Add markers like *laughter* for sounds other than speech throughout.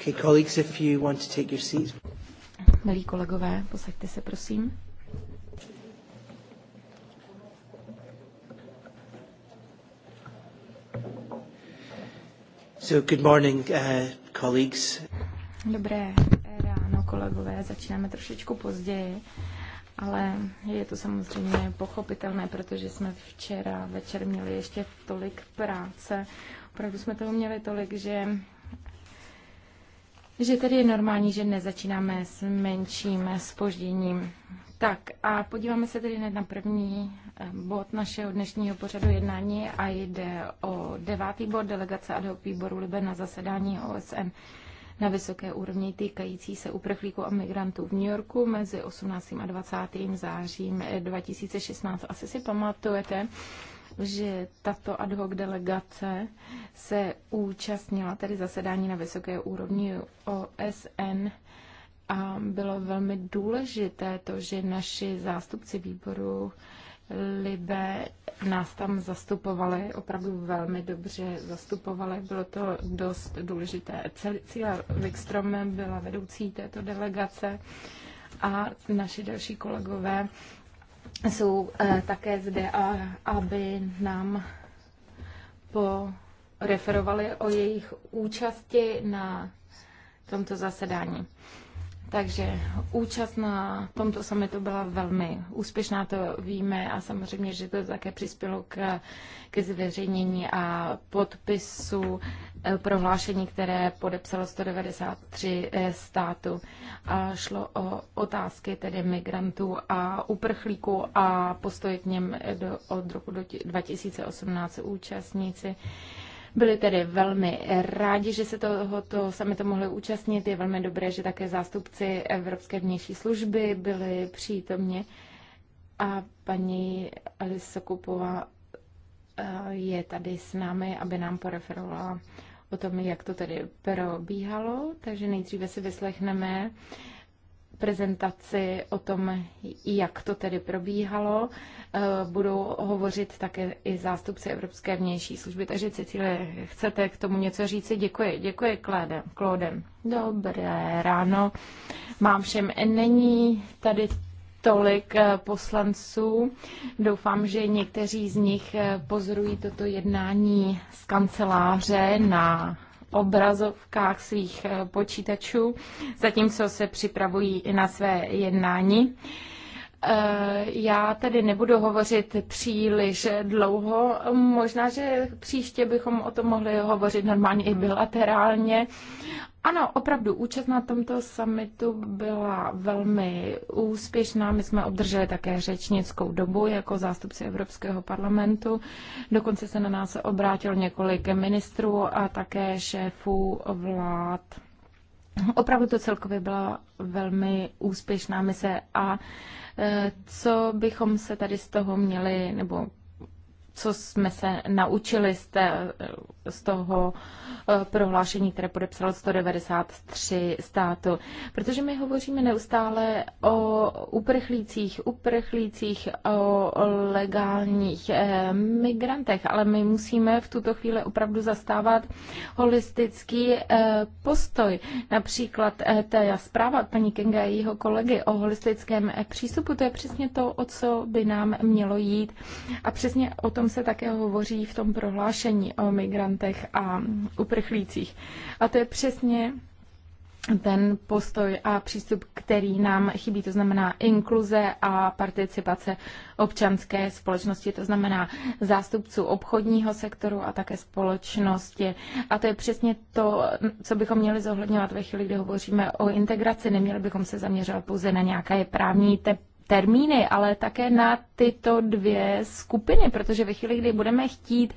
Okay, colleagues, if you want to take your seats. Milí kolegové, posaďte se, prosím. So, good morning, uh, colleagues. Dobré ráno, kolegové. Začínáme trošičku později, ale je to samozřejmě pochopitelné, protože jsme včera večer měli ještě tolik práce. Opravdu jsme toho měli tolik, že že tedy je normální, že nezačínáme s menším spožděním. Tak a podíváme se tedy na první eh, bod našeho dnešního pořadu jednání a jde o devátý bod delegace ad hoc výboru Libe na zasedání OSN na vysoké úrovni týkající se uprchlíků a migrantů v New Yorku mezi 18. a 20. zářím 2016. Eh, Asi si pamatujete, že tato ad hoc delegace se účastnila tedy zasedání na vysoké úrovni OSN a bylo velmi důležité to, že naši zástupci výboru Libe nás tam zastupovali, opravdu velmi dobře zastupovali, bylo to dost důležité. Cíla Wikström byla vedoucí této delegace a naši další kolegové jsou eh, také zde, aby nám po referovali o jejich účasti na tomto zasedání. Takže účast na tomto summitu byla velmi úspěšná, to víme a samozřejmě, že to také přispělo k, k zveřejnění a podpisu eh, prohlášení, které podepsalo 193 eh, států. A šlo o otázky tedy migrantů a uprchlíků a postoj k něm do, od roku do 2018 účastníci byli tedy velmi rádi, že se tohoto to mohli účastnit. Je velmi dobré, že také zástupci Evropské vnější služby byli přítomně. A paní Alice Kupová eh, je tady s námi, aby nám poreferovala o tom, jak to tedy probíhalo. Takže nejdříve si vyslechneme uh, prezentaci o tom, jak to tedy probíhalo. Eh, budou hovořit také i zástupci Evropské vnější služby. Takže Cecíle, chcete k tomu něco říci? Děkuji, děkuji Kládem, Klódem. Dobré ráno. Mám všem, není tady tolik eh, poslanců. Doufám, že někteří z nich eh, pozorují toto jednání z kanceláře na obrazovkách svých eh, počítačů, zatímco se připravují na své jednání. Eh, já tedy nebudu hovořit příliš dlouho. Možná, že příště bychom o tom mohli hovořit normálně i bilaterálně. Ano, opravdu, účast na tomto summitu byla velmi úspěšná. My jsme obdrželi také řečnickou dobu jako zástupci Evropského parlamentu. Dokonce se na nás obrátil několik ministrů a také šéfů vlád. Opravdu to celkově byla velmi úspěšná mise a Eh, co bychom se tady z toho měli, nebo co jsme se naučili z, té, z toho eh, prohlášení, které podepsalo 193 států. Protože my hovoříme neustále o uprchlících, uprchlících, o legálních eh, migrantech, ale my musíme v tuto chvíli opravdu zastávat holistický eh, postoj. Například ta zpráva paní Kenga a jeho kolegy o holistickém přístupu, to je přesně to, o co by nám mělo jít. A přesně o tom tom se také hovoří v tom prohlášení o migrantech a uprchlících. A to je přesně ten postoj a přístup, který nám chybí, to znamená inkluze a participace občanské společnosti, to znamená zástupců obchodního sektoru a také společnosti. A to je přesně to, co bychom měli zohledňovat ve chvíli, kdy hovoříme o integraci. Neměli bychom se zaměřovat pouze na nějaké právní te- termíny, ale také na tyto dvě skupiny, protože ve chvíli, kdy budeme chtít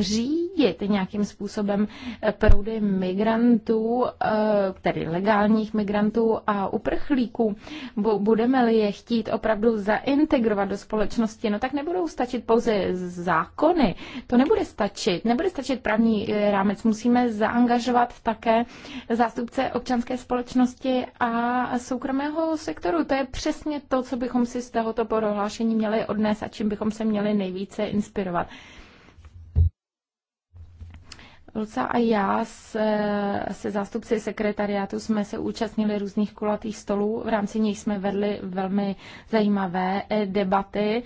řídit nějakým způsobem proudy migrantů, eh, tedy legálních migrantů a uprchlíků, budeme-li je chtít opravdu zaintegrovat do společnosti, no tak nebudou stačit pouze zákony, to nebude stačit, nebude stačit právní eh, rámec, musíme zaangažovat také zástupce občanské společnosti a soukromého sektoru. To je přesně to, co bychom si z tohoto prohlášení měli odnést a čím bychom se měli nejvíce inspirovat. Luca a já se, se zástupci sekretariátu jsme se účastnili různých kulatých stolů, v rámci nich jsme vedli velmi zajímavé eh, debaty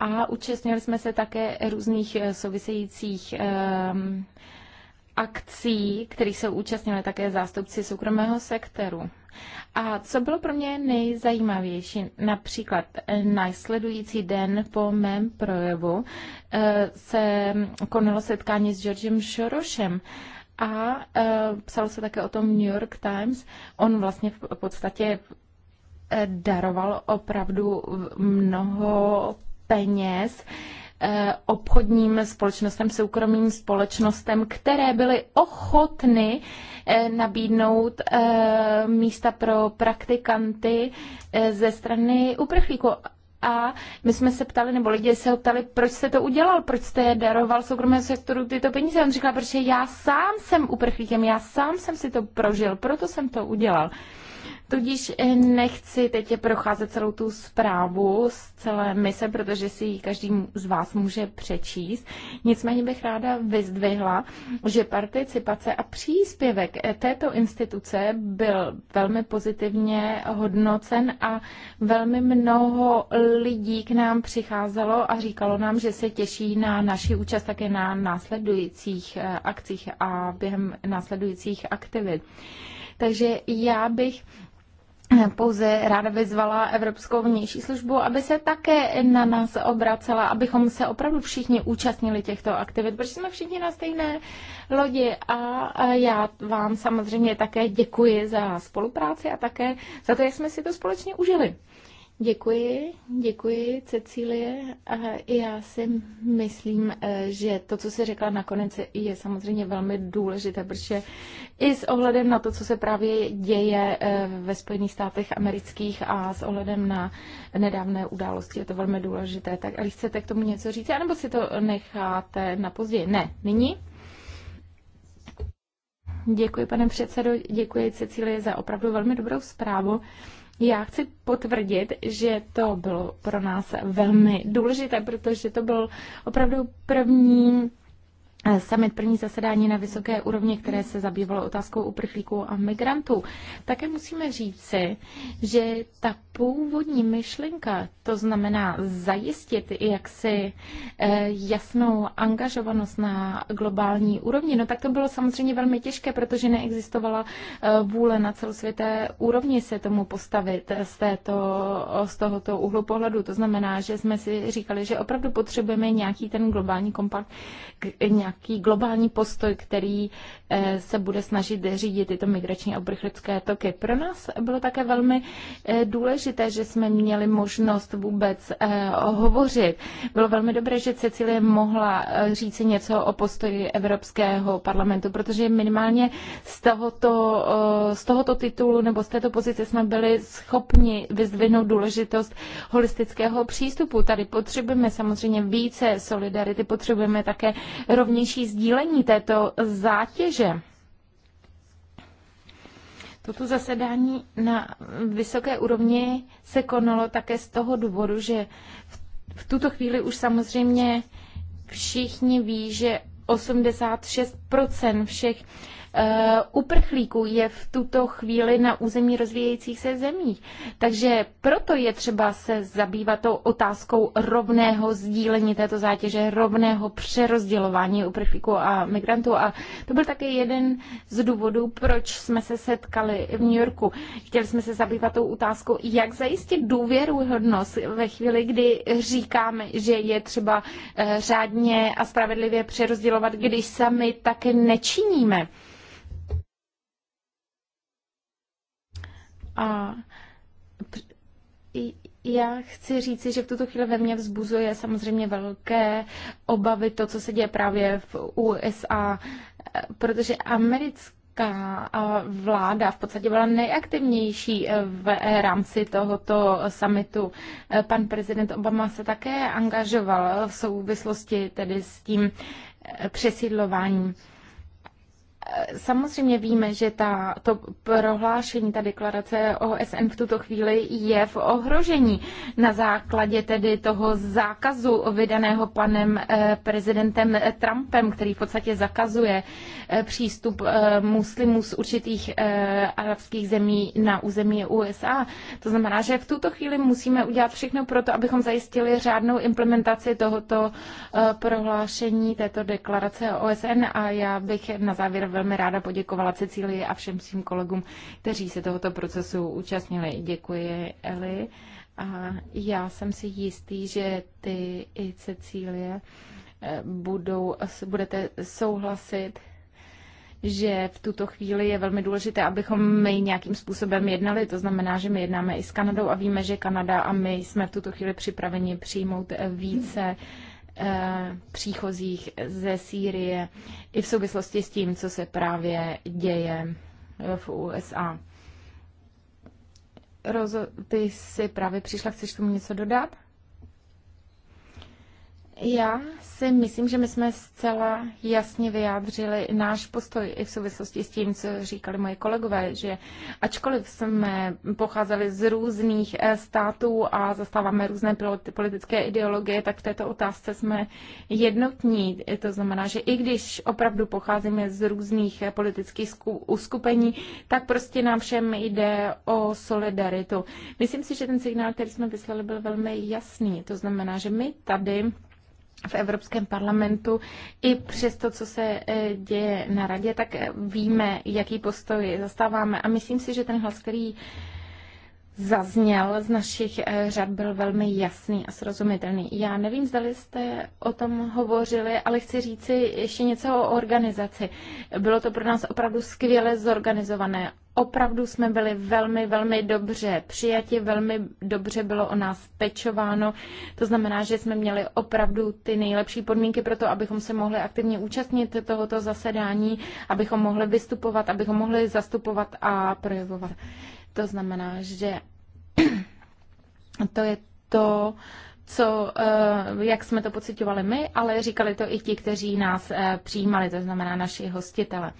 a účastnili jsme se také různých eh, souvisejících um, akcí, kterých se účastnili také zástupci soukromého sektoru. A co bylo pro mě nejzajímavější, například následující den po mém projevu eh, se konalo setkání s Georgem Šorošem a eh, psalo se také o tom New York Times. On vlastně v podstatě eh, daroval opravdu mnoho peněz Eh, obchodním společnostem, soukromým společnostem, které byly ochotny eh, nabídnout eh, místa pro praktikanty ze strany uprchlíků a my jsme se ptali, nebo lidé se ho ptali, proč jste to udělal, proč jste je daroval soukromému sektoru tyto peníze. On říkal, protože já sám jsem uprchlíkem, já sám jsem si to prožil, proto jsem to udělal. Tudíž eh, nechci teď procházet celou tu zprávu z celé mise, protože si ji každý z vás může přečíst. Nicméně bych ráda vyzdvihla, že participace a příspěvek eh, této instituce byl velmi pozitivně hodnocen a velmi mnoho lidí k nám přicházelo a říkalo nám, že se těší na naši účast také na následujících eh, akcích a během následujících aktivit. Takže já bych pouze ráda vyzvala Evropskou vnější službu, aby se také na nás obracela, abychom se opravdu všichni účastnili těchto aktivit, protože jsme všichni na stejné lodi a já vám samozřejmě také děkuji za spolupráci a také za to, jak jsme si to společně užili. Děkuji, děkuji Cecílie. A já si myslím, eh, že to, co jsi řekla nakonec, je samozřejmě velmi důležité, protože i s ohledem na to, co se právě děje eh, ve Spojených státech amerických a s ohledem na nedávné události, je to velmi důležité. Tak ale chcete k tomu něco říct, anebo si to necháte na později? Ne, nyní? Děkuji, pane předsedo, děkuji Cecílie za opravdu velmi dobrou zprávu. Já chci potvrdit, že to bylo pro nás velmi důležité, protože to byl opravdu první summit první zasedání na vysoké úrovni, které se zabývalo otázkou uprchlíků a migrantů. Také musíme říci, že ta původní myšlenka, to znamená zajistit jaksi eh, jasnou angažovanost na globální úrovni, no tak to bylo samozřejmě velmi těžké, protože neexistovala eh, vůle na celosvěté úrovni se tomu postavit z, této, z tohoto úhlu pohledu. To znamená, že jsme si říkali, že opravdu potřebujeme nějaký ten globální kompakt, nějak nějaký globální postoj, který Eh, se bude snažit řídit tyto migrační a uprchlické toky. Pro nás bylo také velmi eh, důležité, že jsme měli možnost vůbec eh, hovořit. Bylo velmi dobré, že Cecilie mohla říci něco o postoji Evropského parlamentu, protože minimálně z tohoto, z tohoto titulu nebo z této pozice jsme byli schopni vyzdvihnout důležitost holistického přístupu. Tady potřebujeme samozřejmě více solidarity, potřebujeme také rovnější sdílení této zátěže takže Toto zasedání na vysoké úrovni se konalo také z toho důvodu, že v tuto chvíli už samozřejmě všichni ví, že 86 všech Eh, uprchlíků je v tuto chvíli na území rozvíjejících se zemí. Takže proto je třeba se zabývat tou otázkou rovného sdílení této zátěže, rovného přerozdělování uprchlíků a migrantů. A to byl také jeden z důvodů, proč jsme se setkali v New Yorku. Chtěli jsme se zabývat tou otázkou, jak zajistit důvěruhodnost ve chvíli, kdy říkáme, že je třeba eh, řádně a spravedlivě přerozdělovat, když sami tak nečiníme. A já chci říci, že v tuto chvíli ve mně vzbuzuje samozřejmě velké obavy to, co se děje právě v USA, protože americké americká vláda v podstatě byla nejaktivnější e, v e, rámci tohoto e, summitu. Pan prezident Obama se také angažoval v souvislosti tedy s tím přesídlováním. Samozřejmě víme, že ta, to prohlášení, ta deklarace OSN v tuto chvíli je v ohrožení na základě tedy toho zákazu vydaného panem eh, prezidentem eh, Trumpem, který v podstatě zakazuje eh, přístup muslimů z určitých arabských zemí na území USA. To znamená, že v tuto chvíli musíme udělat všechno pro to, abychom zajistili řádnou implementaci tohoto prohlášení, této deklarace OSN a já bych na závěr velmi ráda poděkovala Cecílii a všem svým kolegům, kteří se tohoto procesu účastnili. Děkuji, Eli. A já jsem si jistý, že ty i Cecílie eh, budou, budete souhlasit že v tuto chvíli je velmi důležité, abychom my nějakým způsobem jednali. To znamená, že my jednáme i s Kanadou a víme, že Kanada a my jsme v tuto chvíli připraveni přijmout eh, více Eh, příchozích ze Sýrie i v souvislosti s tím, co se právě děje eh, v USA. Rozo, ty jsi právě přišla, chceš tomu něco dodat? Já si myslím, že my jsme zcela jasně vyjádřili náš postoj i v souvislosti s tím, co říkali moje kolegové, že ačkoliv jsme pocházeli z různých eh, států a zastáváme různé politické ideologie, tak v této otázce jsme jednotní. To znamená, že i když opravdu pocházíme z různých eh, politických uskupení, tak prostě nám všem jde o solidaritu. Myslím si, že ten signál, který jsme vyslali, byl velmi jasný. To znamená, že my tady v Evropském parlamentu, i přes to, co se eh, děje na radě, tak eh, víme, jaký postoj zastáváme. A myslím si, že ten hlas, který zazněl z našich eh, řad, byl velmi jasný a srozumitelný. Já nevím, zda jste o tom hovořili, ale chci říci ještě něco o organizaci. Bylo to pro nás opravdu skvěle zorganizované. Opravdu jsme byli velmi, velmi dobře přijati, velmi dobře bylo o nás pečováno. To znamená, že jsme měli opravdu ty nejlepší podmínky pro to, abychom se mohli aktivně účastnit tohoto zasedání, abychom mohli vystupovat, abychom mohli zastupovat a projevovat to znamená, že to je to, co, eh, jak jsme to pocitovali my, ale říkali to i ti, kteří nás eh, přijímali, to znamená naši hostitele.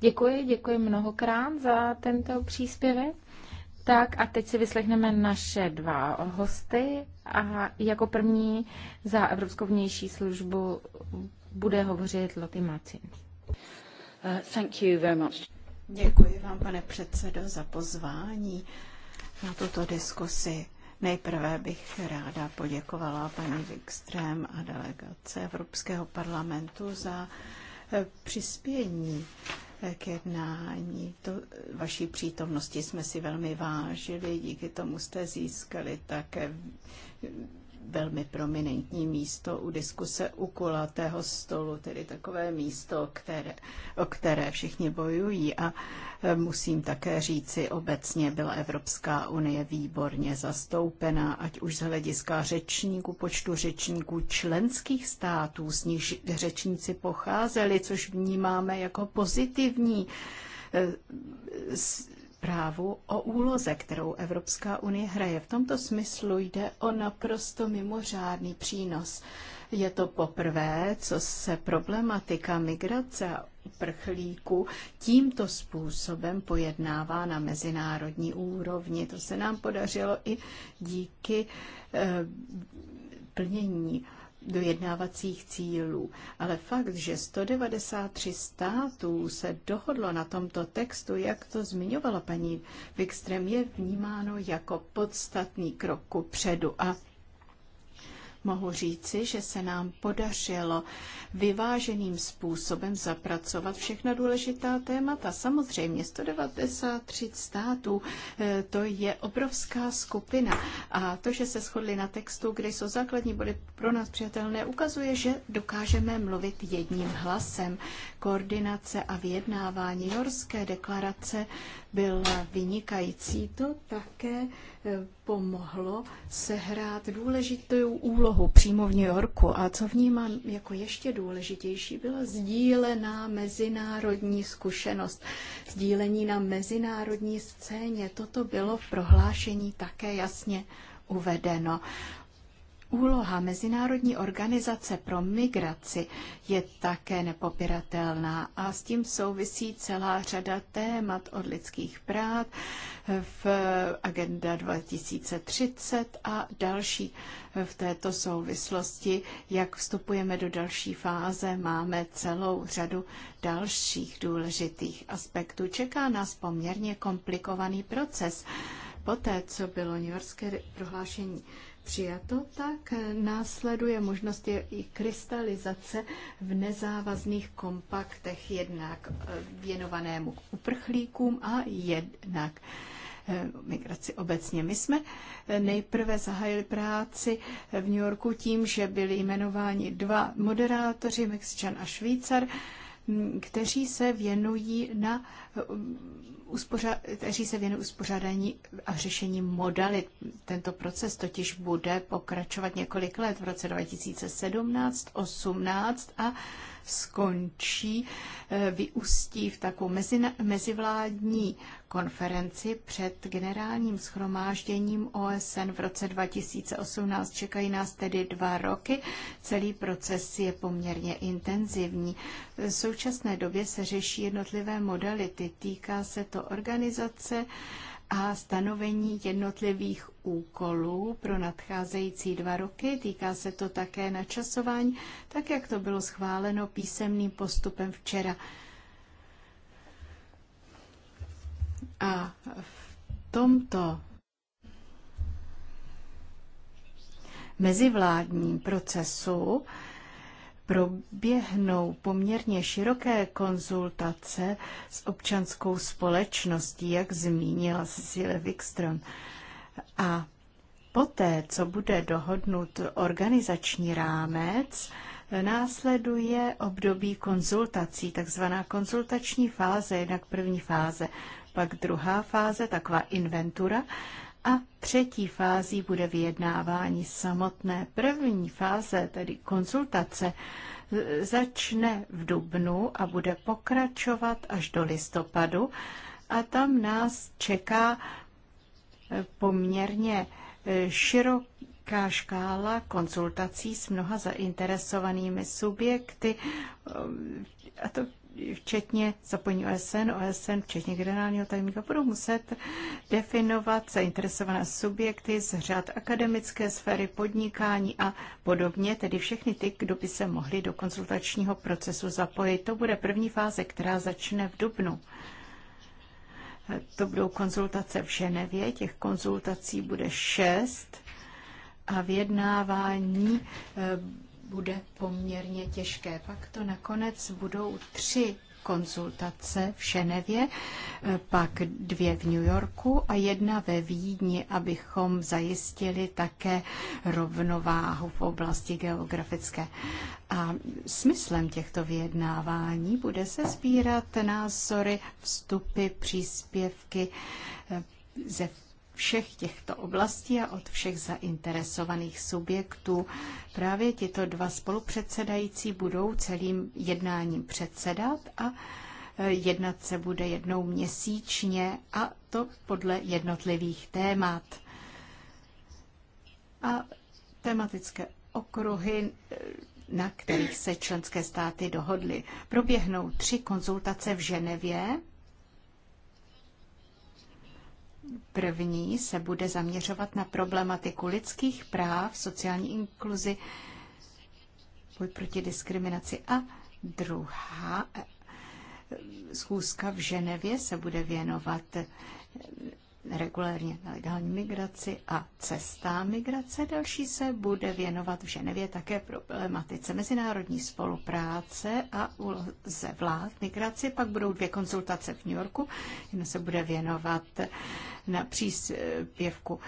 Děkuji, děkuji mnohokrát za tento příspěvek. Tak a teď si vyslechneme naše dva hosty a jako první za Evropskou vnější službu bude hovořit Loty Macin. Uh, thank you very much. Děkuji vám, pane předsedo, za pozvání na tuto diskusi. Nejprve bych ráda poděkovala paní Wikström a delegace Evropského parlamentu za eh, přispění eh, k jednání. To, vaší přítomnosti jsme si velmi vážili, díky tomu jste získali také velmi prominentní místo u diskuse u kulatého stolu, tedy takové místo, které, o které všichni bojují. A e, musím také říci, obecně byla Evropská unie výborně zastoupená, ať už z hlediska řečníků, počtu řečníků členských států, z nich řečníci pocházeli, což vnímáme jako pozitivní e, zprávu o úloze, kterou Evropská unie hraje. V tomto smyslu jde o naprosto mimořádný přínos. Je to poprvé, co se problematika migrace a uprchlíků tímto způsobem pojednává na mezinárodní úrovni. To se nám podařilo i díky eh, plnění dojednávacích cílů. Ale fakt, že 193 států se dohodlo na tomto textu, jak to zmiňovala paní Wikström, je vnímáno jako podstatný krok ku předu. A mohu říci, že se nám podařilo vyváženým způsobem zapracovat všechna důležitá témata. Samozřejmě 193 států, eh, to je obrovská skupina a to, že se shodli na textu, kde jsou základní body pro nás přijatelné, ukazuje, že dokážeme mluvit jedním hlasem. Koordinace a vyjednávání Jorské deklarace byla vynikající. To také pomohlo sehrát důležitou úlohu přímo v New Yorku. A co vnímám jako ještě důležitější, byla sdílená mezinárodní zkušenost, sdílení na mezinárodní scéně. Toto bylo v prohlášení také jasně uvedeno. Úloha Mezinárodní organizace pro migraci je také nepopiratelná a s tím souvisí celá řada témat od lidských práv v Agenda 2030 a další. V této souvislosti, jak vstupujeme do další fáze, máme celou řadu dalších důležitých aspektů. Čeká nás poměrně komplikovaný proces. Poté, co bylo New Yorkské prohlášení přijato, tak následuje možnost i krystalizace v nezávazných kompaktech jednak eh, věnovanému uprchlíkům a jednak eh, migraci obecně. My jsme eh, nejprve zahájili práci v New Yorku tím, že byli jmenováni dva moderátoři, Mexičan a Švýcar, mm, kteří se věnují na uspořa- kteří se věnují uspořádání a řešení modalit. Tento proces totiž bude pokračovat několik let v roce 2017, 18 a skončí, eh, vyústí v takovou mezi, mezivládní konferenci před generálním schromážděním OSN v roce 2018. Čekají nás tedy dva roky. Celý proces je poměrně intenzivní. V současné době se řeší jednotlivé modality. Týká se to organizace a stanovení jednotlivých úkolů pro nadcházející dva roky. Týká se to také načasování, tak jak to bylo schváleno písemným postupem včera. A v tomto mezivládním procesu proběhnou poměrně široké konzultace s občanskou společností, jak zmínila Cecilie Wikström. A poté, co bude dohodnut organizační rámec, následuje období konzultací, takzvaná konzultační fáze, jednak první fáze pak druhá fáze, taková inventura, a třetí fází bude vyjednávání samotné. První fáze, tedy konzultace, začne v dubnu a bude pokračovat až do listopadu a tam nás čeká poměrně e, široká škála konzultací s mnoha zainteresovanými subjekty, ehm, a to včetně zapojení OSN, OSN, včetně generálního tajemníka, budou muset definovat zainteresované subjekty z řad akademické sféry, podnikání a podobně, tedy všechny ty, kdo by se mohli do konzultačního procesu zapojit. To bude první fáze, která začne v dubnu. To budou konzultace v Ženevě, těch konzultací bude šest a vyjednávání eh, bude poměrně těžké. Pak to nakonec budou tři konzultace v Ženevě, pak dvě v New Yorku a jedna ve Vídni, abychom zajistili také rovnováhu v oblasti geografické. A smyslem těchto vyjednávání bude se sbírat názory, vstupy, příspěvky eh, ze všech těchto oblastí a od všech zainteresovaných subjektů. Právě tyto dva spolupředsedající budou celým jednáním předsedat a e, jednat se bude jednou měsíčně a to podle jednotlivých témat. A tematické okruhy e, na kterých se členské státy dohodly. Proběhnou tři konzultace v Ženevě První se bude zaměřovat na problematiku lidských práv, sociální inkluzi, boj proti diskriminaci a druhá eh, schůzka v Ženevě se bude věnovat regulérně nelegální migraci a cesta migrace. Další se bude věnovat v Ženevě také problematice mezinárodní spolupráce a úloze vlád migraci. Pak budou dvě konzultace v New Yorku. Jedna se bude věnovat na příspěvku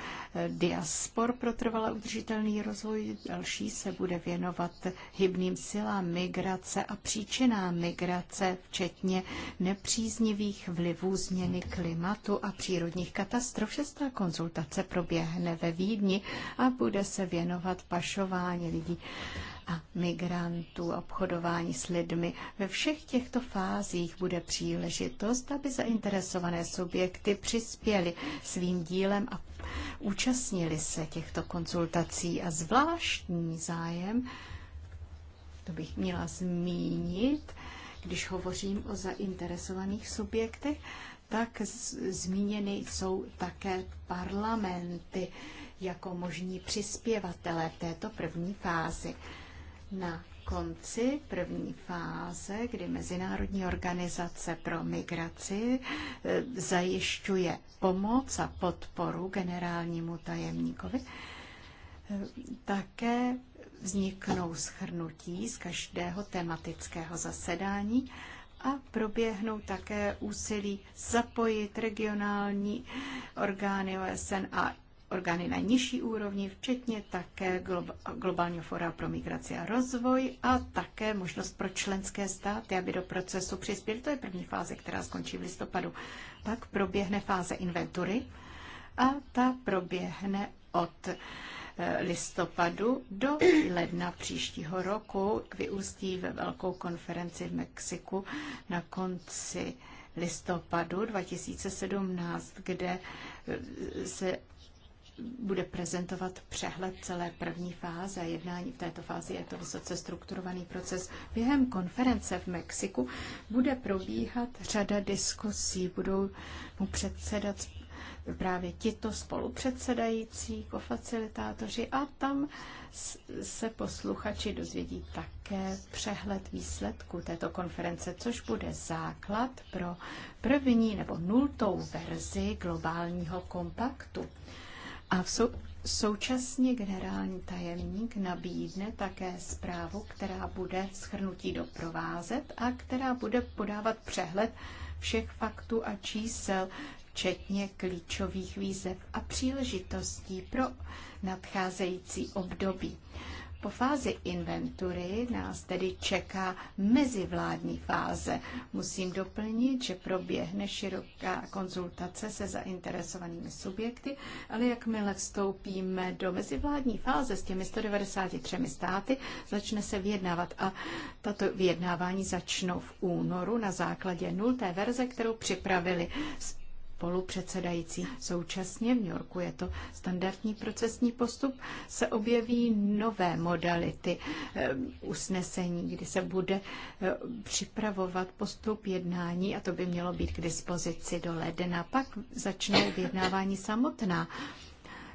Diaspor pro trvalé udržitelný rozvoj. Další se bude věnovat hybným silám migrace a příčinám migrace, včetně nepříznivých vlivů změny klimatu a přírodních katastrof katastrof. Šestá konzultace proběhne ve Vídni a bude se věnovat pašování lidí a migrantů, obchodování s lidmi. Ve všech těchto fázích bude příležitost, aby zainteresované subjekty přispěli svým dílem a účastnili se těchto konzultací. A zvláštní zájem, to bych měla zmínit, když hovořím o zainteresovaných subjektech, tak zmíněny jsou také parlamenty jako možní přispěvatele v této první fázi. Na konci první fáze, kdy Mezinárodní organizace pro migraci e, zajišťuje pomoc a podporu generálnímu tajemníkovi, e, také vzniknou schrnutí z každého tematického zasedání a proběhnou také úsilí zapojit regionální orgány OSN a orgány na nižší úrovni, včetně také Globálního fora pro migraci a rozvoj a také možnost pro členské státy, aby do procesu přispěli. To je první fáze, která skončí v listopadu. Pak proběhne fáze inventury a ta proběhne od listopadu do ledna příštího roku. Vyústí ve velkou konferenci v Mexiku na konci listopadu 2017, kde eh, se bude prezentovat přehled celé první fáze. Jednání v této fázi je to vysoce strukturovaný proces. Během konference v Mexiku bude probíhat řada diskusí. Budou mu předsedat právě tito spolupředsedající, kofacilitátoři a tam se posluchači dozvědí také přehled výsledku této konference, což bude základ pro první nebo nultou verzi globálního kompaktu. A v sou, současně generální tajemník nabídne také zprávu, která bude schrnutí doprovázet a která bude podávat přehled všech faktů a čísel včetně klíčových výzev a příležitostí pro nadcházející období. Po fázi inventury nás tedy čeká mezivládní fáze. Musím doplnit, že proběhne široká konzultace se zainteresovanými subjekty, ale jakmile vstoupíme do mezivládní fáze s těmi 193 státy, začne se vyjednávat a tato vyjednávání začnou v únoru na základě nulté verze, kterou připravili spolupředsedající. Současně v New Yorku je to standardní procesní postup, se objeví nové modality eh, usnesení, kdy se bude eh, připravovat postup jednání a to by mělo být k dispozici do ledna. Pak začne vyjednávání samotná.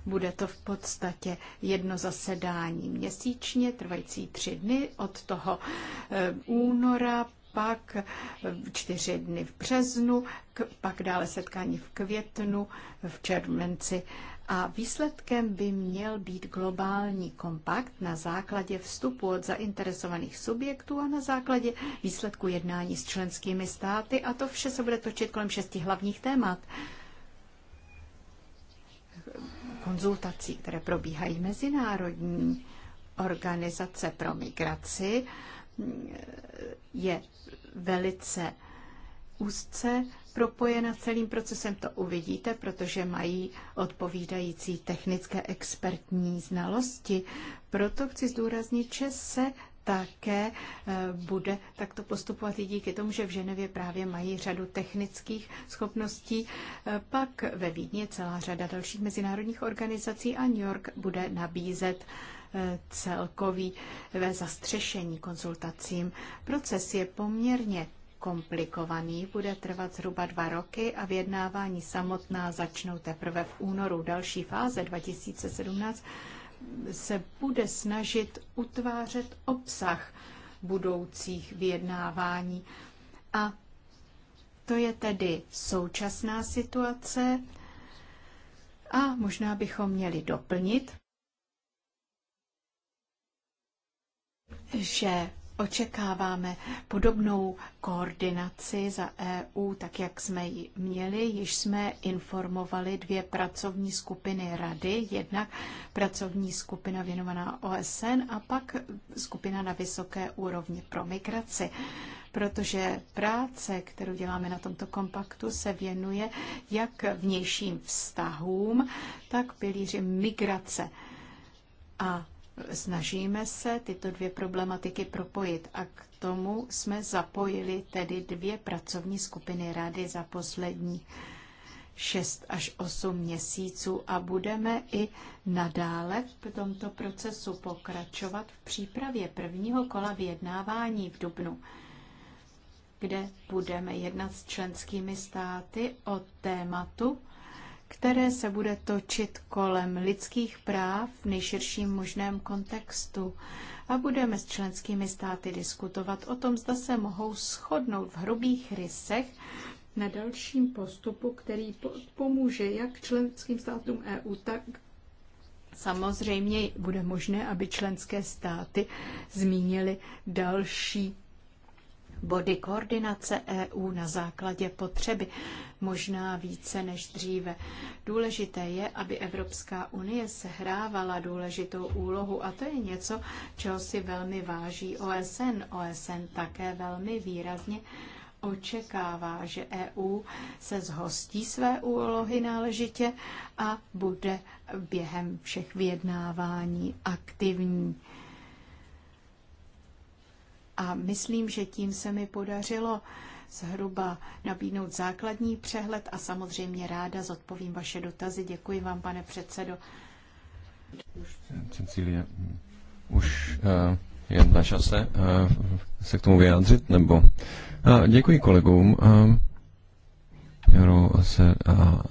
Bude to v podstatě jedno zasedání měsíčně, trvající tři dny od toho eh, února pak čtyři dny v březnu, pak dále setkání v květnu, v červenci. A výsledkem by měl být globální kompakt na základě vstupu od zainteresovaných subjektů a na základě výsledku jednání s členskými státy. A to vše se bude točit kolem šesti hlavních témat konzultací, které probíhají mezinárodní organizace pro migraci, je velice úzce propojena celým procesem, to uvidíte, protože mají odpovídající technické expertní znalosti. Proto chci zdůraznit, že se také eh, bude takto postupovat i díky tomu, že v Ženevě právě mají řadu technických schopností. Eh, pak ve Vídni celá řada dalších mezinárodních organizací a New York bude nabízet celkový ve zastřešení konzultacím. Proces je poměrně komplikovaný, bude trvat zhruba dva roky a vyjednávání samotná začnou teprve v únoru. Další fáze 2017 se bude snažit utvářet obsah budoucích vyjednávání. A to je tedy současná situace a možná bychom měli doplnit, že očekáváme podobnou koordinaci za EU, tak jak jsme ji měli. Již jsme informovali dvě pracovní skupiny rady, jednak pracovní skupina věnovaná OSN a pak skupina na vysoké úrovni pro migraci protože práce, kterou děláme na tomto kompaktu, se věnuje jak vnějším vztahům, tak pilíři migrace. A Snažíme se tyto dvě problematiky propojit a k tomu jsme zapojili tedy dvě pracovní skupiny rady za poslední 6 až 8 měsíců a budeme i nadále v tomto procesu pokračovat v přípravě prvního kola vyjednávání v Dubnu, kde budeme jednat s členskými státy o tématu které se bude točit kolem lidských práv v nejširším možném kontextu a budeme s členskými státy diskutovat o tom, zda se mohou shodnout v hrubých rysech na dalším postupu, který pomůže jak členským státům EU, tak samozřejmě bude možné, aby členské státy zmínili další body koordinace EU na základě potřeby, možná více než dříve. Důležité je, aby Evropská unie sehrávala důležitou úlohu a to je něco, čeho si velmi váží OSN. OSN také velmi výrazně očekává, že EU se zhostí své úlohy náležitě a bude během všech vyjednávání aktivní. A myslím, že tím se mi podařilo zhruba nabídnout základní přehled a samozřejmě ráda zodpovím vaše dotazy. Děkuji vám, pane předsedo. Cecilie, už uh, je na čase uh, se k tomu vyjádřit, nebo... Uh, děkuji kolegům. Uh, Jaro se... Uh,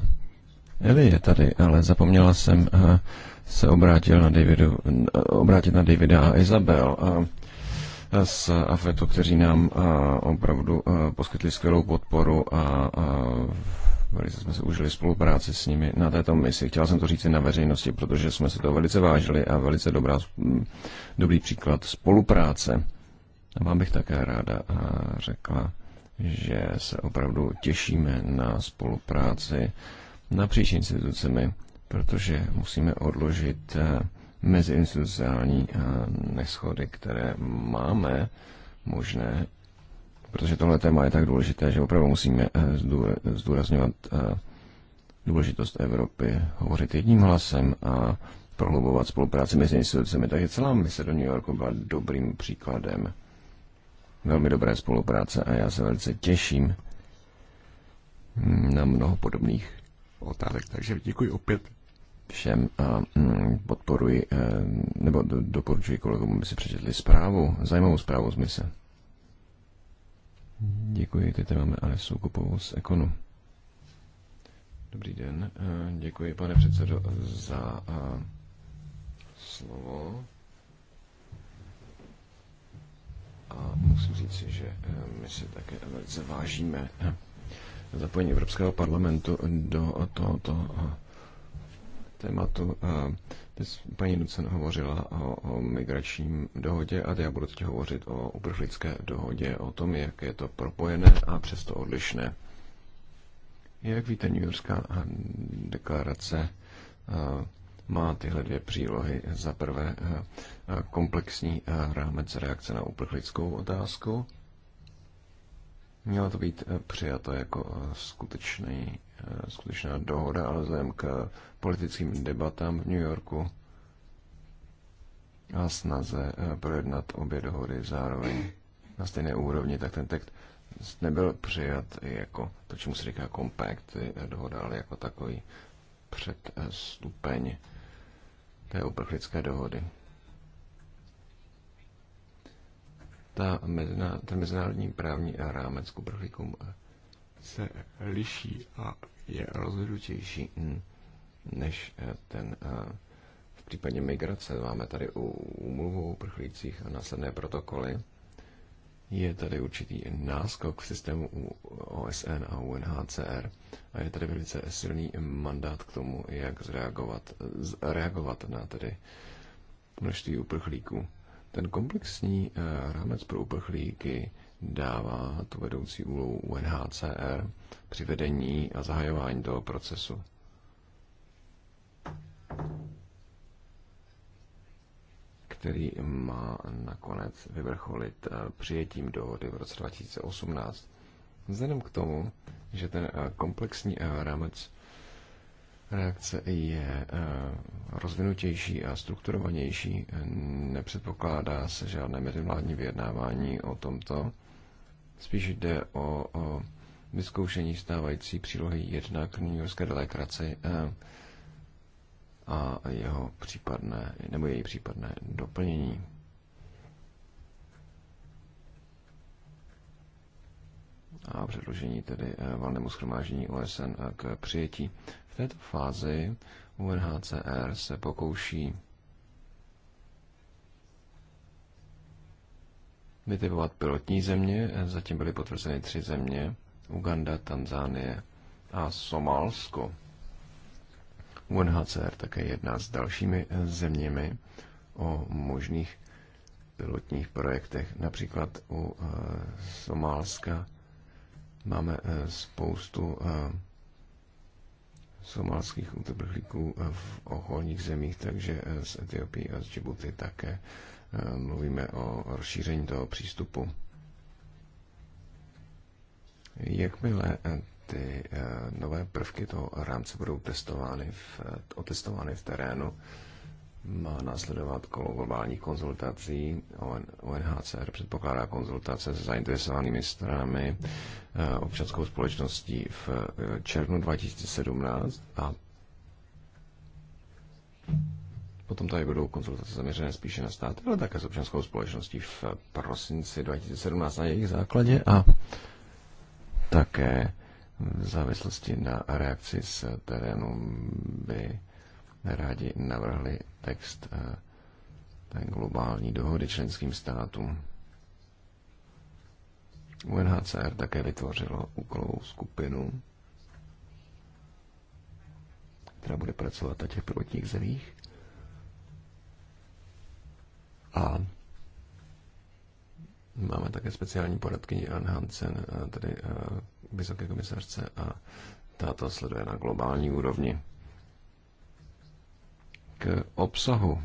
Eli je tady, ale zapomněla jsem uh, se obrátil na Davidu, uh, obrátit na Davida a Izabel. Uh, z AFETu, kteří nám eh, opravdu eh, poskytli skvělou podporu a velice jsme se užili spolupráci s nimi na této misi. Chtěl jsem to říct i na veřejnosti, protože jsme se to velice vážili a velice dobrá, hm, dobrý příklad spolupráce. A vám bych také ráda eh, řekla, že se opravdu těšíme na spolupráci napříč institucemi, protože musíme odložit meziinstitucionální eh, neschody, které máme možné, protože tohle téma je tak důležité, že opravdu musíme eh, zdůrazňovat eh, důležitost Evropy, hovořit jedním hlasem a prohlubovat spolupráci mezi institucemi. Takže celá mise do New Yorku byla dobrým příkladem velmi dobré spolupráce a já se velice těším na mnoho podobných otázek. Takže děkuji opět všem a eh, mm, podporuji, eh, nebo doporučuji kolegům, aby si přečetli zprávu, zajímavou zprávu z mise. Děkuji, teď máme Alesu Kupovou z Ekonu. Dobrý den, eh, děkuji pane předsedo za slovo. A musím říct, že my se také velice vážíme zapojení Evropského parlamentu do tohoto to, tématu. Eh, dnes paní Nucen hovořila o, o migračním dohodě a já budu teď hovořit o uprchlické dohodě, o tom, jak je to propojené a přesto odlišné. Jak víte, New Yorkská eh, deklarace eh, má tyhle dvě přílohy. Za prvé komplexní rámec reakce na uprchlickou otázku. Mělo to být přijato jako skutečný Eh, skutečná dohoda, ale vzhledem k politickým debatám v New Yorku a snaze eh, projednat obě dohody zároveň na stejné úrovni, tak ten text nebyl přijat jako to, čemu se říká kompakt, eh, dohoda, ale jako takový předstupeň té uprchlické dohody. Ta mezina, ten mezinárodní právní rámec k uprchlíkům se liší a je rozhodnutější mm, než eh, ten eh, v případě migrace. Máme tady úmluvu o uprchlících a následné protokoly. Je tady určitý náskok v systému OSN a UNHCR a je tady velice silný mandát k tomu, jak zreagovat, reagovat na tedy množství uprchlíků. Ten komplexní eh, rámec pro uprchlíky dává tu vedoucí úlohu UNHCR při vedení a zahajování toho procesu. který má nakonec vyvrcholit eh, přijetím dohody v roce 2018. Vzhledem k tomu, že ten eh, komplexní eh, rámec reakce je rozvinutější a strukturovanější, nepředpokládá se žádné mezivládní vyjednávání o tomto Spíš jde o, o vyzkoušení stávající přílohy 1 k New Yorkské eh, a jeho případné, nebo její případné doplnění. a předložení tedy eh, valnému schromáždění OSN eh, k přijetí. V této fázi UNHCR se pokouší vytipovat pilotní země. Zatím byly potvrzeny tři země. Uganda, Tanzánie a Somálsko. UNHCR také jedná s dalšími zeměmi o možných pilotních projektech. Například u eh, Somálska máme eh, spoustu eh, somálských uprchlíků v okolních zemích, takže z Etiopie a z Djibouti také Eh, mluvíme o rozšíření toho přístupu. Jakmile eh, ty eh, nové prvky toho rámce budou testovány v, otestovány v terénu, má následovat kolo globální konzultací. UNHCR předpokládá konzultace se zainteresovanými stranami občanskou společností v červnu 2017 a Potom tady budou konzultace zaměřené spíše na státy, ale také s občanskou společností v prosinci 2017 na jejich základě a také v závislosti na reakci z terénu by rádi navrhli text eh, té globální dohody členským státům. UNHCR také vytvořilo úkolovou skupinu, která bude pracovat na těch prvotních zemích a máme také speciální poradkyni Ann Hansen, eh, tedy eh, vysoké komisařce a tato sleduje na globální úrovni. K obsahu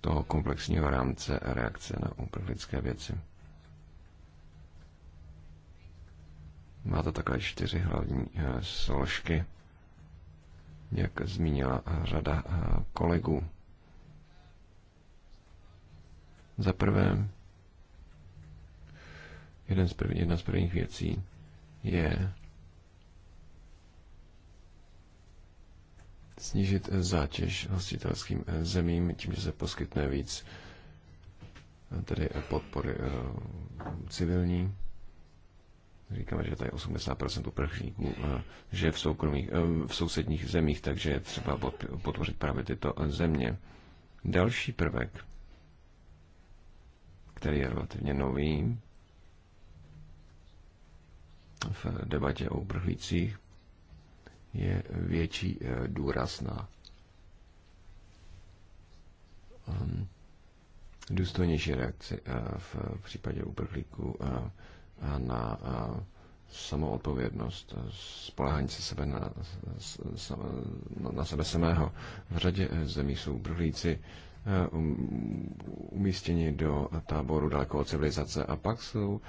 toho komplexního rámce a reakce na uprchlické věci. Má to takové čtyři hlavní eh, složky, jak zmínila řada kolegů. Za prvé, jeden z první, jedna z prvních věcí je snížit zátěž hostitelským zemím tím, že se poskytne víc tedy podpory eh, civilní. Říkáme, že tady 80% uprchlíků eh, žije v, soukromých, eh, v sousedních zemích, takže je třeba podpořit právě tyto země. Další prvek který je relativně nový v debatě o uprchlících, je větší eh, důraz na ehm, důstojnější reakci eh, v případě uprchlíků eh, na samoodpovědnost, spolehání se sebe na, na sebe samého. V řadě zemí jsou uprchlíci Eh, umístěni do táboru daleko od civilizace a pak jsou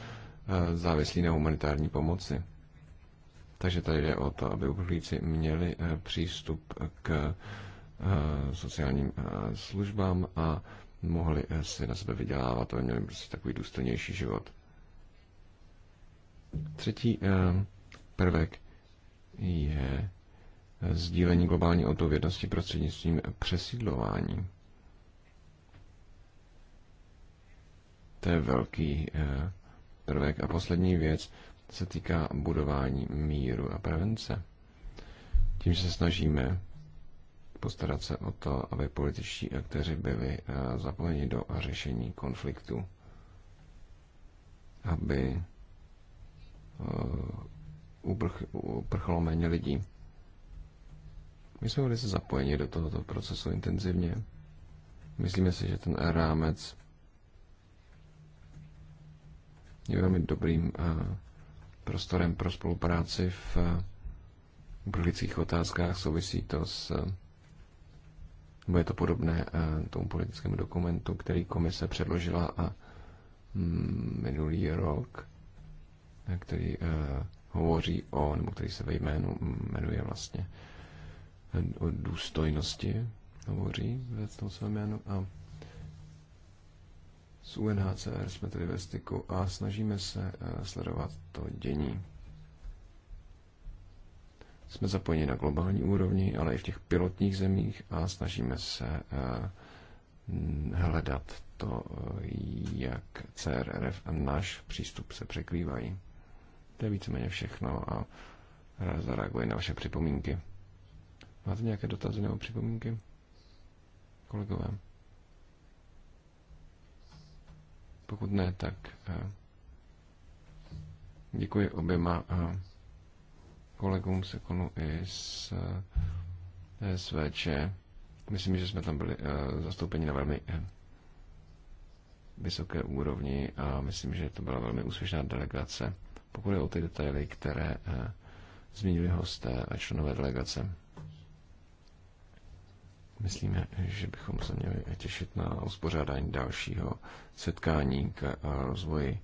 eh, závislí na humanitární pomoci. Takže tady jde o to, aby uprchlíci měli eh, přístup k sociálním službám a mohli si na sebe vydělávat a měli prostě takový důstojnější život. Třetí prvek je sdílení globální odpovědnosti prostřednictvím přesídlování. To je velký eh, prvek. A poslední věc se týká budování míru a prevence. Tím se snažíme postarat se o to, aby političtí aktéři byli eh, zapojeni do řešení konfliktu, aby eh, uprchlo méně lidí. My jsme velice zapojeni do tohoto procesu intenzivně. Myslíme si, že ten rámec je velmi dobrým eh, prostorem pro spolupráci v eh, politických otázkách. Souvisí to s eh, bude to podobné tomu politickému dokumentu, který komise předložila a mm, minulý rok, který hovoří o, nebo který se ve jménu mm, jmenuje vlastně o důstojnosti, hovoří ve tom svém jménu a s UNHCR jsme tedy ve styku a snažíme se eh, sledovat to dění. Jsme zapojeni na globální úrovni, ale i v těch pilotních zemích a snažíme se eh, hledat to, eh, jak CRF a náš přístup se překrývají. To je víceméně všechno a rád zareaguji na vaše připomínky. Máte nějaké dotazy nebo připomínky? Kolegové. Pokud ne, tak eh, děkuji oběma eh, kolegům Sekonu i z eh, SVČ. Myslím, že jsme tam byli zastoupeni na velmi vysoké úrovni a myslím, že to byla velmi úspěšná delegace, pokud je o ty detaily, které zmínili hosté a členové delegace. Myslíme, že bychom se měli těšit na uspořádání dalšího setkání k eh, rozvoji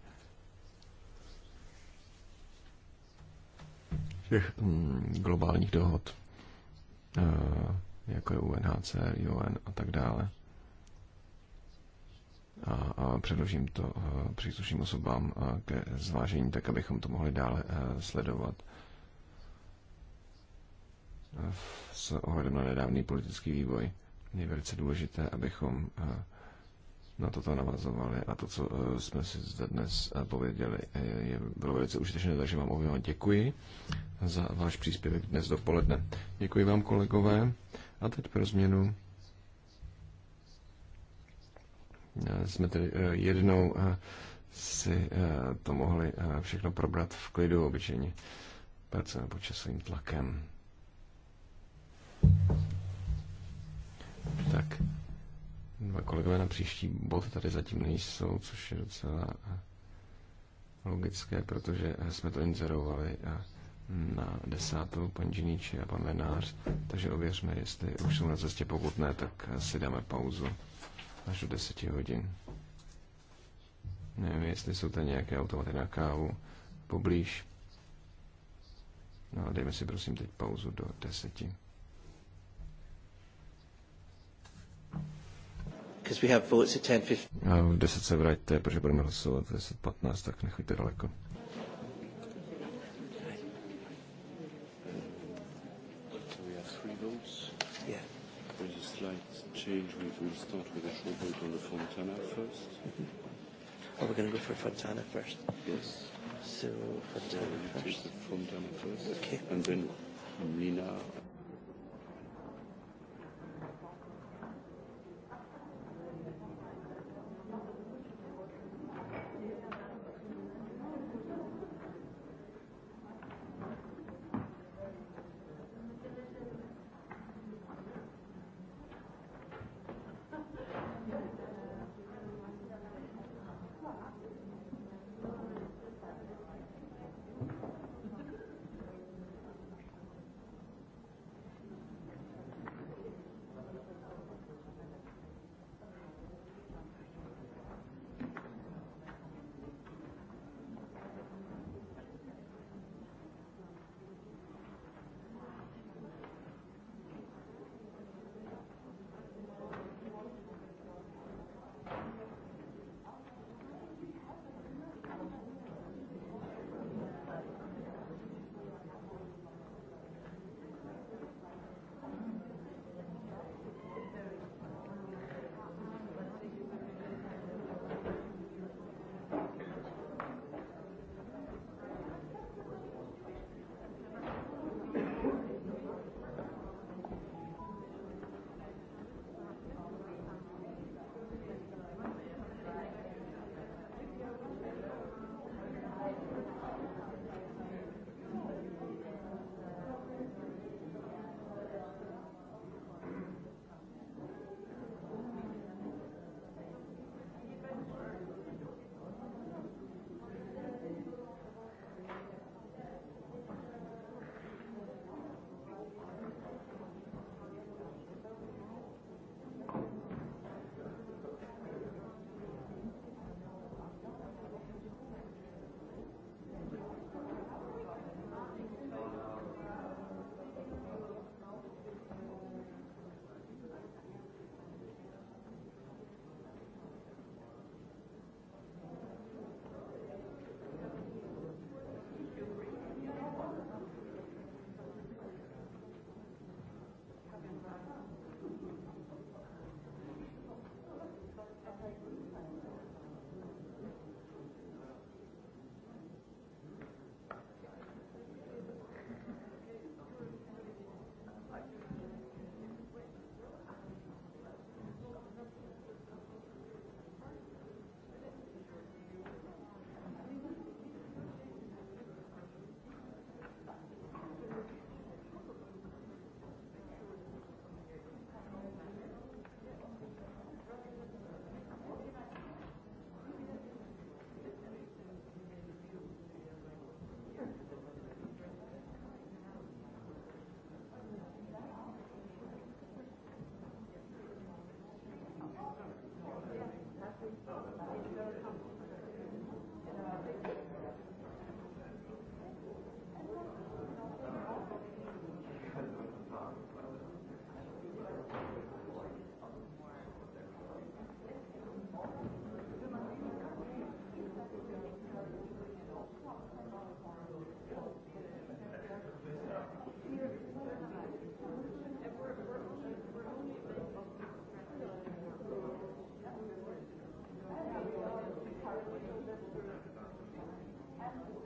těch mm, globálních dohod, eh, jako je UNHCR, UN a tak dále. A, předložím to eh, příslušným osobám ke zvážení, tak abychom to mohli dále sledovat s ohledem na nedávný politický vývoj. Je velice důležité, abychom eh, na toto navazovali a to, co eh, jsme si zde dnes eh, pověděli, je, bylo velice užitečné, takže vám oběma děkuji za váš příspěvek dnes dopoledne. Děkuji vám, kolegové. A teď pro změnu jsme tedy jednou si to mohli všechno probrat v klidu obyčejně. Pracujeme pod časovým tlakem. Tak, dva kolegové na příští bod tady zatím nejsou, což je docela eh, logické, protože eh, jsme to inzerovali eh, na desátou, pan Džiníči a pan Lenář, takže ověřme, jestli už jsou na cestě, pokud ne, tak si dáme pauzu až do deseti hodin. Nevím, jestli jsou tady nějaké automaty na kávu poblíž. No a dejme si prosím teď pauzu do deseti. because we have votes at V 10 se vraťte, protože budeme hlasovat 15, tak nechoďte daleko. change, we will start with a short vote on the Fontana first. Mm-hmm. Oh, we're going go for Fontana first. Yes. So Fontana so first. Fontana first. Okay. And then Nina.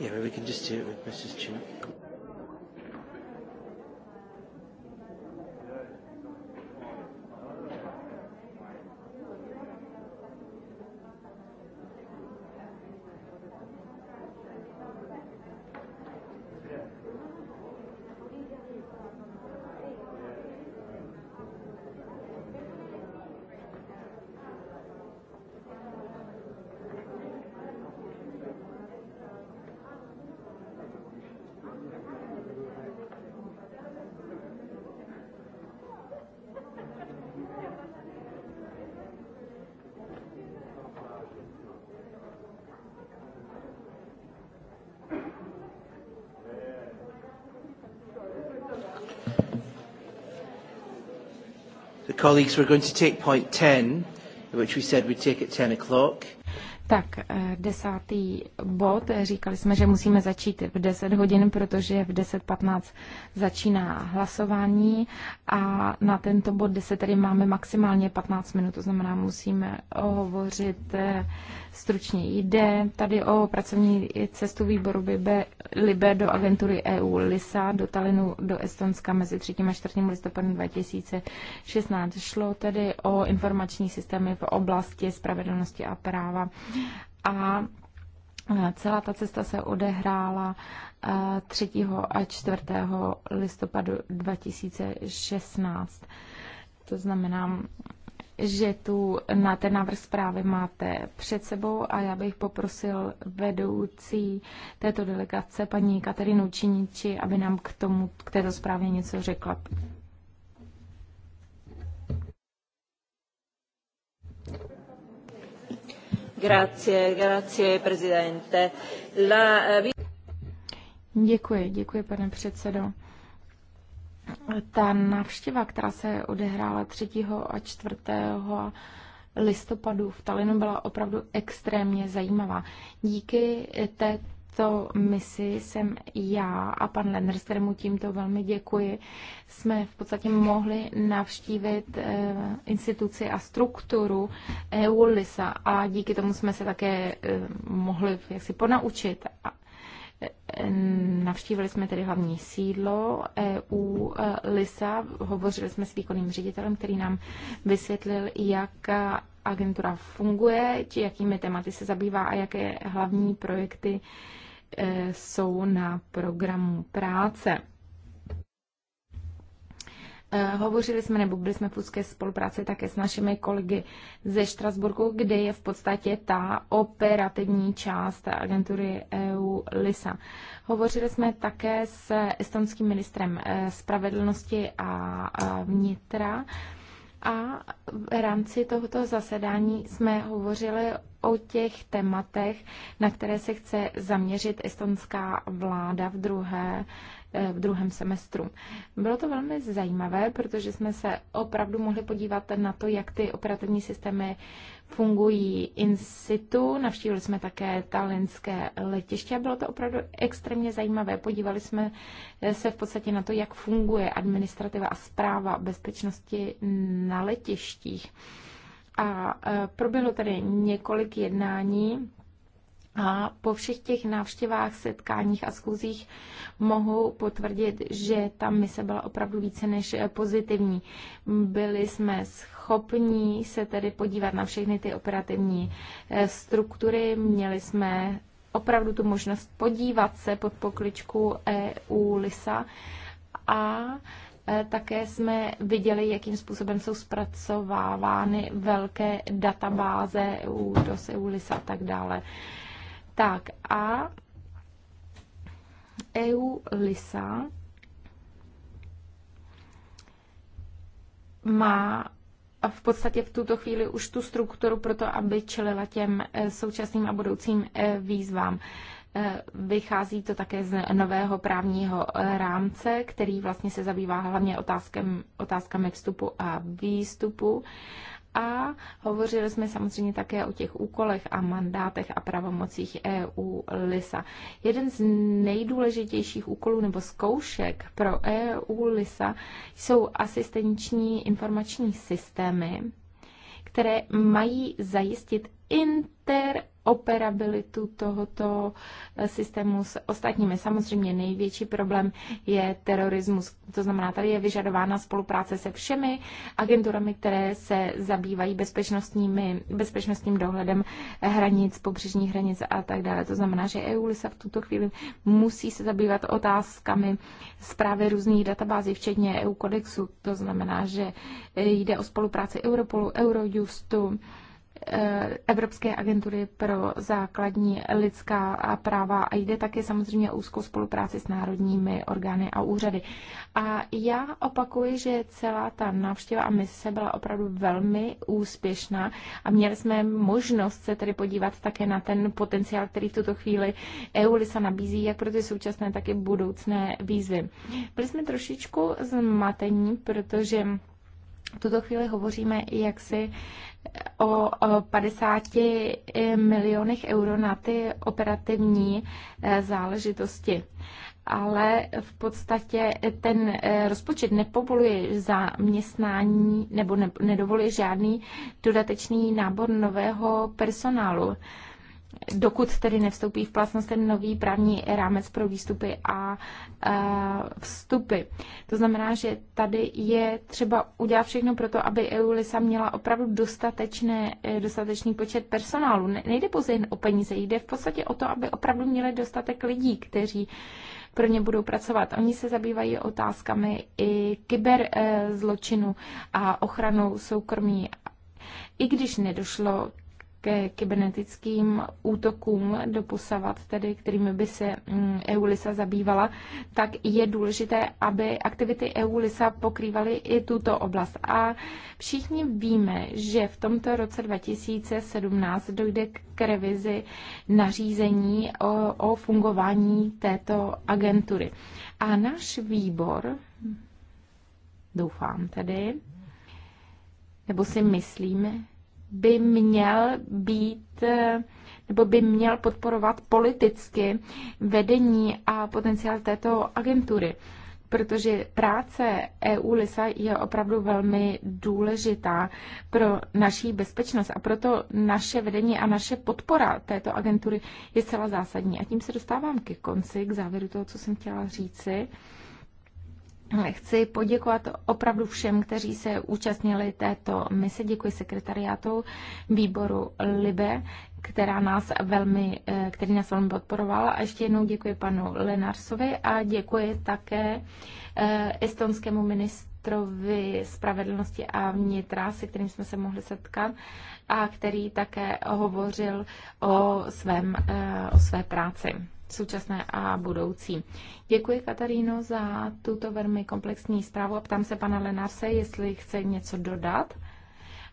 Yeah, maybe we can just do it with Mrs. Chu. colleagues, we're going to take point 10, which we said we'd take at 10 o'clock. Tak, eh, desátý bod. Říkali jsme, že musíme začít v 10 hodin, protože v 10.15 začíná hlasování a na tento bod 10 tady máme maximálně 15 minut, to znamená, musíme hovořit eh, stručně. Jde tady o pracovní cestu výboru Liber do agentury EU LISA do Talinu do Estonska mezi 3. a 4. listopadem 2016. Šlo tedy o informační systémy v oblasti spravedlnosti a práva. A e, celá ta cesta se odehrála 3. E, a 4. listopadu 2016. To znamená, že tu na ten návrh zprávy máte před sebou a já bych poprosil vedoucí této delegace, paní Katerinu Činiči, aby nám k, tomu, k této zprávě něco řekla. Grazie, grazie, prezidente. La... Eh, děkuji, děkuji, pane předsedo ta návštěva, která se odehrála 3. a 4. listopadu v Talinu, byla opravdu extrémně zajímavá. Díky té této misi jsem já a pan Lenders, kterému tímto velmi děkuji, jsme v podstatě mohli navštívit eh, instituci a strukturu EULISA a díky tomu jsme se také eh, mohli jaksi ponaučit Navštívili jsme tedy hlavní sídlo EU eh, LISA, hovořili jsme s výkonným ředitelem, který nám vysvětlil, jak agentura funguje, či jakými tématy se zabývá a jaké hlavní projekty eh, jsou na programu práce. Eh, hovořili jsme nebo byli jsme v úzké spolupráci také s našimi kolegy ze Štrasburku, kde je v podstatě ta operativní část agentury EU LISA. Hovořili jsme také s estonským ministrem eh, spravedlnosti a vnitra. A v rámci tohoto zasedání jsme hovořili o těch tématech, na které se chce zaměřit estonská vláda v druhé Eh, v druhém semestru. Bylo to velmi zajímavé, protože jsme se opravdu mohli podívat na to, jak ty operativní systémy fungují in situ. Navštívili jsme také talinské letiště a bylo to opravdu extrémně zajímavé. Podívali jsme eh, se v podstatě na to, jak funguje administrativa a zpráva bezpečnosti na letištích. A eh, proběhlo tady několik jednání a po všech těch návštěvách, setkáních a schůzích mohu potvrdit, že ta mise byla opravdu více než eh, pozitivní. Byli jsme schopni se tedy podívat na všechny ty operativní eh, struktury, měli jsme opravdu tu možnost podívat se pod pokličku EU LISA a eh, také jsme viděli, jakým způsobem jsou zpracovávány velké databáze EU, DOS, EU, LISA a tak dále. Tak a EU Lisa má v podstatě v tuto chvíli už tu strukturu pro to, aby čelila těm eh, současným a budoucím eh, výzvám. Eh, vychází to také z nového právního rámce, který vlastně se zabývá hlavně otázkem, otázkami vstupu a výstupu a hovořili jsme samozřejmě také o těch úkolech a mandátech a pravomocích EU LISA. Jeden z nejdůležitějších úkolů nebo zkoušek pro EU LISA jsou asistenční informační systémy, které mají zajistit interoperabilitu tohoto eh, systému s ostatními. Samozřejmě největší problém je terorismus. To znamená, tady je vyžadována spolupráce se všemi agenturami, které se zabývají bezpečnostními, bezpečnostním dohledem hranic, pobřežních hranic a tak dále. To znamená, že se v tuto chvíli musí se zabývat otázkami zprávy různých databází, včetně EU kodexu. To znamená, že jde o spolupráci Europolu, Eurojustu, Eh, Evropské agentury pro základní lidská práva a jde také samozřejmě o úzkou spolupráci s národními orgány a úřady. A já opakuji, že celá ta návštěva a mise byla opravdu velmi úspěšná a měli jsme možnost se tedy podívat také na ten potenciál, který v tuto chvíli EULISA nabízí, jak pro ty současné, tak i budoucné výzvy. Byli jsme trošičku zmatení, protože v tuto chvíli hovoříme jaksi o 50 milionech euro na ty operativní eh, záležitosti. Ale v podstatě ten eh, rozpočet nepovoluje zaměstnání nebo nedovoluje žádný dodatečný nábor nového personálu dokud tedy nevstoupí v platnost ten nový právní rámec pro výstupy a e, vstupy. To znamená, že tady je třeba udělat všechno pro to, aby EULISA měla opravdu dostatečné, e, dostatečný počet personálu. Nejde pouze jen o peníze, jde v podstatě o to, aby opravdu měli dostatek lidí, kteří pro ně budou pracovat. Oni se zabývají otázkami i kyberzločinu e, a ochranou soukromí i když nedošlo ke kybernetickým útokům doposavat, tedy kterými by se mm, EULISA zabývala, tak je důležité, aby aktivity EULISA pokrývaly i tuto oblast. A všichni víme, že v tomto roce 2017 dojde k revizi nařízení o, o fungování této agentury. A náš výbor, doufám tedy, nebo si myslíme by měl být nebo by měl podporovat politicky vedení a potenciál této agentury, protože práce EU LISA je opravdu velmi důležitá pro naší bezpečnost a proto naše vedení a naše podpora této agentury je zcela zásadní. A tím se dostávám ke konci, k závěru toho, co jsem chtěla říci. Chci poděkovat opravdu všem, kteří se účastnili této mise. Děkuji sekretariátu výboru LIBE, která nás velmi, eh, který nás velmi podporoval. A ještě jednou děkuji panu Lenarsovi a děkuji také eh, estonskému ministrovi spravedlnosti a vnitra, se kterým jsme se mohli setkat a který také hovořil o, svém, eh, o své práci současné a budoucí. Děkuji Kataríno za tuto velmi komplexní zprávu a ptám se pana Lenarse, jestli chce něco dodat.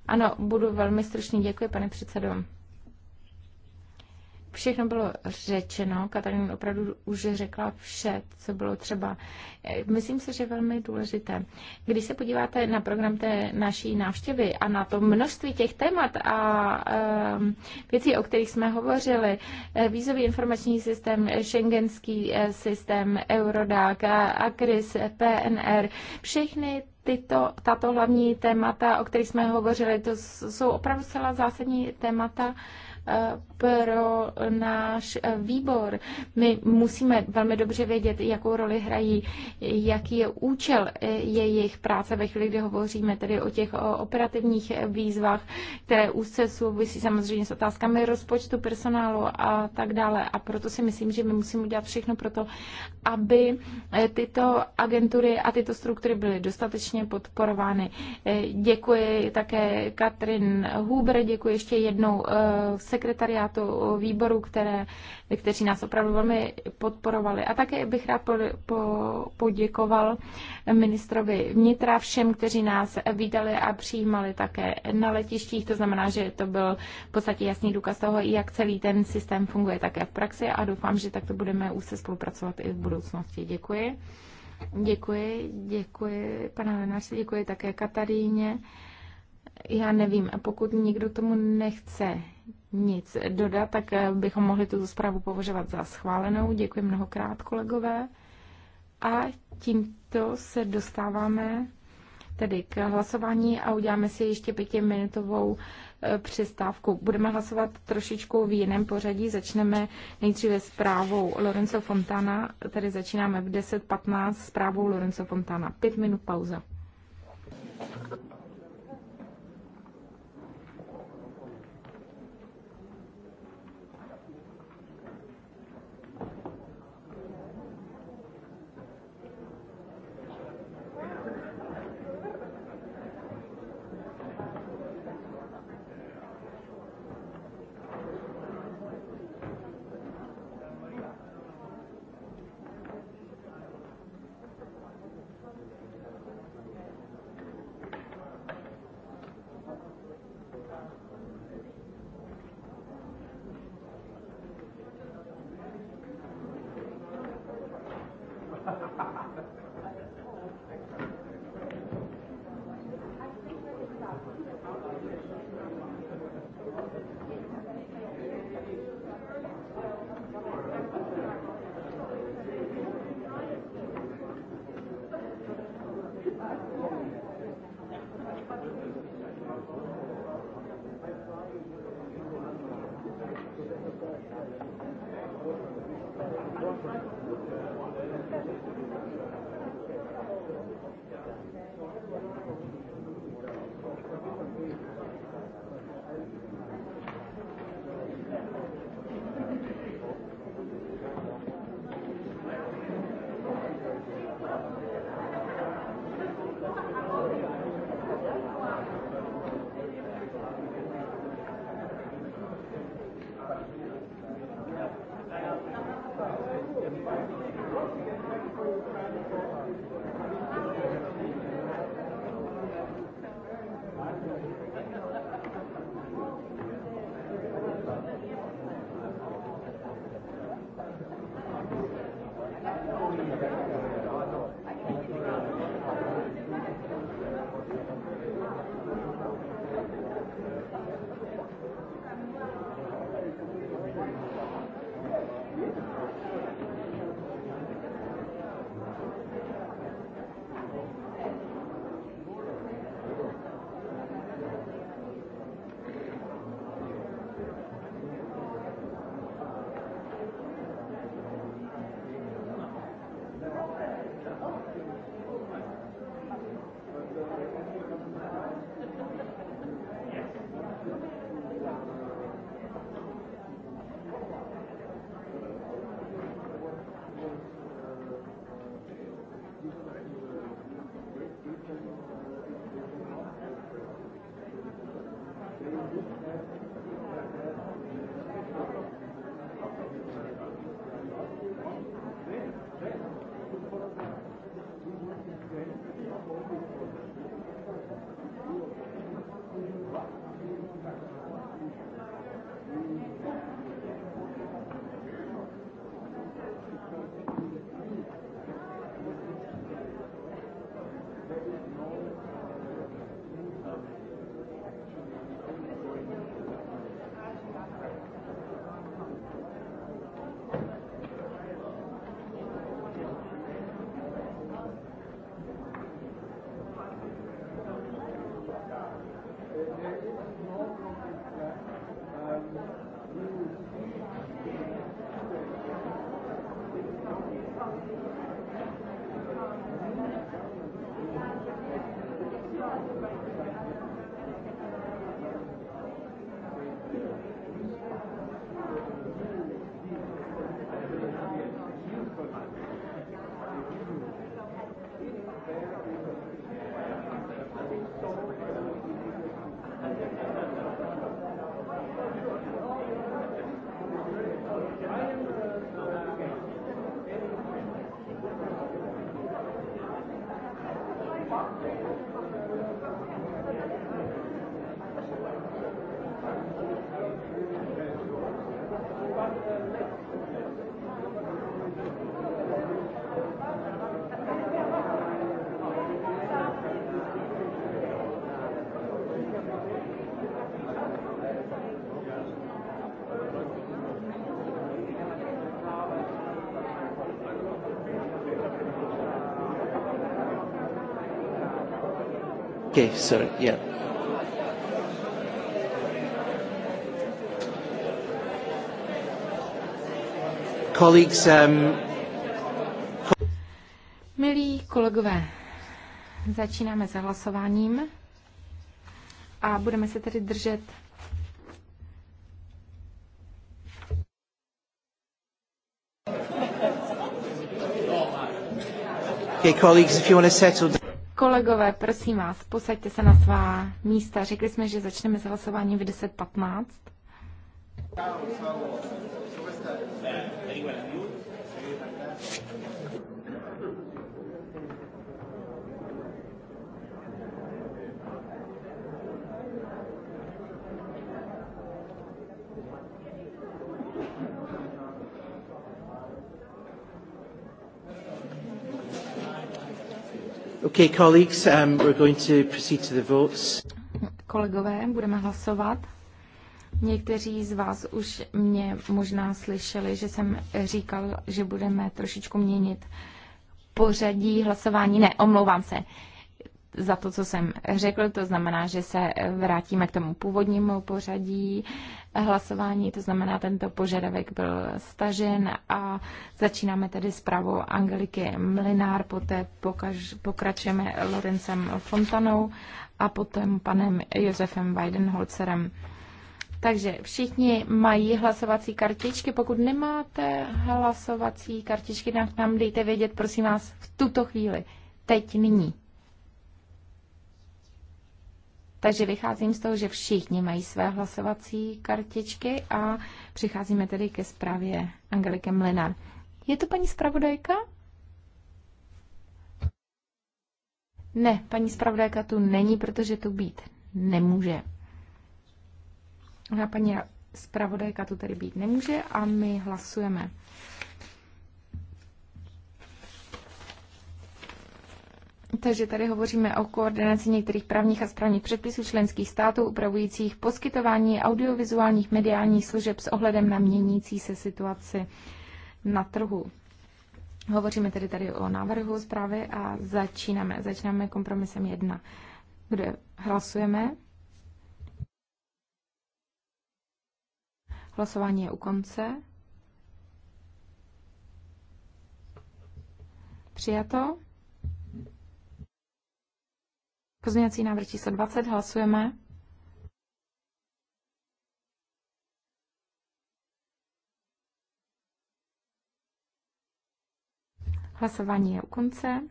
Ano, budu velmi stručný. Děkuji, pane předsedo všechno bylo řečeno. Katarín opravdu už řekla vše, co bylo třeba. E, myslím si, že je velmi důležité. Když se podíváte na program té naší návštěvy a na to množství těch témat a věcí, o kterých jsme hovořili, e, vízový informační systém, šengenský e, systém, Eurodac, ACRIS, PNR, všechny tyto, tato hlavní témata, o kterých jsme hovořili, to jsou opravdu celá zásadní témata, pro náš výbor. My musíme velmi dobře vědět, jakou roli hrají, jaký je účel jejich práce ve chvíli, kdy hovoříme tedy o těch operativních výzvách, které úzce souvisí samozřejmě s otázkami rozpočtu, personálu a tak dále. A proto si myslím, že my musíme udělat všechno pro to, aby tyto agentury a tyto struktury byly dostatečně podporovány. Děkuji také Katrin Huber, děkuji ještě jednou eh, se sekretariátu výboru, které, kteří nás opravdu velmi podporovali. A také bych rád po, po, poděkoval ministrovi vnitra, všem, kteří nás vydali a přijímali také na letištích. To znamená, že to byl v podstatě jasný důkaz toho, jak celý ten systém funguje také v praxi a doufám, že takto budeme úzce spolupracovat i v budoucnosti. Děkuji. Děkuji, děkuji pana Lenáři, děkuji také Kataríně. Já nevím, pokud nikdo tomu nechce nic dodat, tak eh, bychom mohli tuto zprávu považovat za schválenou. Děkuji mnohokrát, kolegové. A tímto se dostáváme tedy k hlasování a uděláme si ještě pětiminutovou eh, přestávku. Budeme hlasovat trošičku v jiném pořadí. Začneme nejdříve zprávou Lorenzo Fontana, Tady začínáme v 10.15 zprávou Lorenzo Fontana. Pět minut pauza. Okay, sorry, yeah. Colleagues, um, Milí kolegové, začínáme s hlasováním a budeme se tedy držet Okay, colleagues, if you want to settle down. Kolegové, prosím vás, posaďte se na svá místa. Řekli jsme, že začneme s hlasováním v 10.15. Thank you. Okay, colleagues, um, we're going to proceed to the votes. Kolegové, budeme hlasovat. Někteří z vás už mě možná slyšeli, že jsem říkal, že budeme trošičku měnit pořadí hlasování. Ne, omlouvám se za to, co jsem řekl. To znamená, že se vrátíme k tomu původnímu pořadí hlasování. To znamená, tento požadavek byl stažen a začínáme tedy s pravou Angeliky Mlinár, poté pokaž, pokračujeme Lorencem Fontanou a potom panem Josefem Weidenholzerem. Takže všichni mají hlasovací kartičky. Pokud nemáte hlasovací kartičky, tak nám dejte vědět, prosím vás, v tuto chvíli. Teď, nyní. Takže vycházím z toho, že všichni mají své hlasovací kartičky a přicházíme tedy ke zprávě Angelike Mlinar. Je to paní zpravodajka? Ne, paní zpravodajka tu není, protože tu být nemůže. A paní zpravodajka tu tedy být nemůže a my hlasujeme. Takže tady hovoříme o koordinaci některých právních a správních předpisů členských států upravujících poskytování audiovizuálních mediálních služeb s ohledem na měnící se situaci na trhu. Hovoříme tedy tady o návrhu zprávy a začínáme. Začínáme kompromisem 1, kde hlasujeme. Hlasování je u konce. Přijato. Pozměňovací návrh číslo 20 hlasujeme. Hlasování je u konce.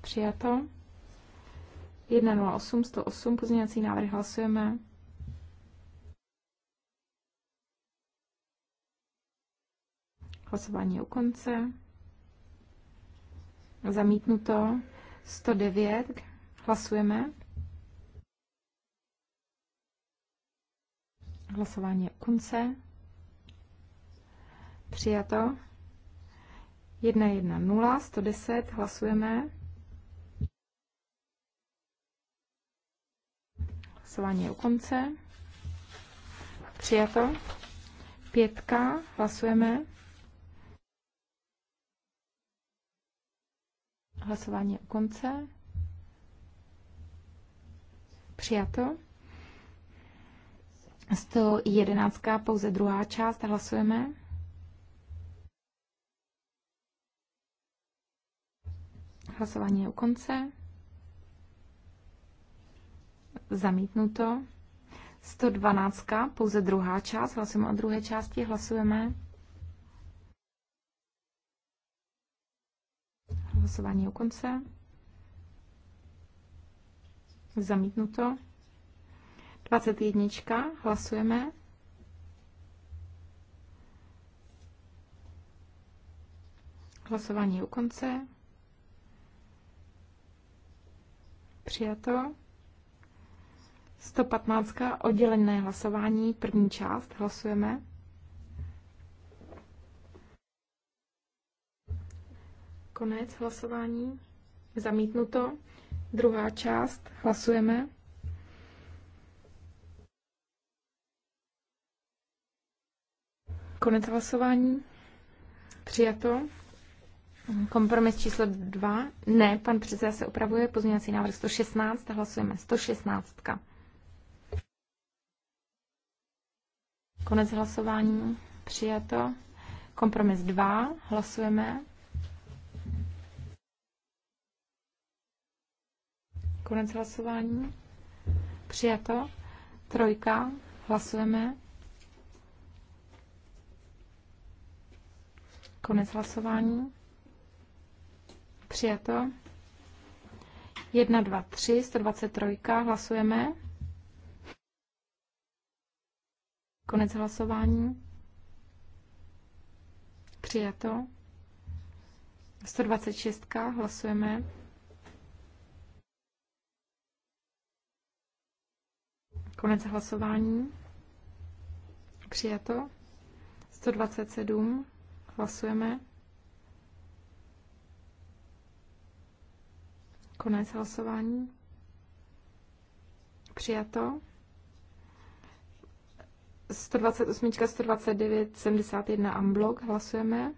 Přijato. 108, 108, pozměňovací návrh hlasujeme. Hlasování je u konce. Zamítnuto. 109. Hlasujeme. Hlasování je konce. Přijato. 110, 110, hlasujeme. Hlasování je u konce. Přijato. Pětka, hlasujeme. Hlasování u konce. Přijato. 111. pouze druhá část. Hlasujeme. Hlasování je u konce. Zamítnuto. 112. pouze druhá část. Hlasujeme o druhé části. Hlasujeme. Hlasování u konce. Zamítnuto. 21. Hlasujeme. Hlasování u konce. Přijato. 115. Oddělené hlasování. První část. Hlasujeme. Konec hlasování. Zamítnuto. Druhá část. Hlasujeme. Konec hlasování. Přijato. Kompromis číslo 2. Ne, pan předseda se opravuje. Pozměňovací návrh 116. Hlasujeme 116. Konec hlasování. Přijato. Kompromis 2. Hlasujeme. Konec hlasování. Přijato. Trojka. Hlasujeme. Konec hlasování. Přijato. 1, 2, 3, 123, hlasujeme. Konec hlasování. Přijato. 126, hlasujeme. Konec hlasování. Přijato. 127. Hlasujeme. Konec hlasování. Přijato. 128, 129, 71 unblock. Hlasujeme.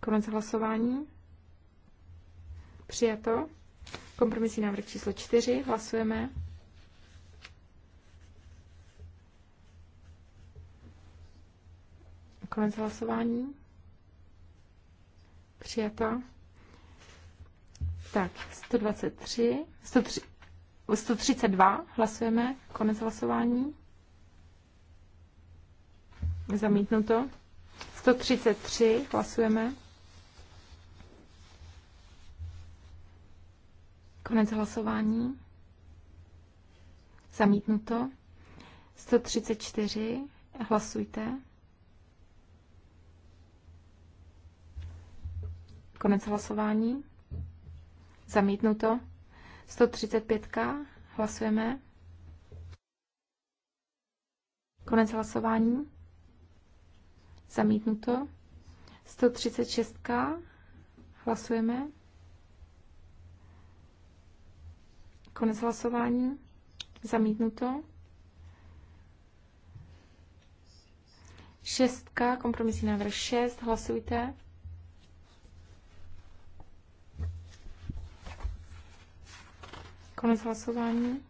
Konec hlasování. Přijato. Kompromisní návrh číslo čtyři Hlasujeme. Konec hlasování. Přijata. Tak, 123, 103, 132 hlasujeme, konec hlasování. Zamítnuto. 133 hlasujeme. Konec hlasování. Zamítnuto. 134. Hlasujte. Konec hlasování. Zamítnuto. 135. Hlasujeme. Konec hlasování. Zamítnuto. 136. Hlasujeme. Konec hlasování. Zamítnuto. Šestka, kompromisní návrh šest. hlasujte. Konec hlasování.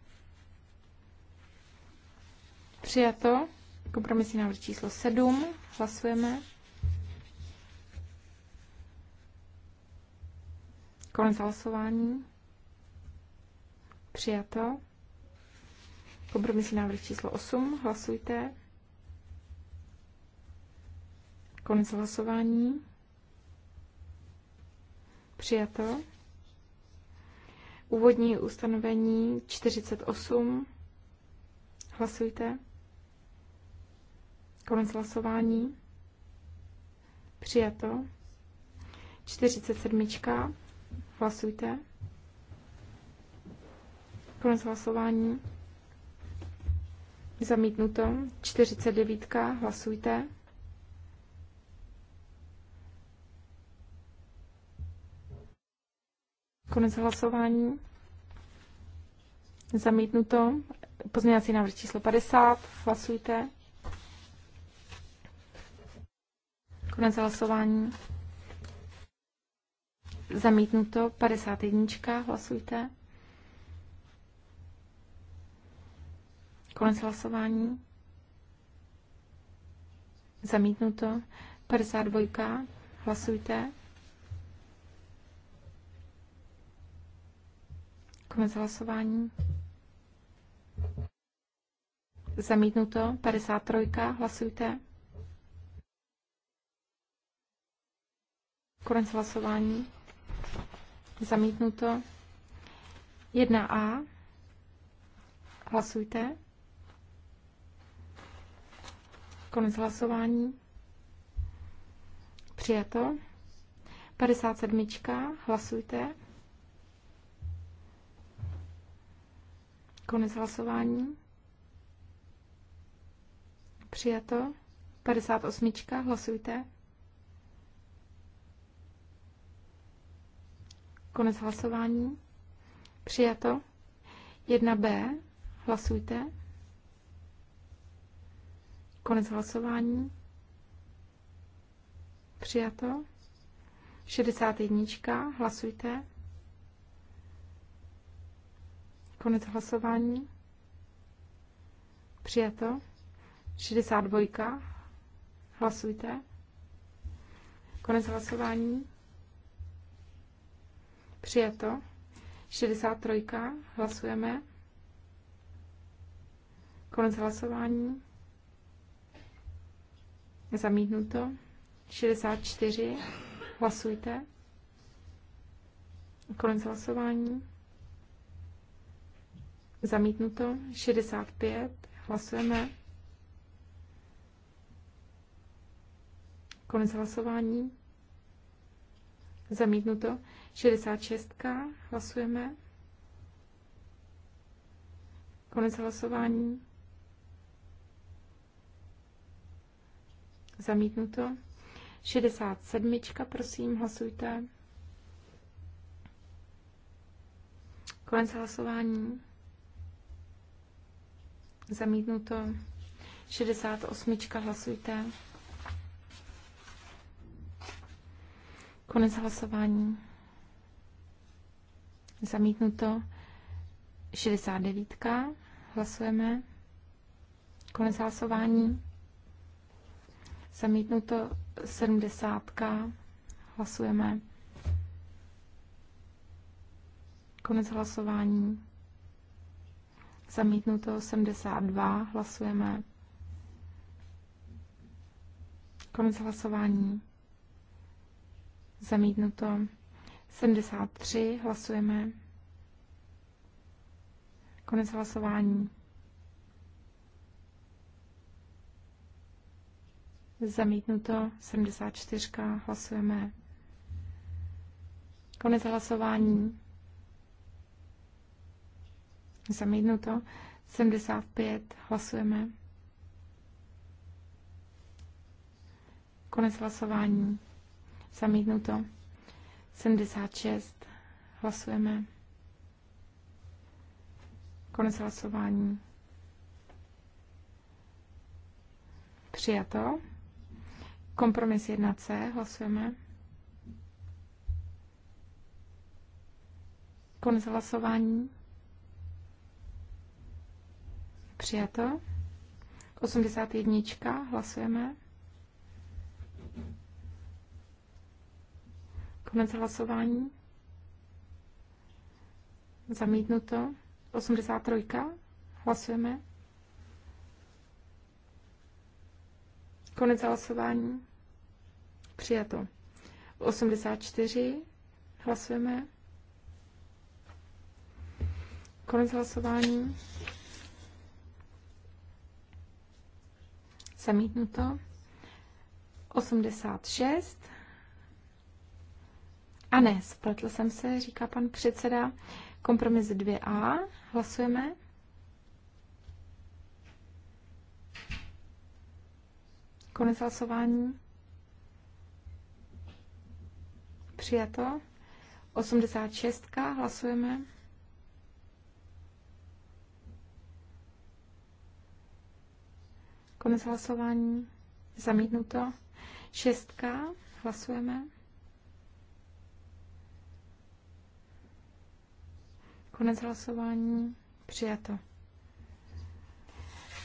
Přijato. Kompromisní návrh číslo 7. Hlasujeme. Konec hlasování. Přijato. Kompromisní návrh číslo 8. Hlasujte. Konec hlasování. Přijato. Úvodní ustanovení 48. Hlasujte. Konec hlasování. Přijato. 47. Hlasujte. Konec hlasování. Zamítnuto. 49. Hlasujte. Konec hlasování. Zamítnuto. Pozměňovací návrh číslo 50. Hlasujte. Konec hlasování. Zamítnuto. 51. Hlasujte. Konec hlasování. Zamítnuto. 52. Hlasujte. Konec hlasování. Zamítnuto. 53. Hlasujte. Konec hlasování. Zamítnuto. 1A. Hlasujte. Konec hlasování. Přijato. 57. Hlasujte. Konec hlasování. Přijato. 58. Hlasujte. Konec hlasování. Přijato. 1b. Hlasujte. Konec hlasování. Přijato. 61. Hlasujte. Konec hlasování. Přijato. 62. Hlasujte. Konec hlasování. Přijato. 63. Hlasujeme. Konec hlasování. Zamítnuto. 64. Hlasujte. Konec hlasování. Zamítnuto. 65. Hlasujeme. Konec hlasování. Zamítnuto. 66. Hlasujeme. Konec hlasování. Zamítnuto. 67. Prosím, hlasujte. Konec hlasování. Zamítnuto. 68. Hlasujte. Konec hlasování. Zamítnuto. 69. Hlasujeme. Konec hlasování. Zamítnuto 70. Hlasujeme. Konec hlasování. Zamítnuto 72. Hlasujeme. Konec hlasování. Zamítnuto 73. Hlasujeme. Konec hlasování. Zamítnuto 74. Hlasujeme. Konec hlasování. Zamítnuto 75. Hlasujeme. Konec hlasování. Zamítnuto 76. Hlasujeme. Konec hlasování. Přijato. Kompromis 1C, hlasujeme. Konec hlasování. Přijato. 81. Hlasujeme. Konec hlasování. Zamítnuto. 83. Hlasujeme. Konec hlasování. Přijato. 84. Hlasujeme. Konec hlasování. Zamítnuto. 86. A ne, spletl jsem se, říká pan předseda. Kompromis 2a. Hlasujeme. Konec hlasování. Přijato. 86. Hlasujeme. Konec hlasování. Zamítnuto. Šestka. Hlasujeme. Konec hlasování. Přijato.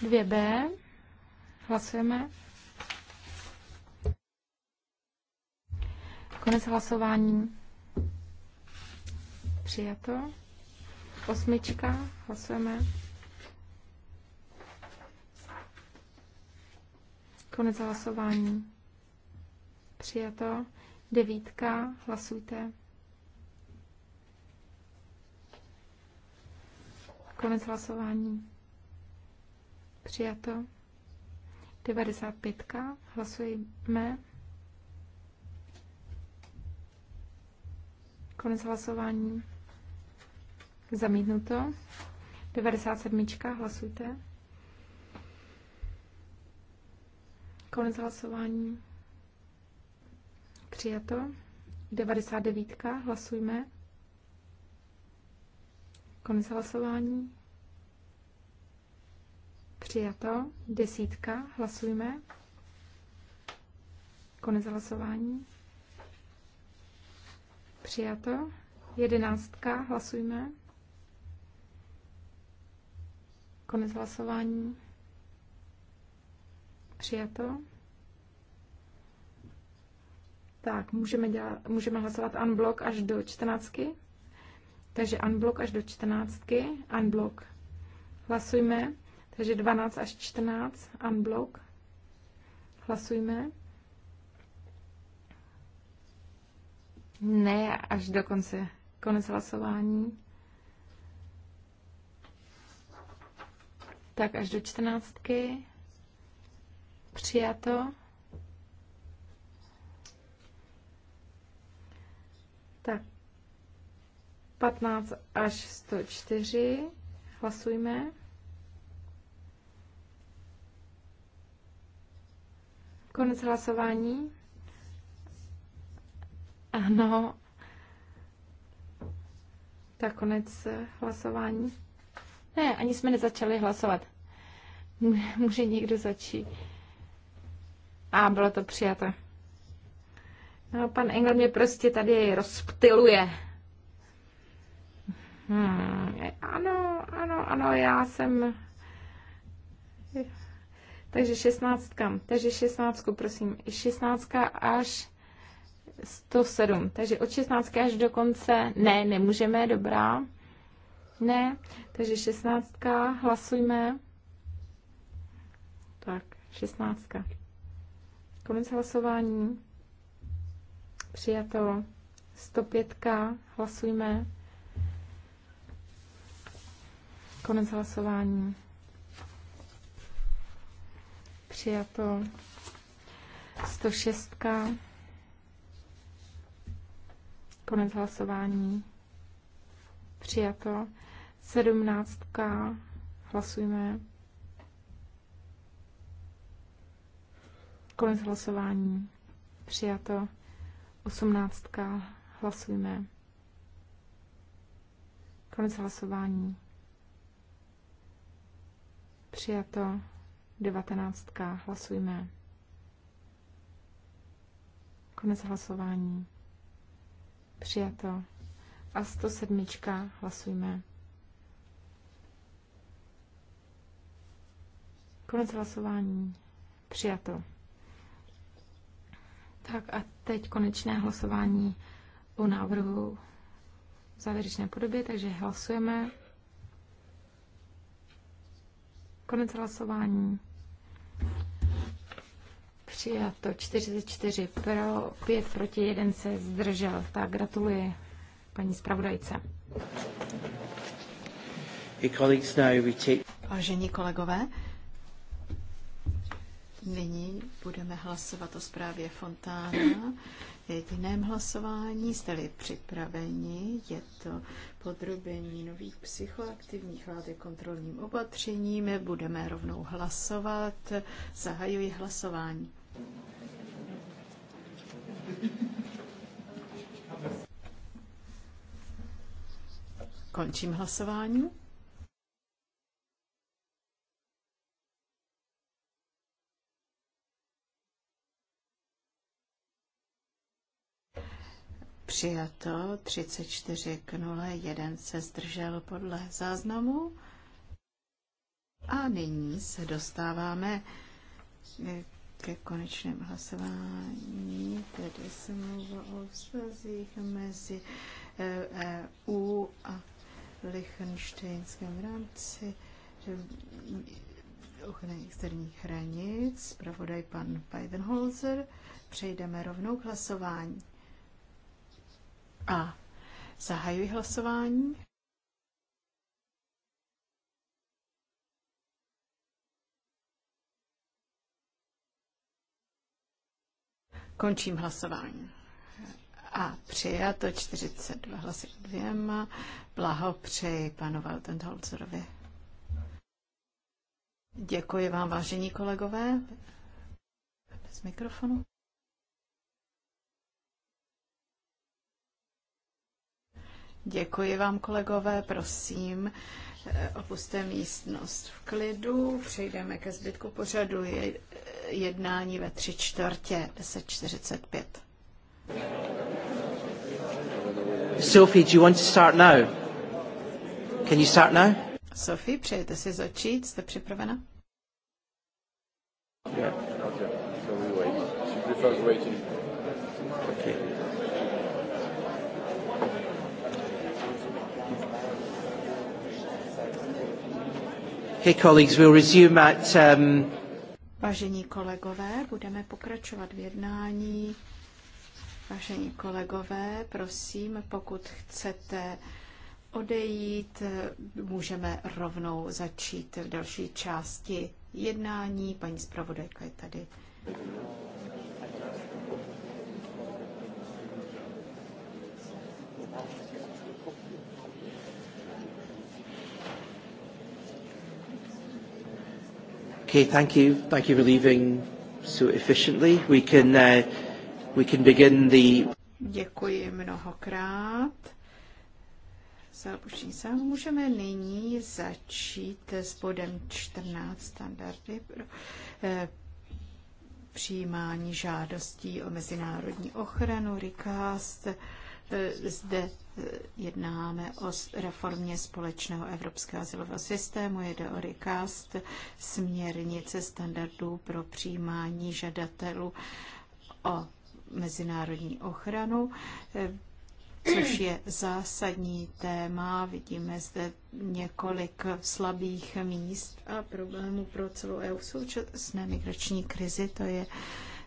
2B. Hlasujeme. Konec hlasování. Přijato. Osmička. Hlasujeme. Konec hlasování. Přijato. Devítka. Hlasujte. Konec hlasování. Přijato. 95. Hlasujeme. Konec hlasování. Zamítnuto. 97. Hlasujte. Konec hlasování. Přijato. 99. Hlasujme. Konec hlasování. Přijato. Desítka. Hlasujme. Konec hlasování. Přijato. Jedenáctka. Hlasujme. Konec hlasování. Přijato. Tak, můžeme, dělat, můžeme hlasovat unblock až do čtrnáctky. Takže unblock až do čtrnáctky. Unblock. Hlasujme. Takže 12 až 14. Unblock. Hlasujme. Ne, až do konce. Konec hlasování. Tak až do čtrnáctky. Přijato. Tak 15 až 104. Hlasujme. Konec hlasování. Ano. Tak konec eh, hlasování. Ne, ani jsme nezačali hlasovat. Může někdo začít. A bylo to přijato. No, pan Engel mě prostě tady rozptiluje. Hmm, ano, ano, ano, já jsem... Takže šestnáctka, takže šestnáctku, prosím. Šestnáctka až 107. Takže od 16 až do konce ne, nemůžeme, dobrá. Ne, takže 16. Hlasujme. Tak, 16. Konec hlasování. Přijato. 105. Hlasujme. Konec hlasování. Přijato. 106. Konec hlasování. Přijato. Sedmnáctka. Hlasujme. Konec hlasování. Přijato. Osmnáctka. Hlasujme. Konec hlasování. Přijato. Devatenáctka. Hlasujme. Konec hlasování. Přijato. A 107. Hlasujme. Konec hlasování. Přijato. Tak a teď konečné hlasování o návrhu v závěrečné podobě, takže hlasujeme. Konec hlasování přijato 44 pro, 5 proti 1 se zdržel. Tak gratuluji paní zpravodajce. Vážení kolegové, nyní budeme hlasovat o zprávě Fontána. Jediném hlasování jste-li připraveni, je to podrobení nových psychoaktivních látek kontrolním opatřením. Budeme rovnou hlasovat. Zahajuji hlasování. Končím hlasování. Přijato 34 k 0, jeden se zdržel podle záznamu. A nyní se dostáváme ke konečném hlasování, tedy se mluvilo o vztazích mezi eh, eh, EU a Lichtensteinském rámci eh, ochrany externích hranic, zpravodaj pan Bidenholzer. Přejdeme rovnou k hlasování. A zahajuji hlasování. Končím hlasování. A přijato 42 hlasy dvěma. dvěma. Blahopřeji panu Waltenholzerovi. Děkuji vám, vážení kolegové. Bez mikrofonu. Děkuji vám, kolegové, prosím. Eh, opuste místnost v klidu, přejdeme ke zbytku pořadu jednání ve tři čtvrtě 10.45. Sophie, do you want to start now? Can you start now? Sophie, přejete si začít? Jste připravena? Yeah. Okay. So we wait. She prefers waiting. Okay. Okay, colleagues, we'll resume at, um... Vážení kolegové, budeme pokračovat v jednání. Vážení kolegové, prosím, pokud chcete odejít, můžeme rovnou začít v další části jednání. Paní zpravodajka je tady. Okay, thank you. Thank you for leaving so efficiently. We can, uh, we can begin the... Děkuji mnohokrát za se. Můžeme nyní začít s bodem 14 standardy pro eh, přijímání žádostí o mezinárodní ochranu, recast, eh, E, zde e, jednáme o reformě společného evropského asilového systému, jde o recast směrnice standardů pro přijímání žadatelů o mezinárodní ochranu, e, což je zásadní téma. Vidíme zde několik slabých míst a problémů pro celou EU v současné migrační krizi. To je uh,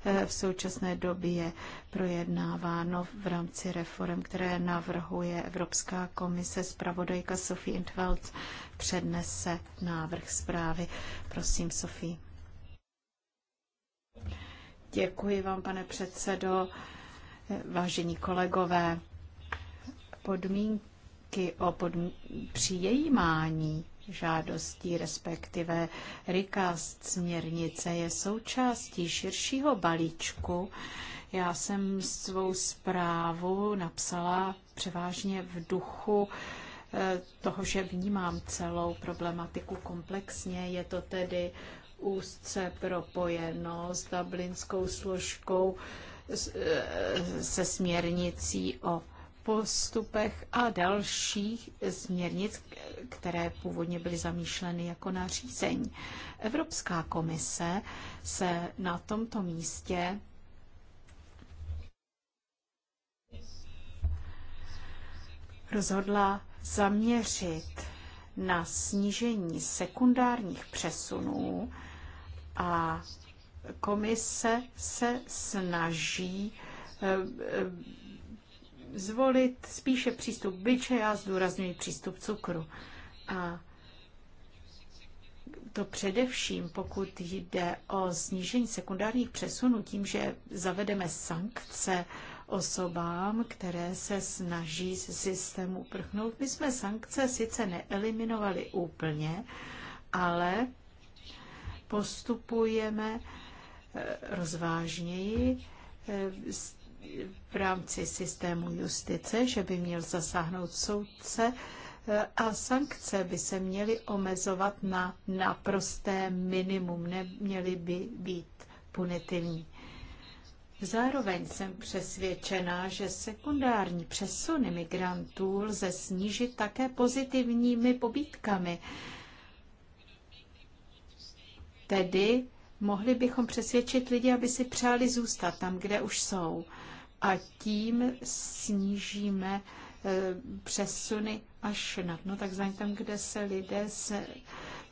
Eh, v současné době projednáváno v rámci reform, které navrhuje Evropská komise. Spravodajka Sophie Intveld přednese návrh zprávy. Prosím, Sophie. Děkuji vám, pane předsedo. Eh, vážení kolegové, podmínky o podm- přijímání žádostí, respektive rikast směrnice je součástí širšího balíčku. Já jsem svou zprávu napsala převážně v duchu eh, toho, že vnímám celou problematiku komplexně. Je to tedy úzce propojeno s dublinskou složkou eh, se směrnicí o postupech a dalších směrnic, které původně byly zamýšleny jako nařízení. Evropská komise se na tomto místě rozhodla zaměřit na snížení sekundárních přesunů a komise se snaží eh, eh, zvolit spíše přístup byče, já zdůraznuju přístup cukru. A to především, pokud jde o snížení sekundárních přesunů tím, že zavedeme sankce osobám, které se snaží z systému prchnout. My jsme sankce sice neeliminovali úplně, ale postupujeme eh, rozvážněji eh, s v rámci systému justice, že by měl zasáhnout soudce e, a sankce by se měly omezovat na naprosté minimum, neměly by být punitivní. Zároveň jsem přesvědčená, že sekundární přesuny migrantů lze snížit také pozitivními pobítkami. Tedy mohli bychom přesvědčit lidi, aby si přáli zůstat tam, kde už jsou a tím snížíme eh, přesuny až na dno, takzvaně tam, kde se lidé se,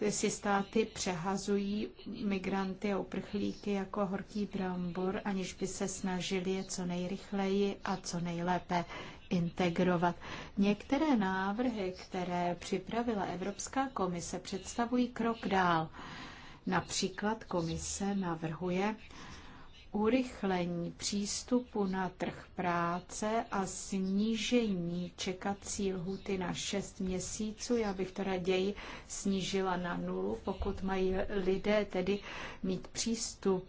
si státy přehazují migranty a uprchlíky jako horký brambor, aniž by se snažili je co nejrychleji a co nejlépe integrovat. Některé návrhy, které připravila Evropská komise, představují krok dál. Například komise navrhuje urychlení přístupu na trh práce a snížení čekací lhuty na 6 měsíců. Já bych to raději snížila na nulu, pokud mají lidé tedy mít přístup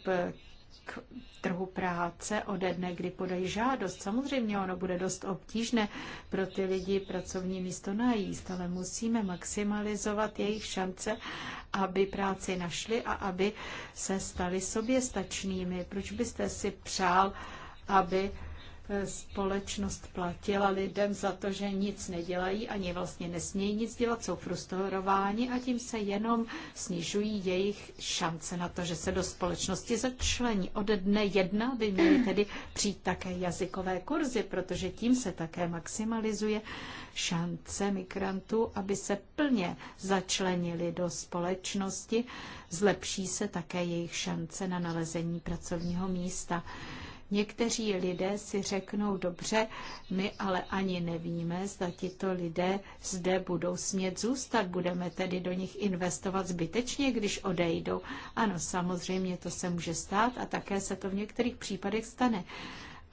k trhu práce ode dne, kdy podají žádost. Samozřejmě ono bude dost obtížné pro ty lidi pracovní místo najíst, ale musíme maximalizovat jejich šance, aby práci našli a aby se stali soběstačnými. Proč byste si přál, aby společnost platila lidem za to, že nic nedělají, ani vlastně nesmějí nic dělat, jsou frustrováni a tím se jenom snižují jejich šance na to, že se do společnosti začlení. Od dne jedna by měly tedy přijít také jazykové kurzy, protože tím se také maximalizuje šance migrantů, aby se plně začlenili do společnosti. Zlepší se také jejich šance na nalezení pracovního místa. Někteří lidé si řeknou, dobře, my ale ani nevíme, zda tito lidé zde budou smět zůstat, budeme tedy do nich investovat zbytečně, když odejdou. Ano, samozřejmě to se může stát a také se to v některých případech stane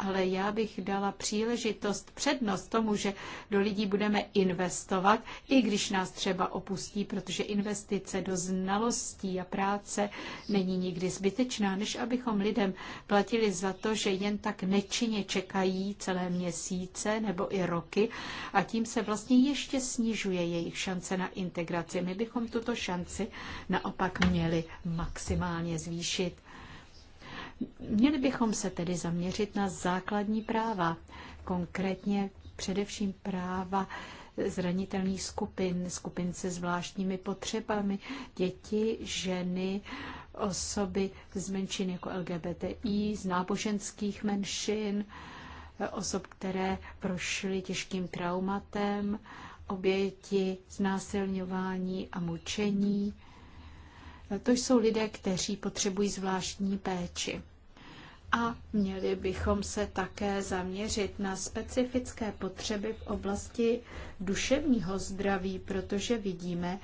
ale já bych dala příležitost, přednost tomu, že do lidí budeme investovat, i když nás třeba opustí, protože investice do znalostí a práce není nikdy zbytečná, než abychom lidem platili za to, že jen tak nečinně čekají celé měsíce nebo i roky a tím se vlastně ještě snižuje jejich šance na integraci. My bychom tuto šanci naopak měli maximálně zvýšit. Měli bychom se tedy zaměřit na základní práva, konkrétně především práva zranitelných skupin, skupin se zvláštními potřebami, děti, ženy, osoby z menšin jako LGBTI, z náboženských menšin, osob, které prošly těžkým traumatem, oběti znásilňování a mučení. To jsou lidé, kteří potřebují zvláštní péči a měli bychom se také zaměřit na specifické potřeby v oblasti duševního zdraví, protože vidíme,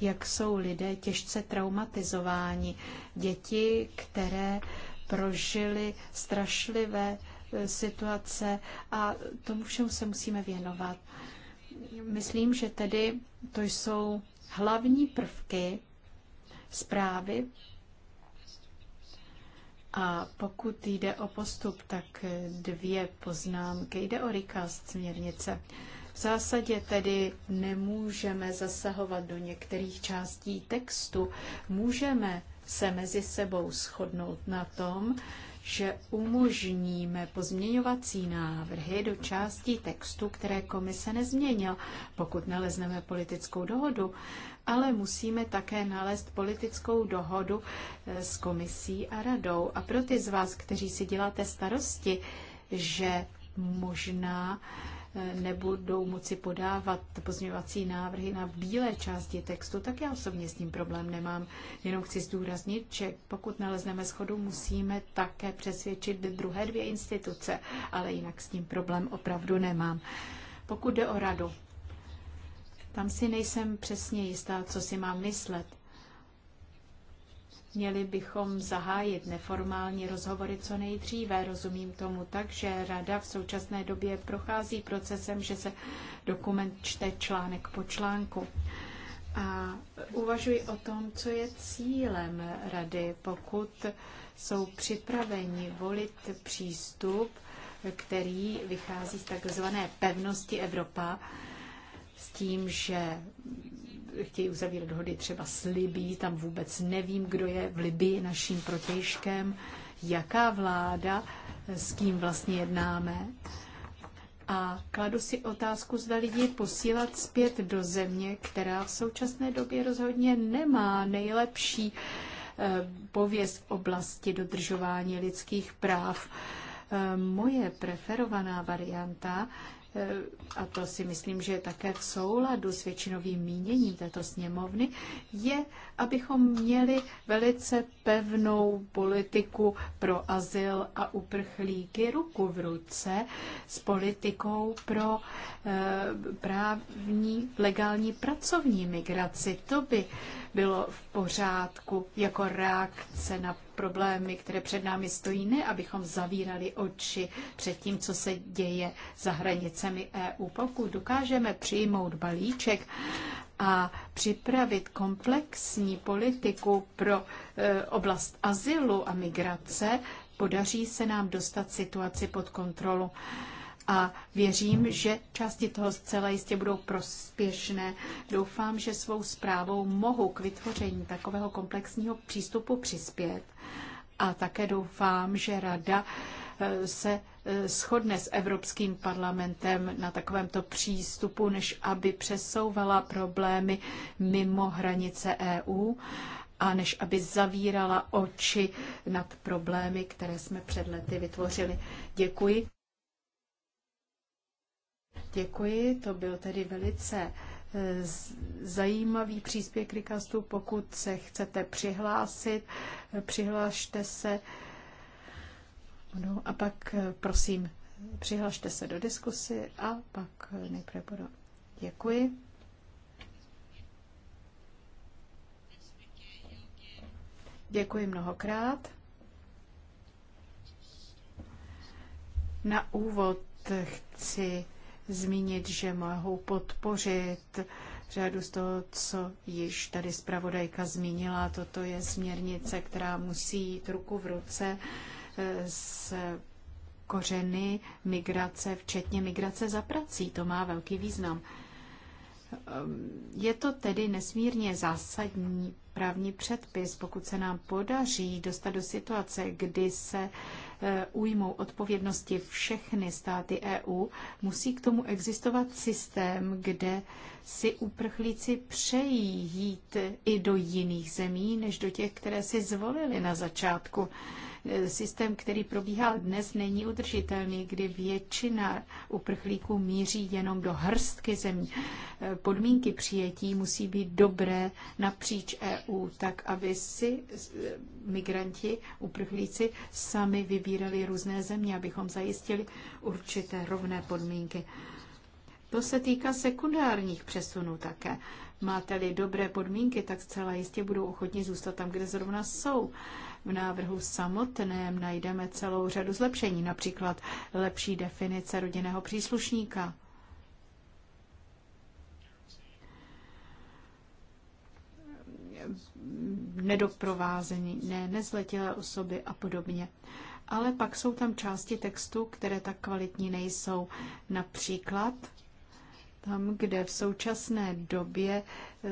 jak jsou lidé těžce traumatizováni. Děti, které prožili strašlivé e, situace a tomu všemu se musíme věnovat. Myslím, že tedy to jsou hlavní prvky zprávy a pokud jde o postup, tak dvě poznámky. Jde o recast směrnice. V zásadě tedy nemůžeme zasahovat do některých částí textu. Můžeme se mezi sebou shodnout na tom, že umožníme pozměňovací návrhy do částí textu, které komise nezměnil, pokud nalezneme politickou dohodu ale musíme také nalézt politickou dohodu eh, s komisí a radou. A pro ty z vás, kteří si děláte starosti, že možná eh, nebudou moci podávat pozměňovací návrhy na bílé části textu, tak já osobně s tím problém nemám. Jenom chci zdůraznit, že pokud nalezneme schodu, musíme také přesvědčit druhé dvě instituce, ale jinak s tím problém opravdu nemám. Pokud jde o radu, tam si nejsem přesně jistá, co si mám myslet. Měli bychom zahájit neformální rozhovory co nejdříve. Rozumím tomu tak, že Rada v současné době prochází procesem, že se dokument čte článek po článku. A uvažuji o tom, co je cílem Rady, pokud jsou připraveni volit přístup, který vychází z takzvané pevnosti Evropa, s tím, že chtějí uzavírat dohody třeba s Libí, tam vůbec nevím, kdo je v Libii naším protějškem, jaká vláda, s kým vlastně jednáme. A kladu si otázku, zda lidi posílat zpět do země, která v současné době rozhodně nemá nejlepší eh, pověst v oblasti dodržování lidských práv. Eh, moje preferovaná varianta Eh, a to si myslím, že je také v souladu s většinovým míněním této sněmovny, je abychom měli velice pevnou politiku pro azyl a uprchlíky ruku v ruce s politikou pro eh, právní, legální pracovní migraci. To by bylo v pořádku jako reakce na problémy, které před námi stojí, ne abychom zavírali oči před tím, co se děje za hranicemi EU. Pokud dokážeme přijmout balíček a připravit komplexní politiku pro e, oblast azylu a migrace, podaří se nám dostat situaci pod kontrolu. A věřím, že části toho zcela jistě budou prospěšné. Doufám, že svou zprávou mohu k vytvoření takového komplexního přístupu přispět. A také doufám, že Rada se eh, shodne s Evropským parlamentem na takovémto přístupu, než aby přesouvala problémy mimo hranice EU a než aby zavírala oči nad problémy, které jsme před lety vytvořili. Děkuji. Děkuji, to byl tedy velice eh, zajímavý příspěvek Rikastu. Pokud se chcete přihlásit, eh, přihlašte se No a pak eh, prosím, přihlašte se do diskusy a pak eh, nejprve budu. Děkuji. Děkuji mnohokrát. Na úvod chci zmínit, že mohou podpořit řadu z toho, co již tady zpravodajka zmínila. Toto je směrnice, která musí jít ruku v ruce s kořeny migrace, včetně migrace za prací. To má velký význam. Ehm, je to tedy nesmírně zásadní právní předpis, pokud se nám podaří dostat do situace, kdy se e, ujmou odpovědnosti všechny státy EU, musí k tomu existovat systém, kde si uprchlíci přejí jít i do jiných zemí, než do těch, které si zvolili na začátku systém, který probíhal dnes, není udržitelný, kdy většina uprchlíků míří jenom do hrstky zemí. Podmínky přijetí musí být dobré napříč EU, tak aby si migranti, uprchlíci sami vybírali různé země, abychom zajistili určité rovné podmínky. To se týká sekundárních přesunů také. Máte-li dobré podmínky, tak zcela jistě budou ochotni zůstat tam, kde zrovna jsou. V návrhu samotném najdeme celou řadu zlepšení, například lepší definice rodinného příslušníka. nedoprovázení, ne, nezletilé osoby a podobně. Ale pak jsou tam části textu, které tak kvalitní nejsou. Například tam, kde v současné době eh,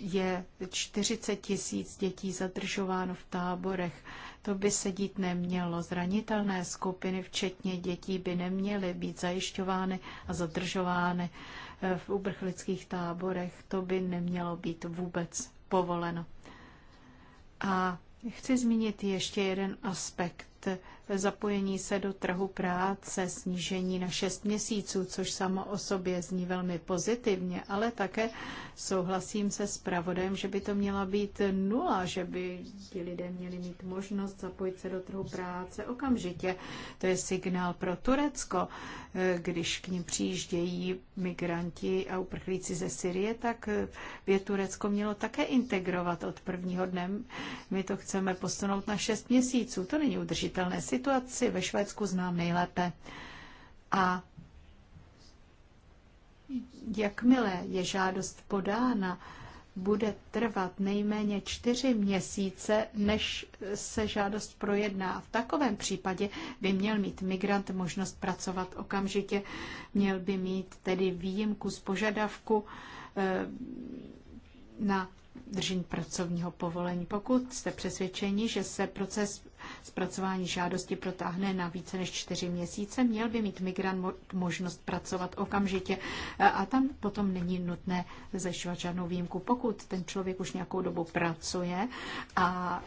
je 40 tisíc dětí zadržováno v táborech. To by se dít nemělo. Zranitelné skupiny, včetně dětí, by neměly být zajišťovány a zadržovány eh, v ubrchlických táborech. To by nemělo být vůbec povoleno. A chci zmínit ještě jeden aspekt zapojení se do trhu práce, snížení na 6 měsíců, což samo o sobě zní velmi pozitivně, ale také souhlasím se s pravodem, že by to měla být nula, že by ti lidé měli mít možnost zapojit se do trhu práce okamžitě. To je signál pro Turecko. Když k ním přijíždějí migranti a uprchlíci ze Syrie, tak by Turecko mělo také integrovat od prvního dne. My to chceme posunout na 6 měsíců. To není udržitelné Situaci ve Švédsku znám nejlépe. A jakmile je žádost podána, bude trvat nejméně čtyři měsíce, než se žádost projedná. V takovém případě by měl mít migrant možnost pracovat okamžitě, měl by mít tedy výjimku z požadavku eh, na držení pracovního povolení. Pokud jste přesvědčeni, že se proces zpracování žádosti protáhne na více než čtyři měsíce, měl by mít migrant možnost pracovat okamžitě eh, a tam potom není nutné zešvat žádnou výjimku. Pokud ten člověk už nějakou dobu pracuje a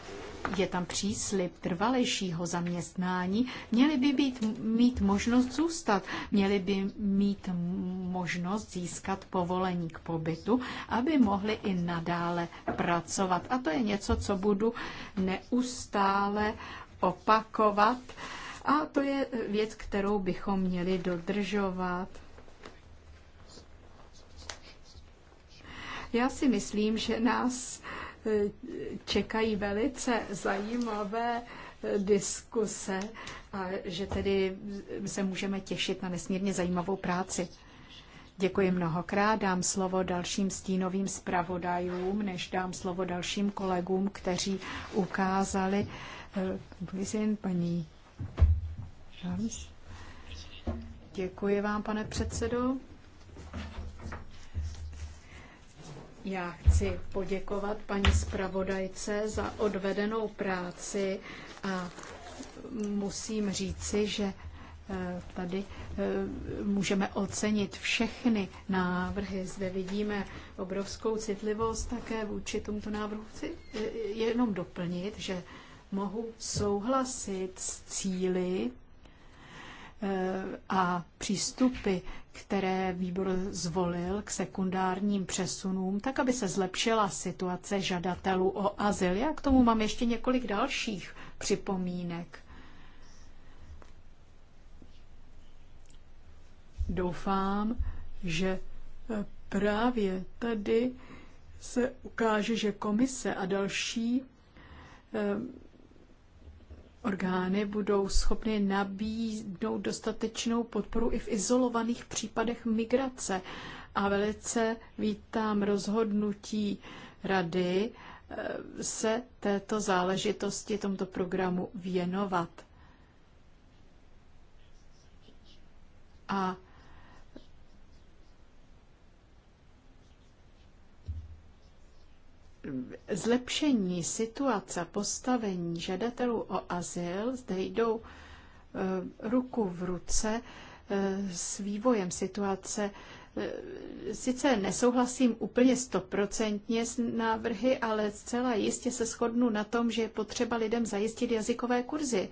je tam příslip trvalejšího zaměstnání, měli by být, mít možnost zůstat, měli by mít možnost získat povolení k pobytu, aby mohli i nadále pracovat. A to je něco, co budu neustále opakovat. A to je věc, kterou bychom měli dodržovat. Já si myslím, že nás e, čekají velice zajímavé e, diskuse a že tedy se můžeme těšit na nesmírně zajímavou práci. Děkuji mnohokrát, dám slovo dalším stínovým zpravodajům, než dám slovo dalším kolegům, kteří ukázali, Blizin, paní Šams. Děkuji vám, pane předsedo. Já chci poděkovat paní zpravodajce za odvedenou práci a musím říci, že eh, tady eh, můžeme ocenit všechny návrhy. Zde vidíme obrovskou citlivost také vůči tomuto návrhu. Chci eh, jenom doplnit, že mohu souhlasit s cíly eh, a přístupy, které výbor zvolil k sekundárním přesunům, tak aby se zlepšila situace žadatelů o azyl. Já k tomu mám ještě několik dalších připomínek. Doufám, že eh, právě tady se ukáže, že komise a další eh, orgány budou schopny nabídnout dostatečnou podporu i v izolovaných případech migrace. A velice vítám rozhodnutí rady eh, se této záležitosti, tomto programu věnovat. A zlepšení situace postavení žadatelů o azyl zde jdou e, ruku v ruce e, s vývojem situace. E, sice nesouhlasím úplně stoprocentně s návrhy, ale zcela jistě se shodnu na tom, že je potřeba lidem zajistit jazykové kurzy.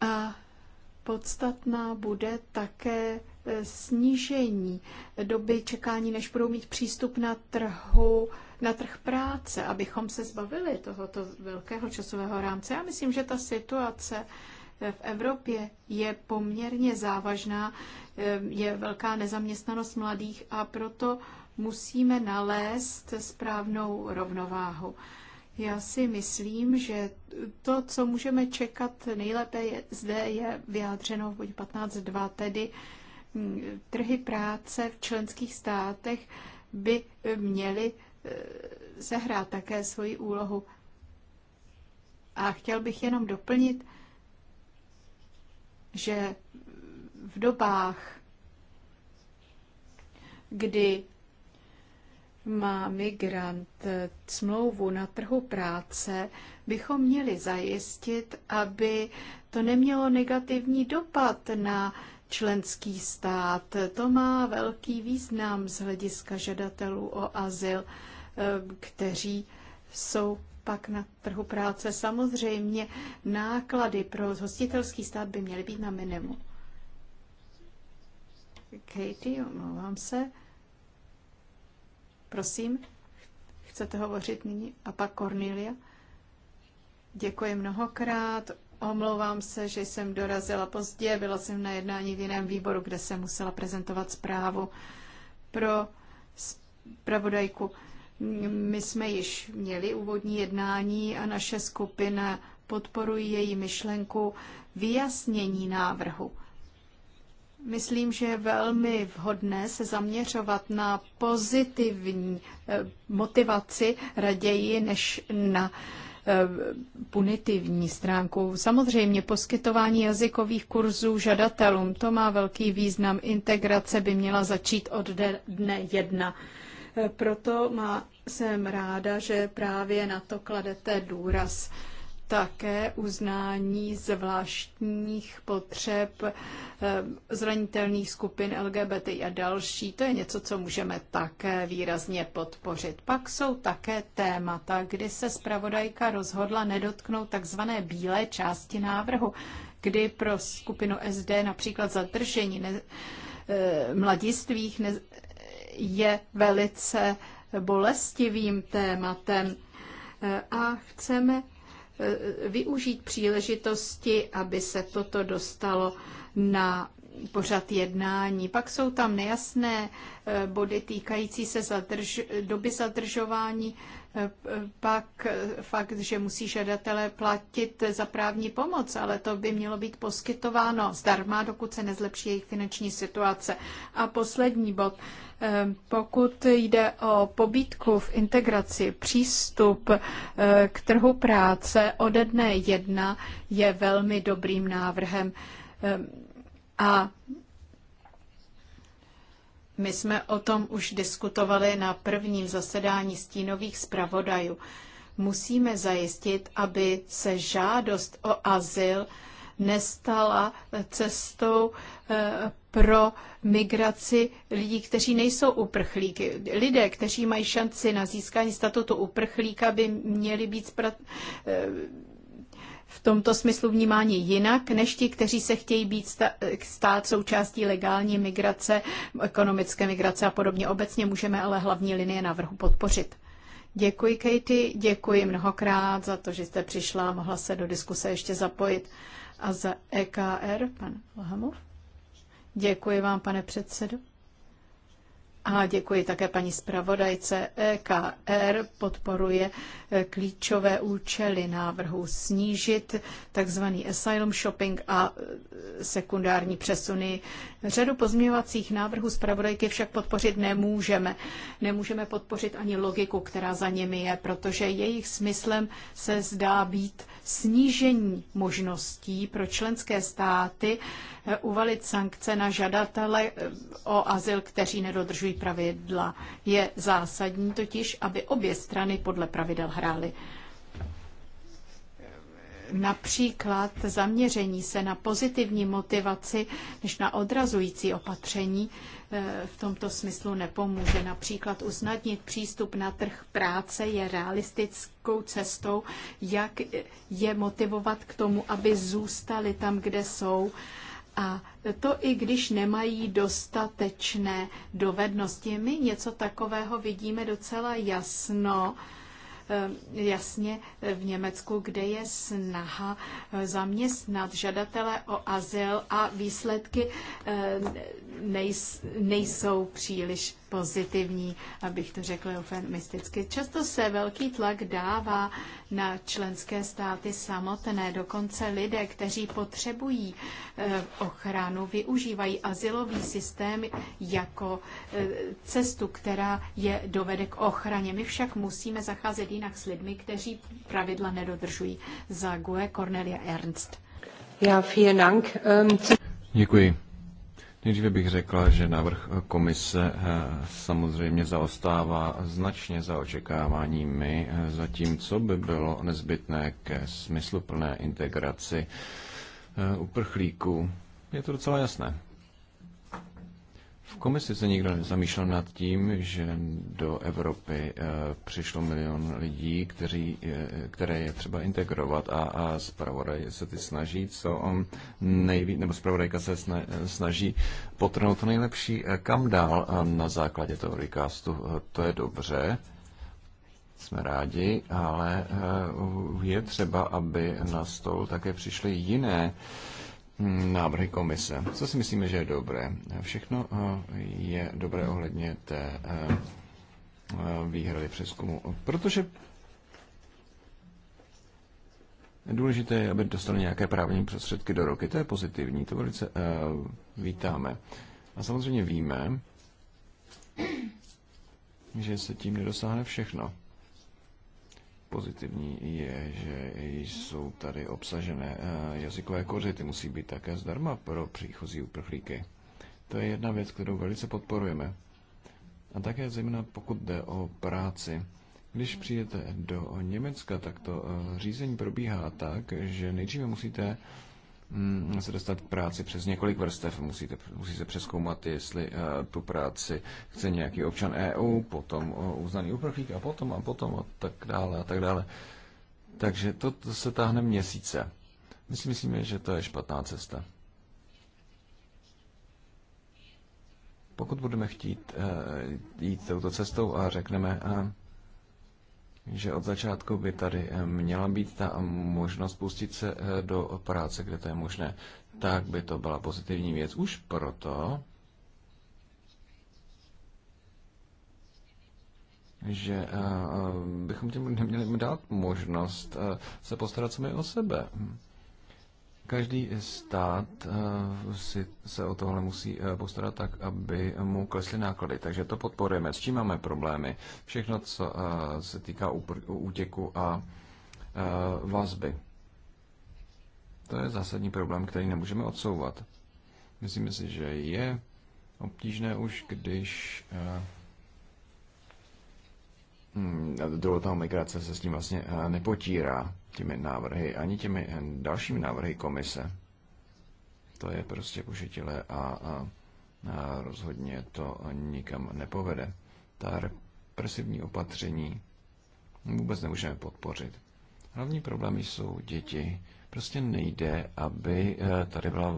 A podstatná bude také snížení doby čekání, než budou mít přístup na trhu, na trh práce, abychom se zbavili tohoto velkého časového rámce. Já myslím, že ta situace v Evropě je poměrně závažná, eh, je velká nezaměstnanost mladých a proto musíme nalézt správnou rovnováhu. Já si myslím, že to, co můžeme čekat nejlépe je, zde je vyjádřeno v 15.2, tedy Mm, trhy práce v členských státech by e, měly zahrát e, také svoji úlohu. A chtěl bych jenom doplnit, že v dobách, kdy má migrant e, smlouvu na trhu práce, bychom měli zajistit, aby to nemělo negativní dopad na členský stát. To má velký význam z hlediska žadatelů o azyl, eh, kteří jsou pak na trhu práce. Samozřejmě náklady pro hostitelský stát by měly být na minimum. Katie, omlouvám se. Prosím, chcete hovořit nyní? A pak Cornelia. Děkuji mnohokrát. Omlouvám se, že jsem dorazila pozdě, byla jsem na jednání v jiném výboru, kde jsem musela prezentovat zprávu pro pravodajku. My jsme již měli úvodní jednání a naše skupina podporují její myšlenku vyjasnění návrhu. Myslím, že je velmi vhodné se zaměřovat na pozitivní eh, motivaci raději než na Eh, punitivní stránku. Samozřejmě poskytování jazykových kurzů žadatelům, to má velký význam. Integrace by měla začít od dne jedna. Eh, proto má, jsem ráda, že právě na to kladete důraz také uznání zvláštních potřeb eh, zranitelných skupin LGBT a další. To je něco, co můžeme také výrazně podpořit. Pak jsou také témata, kdy se zpravodajka rozhodla nedotknout takzvané bílé části návrhu, kdy pro skupinu SD například zadržení ne, eh, mladistvých ne, je velice bolestivým tématem eh, a chceme využít příležitosti, aby se toto dostalo na pořad jednání. Pak jsou tam nejasné eh, body týkající se zadrž, doby zadržování, eh, pak eh, fakt, že musí žadatelé platit za právní pomoc, ale to by mělo být poskytováno zdarma, dokud se nezlepší jejich finanční situace. A poslední bod. Pokud jde o pobítku v integraci, přístup k trhu práce ode dne jedna je velmi dobrým návrhem a my jsme o tom už diskutovali na prvním zasedání stínových zpravodajů. Musíme zajistit, aby se žádost o azyl nestala cestou eh, pro migraci lidí, kteří nejsou uprchlíky. Lidé, kteří mají šanci na získání statutu uprchlíka, by měli být eh, v tomto smyslu vnímáni jinak než ti, kteří se chtějí být stát součástí legální migrace, ekonomické migrace a podobně. Obecně můžeme ale hlavní linie vrhu podpořit. Děkuji, Katie, děkuji mnohokrát za to, že jste přišla a mohla se do diskuse ještě zapojit. A za EKR, pan Lahamov. Děkuji vám, pane předsedo. A děkuji také paní zpravodajce. EKR podporuje e, klíčové účely návrhu snížit tzv. asylum shopping a e, sekundární přesuny. Řadu pozměňovacích návrhů zpravodajky však podpořit nemůžeme. Nemůžeme podpořit ani logiku, která za nimi je, protože jejich smyslem se zdá být snížení možností pro členské státy eh, uvalit sankce na žadatele eh, o azyl, kteří nedodržují pravidla. Je zásadní totiž, aby obě strany podle pravidel hrály například zaměření se na pozitivní motivaci než na odrazující opatření Eh, v tomto smyslu nepomůže. Například usnadnit přístup na trh práce je realistickou cestou, jak je motivovat k tomu, aby zůstali tam, kde jsou. A to i když nemají dostatečné dovednosti. My něco takového vidíme docela jasno Eh, jasně eh, v Německu, kde je snaha eh, zaměstnat žadatele o azyl a výsledky nejsou příliš pozitivní, abych to řekla eufemisticky. Často se velký tlak dává na členské státy samotné, dokonce lidé, kteří potřebují eh, ochranu, využívají asilový systém jako eh, cestu, která je dovede k ochraně. My však musíme zacházet jinak s lidmi, kteří pravidla nedodržují. Za GUE Cornelia Ernst. Já, vielen Dank. Ähm, Děkuji. Nejdříve bych řekla, že návrh komise eh, samozřejmě zaostává značně za očekáváními, eh, zatímco by bylo nezbytné ke smysluplné integraci eh, uprchlíků. Je to docela jasné. V komisi se nikdo nezamýšlel nad tím, že do Evropy eh, přišlo milion lidí, kteří, eh, které je třeba integrovat a, a zpravodaj se ty snaží, co on mm, nejví, nebo zpravodajka se snaží potrhnout to nejlepší, eh, kam dál na základě toho recastu. To je dobře, jsme rádi, ale je třeba, aby na stol také přišly jiné návrhy komise. Co si myslíme, že je dobré? Všechno eh, je dobré ohledně té eh, výhrady přeskumu, protože Důležité je, aby dostali nějaké právní prostředky do roky. To je pozitivní, to velice eh, vítáme. A samozřejmě víme, že se tím nedosáhne všechno pozitivní je, že jsou tady obsažené eh, jazykové koře, Ty musí být také zdarma pro příchozí uprchlíky. To je jedna věc, kterou velice podporujeme. A také zejména pokud jde o práci. Když přijdete do Německa, tak to eh, řízení probíhá tak, že nejdříve musíte Mm, se dostat k práci přes několik vrstev. Musíte, musí se přeskoumat, jestli eh, tu práci chce nějaký občan EU, potom eh, uznaný uprchlík a potom a potom a tak dále a tak dále. Takže to, to se táhne měsíce. My si myslíme, že to je špatná cesta. Pokud budeme chtít eh, jít touto cestou a řekneme, že od začátku by tady eh, měla být ta možnost pustit se eh, do práce, kde to je možné, tak by to byla pozitivní věc. Už proto, že eh, bychom těm neměli dát možnost se postarat sami o sebe. Každý stát eh, si se o tohle musí eh, postarat tak, aby mu klesly náklady. Takže to podporujeme. S čím máme problémy? Všechno, co eh, se týká útěku a vazby. To je zásadní problém, který nemůžeme odsouvat. Myslíme si, že je obtížné už, když hmm, druhotná migrace se s tím vlastně eh, nepotírá těmi návrhy, ani těmi eh, dalšími návrhy komise. To je prostě pošetilé a, a, a rozhodně to nikam nepovede. Ta represivní opatření vůbec nemůžeme podpořit. Hlavní problémy jsou děti. Prostě nejde, aby eh, tady byla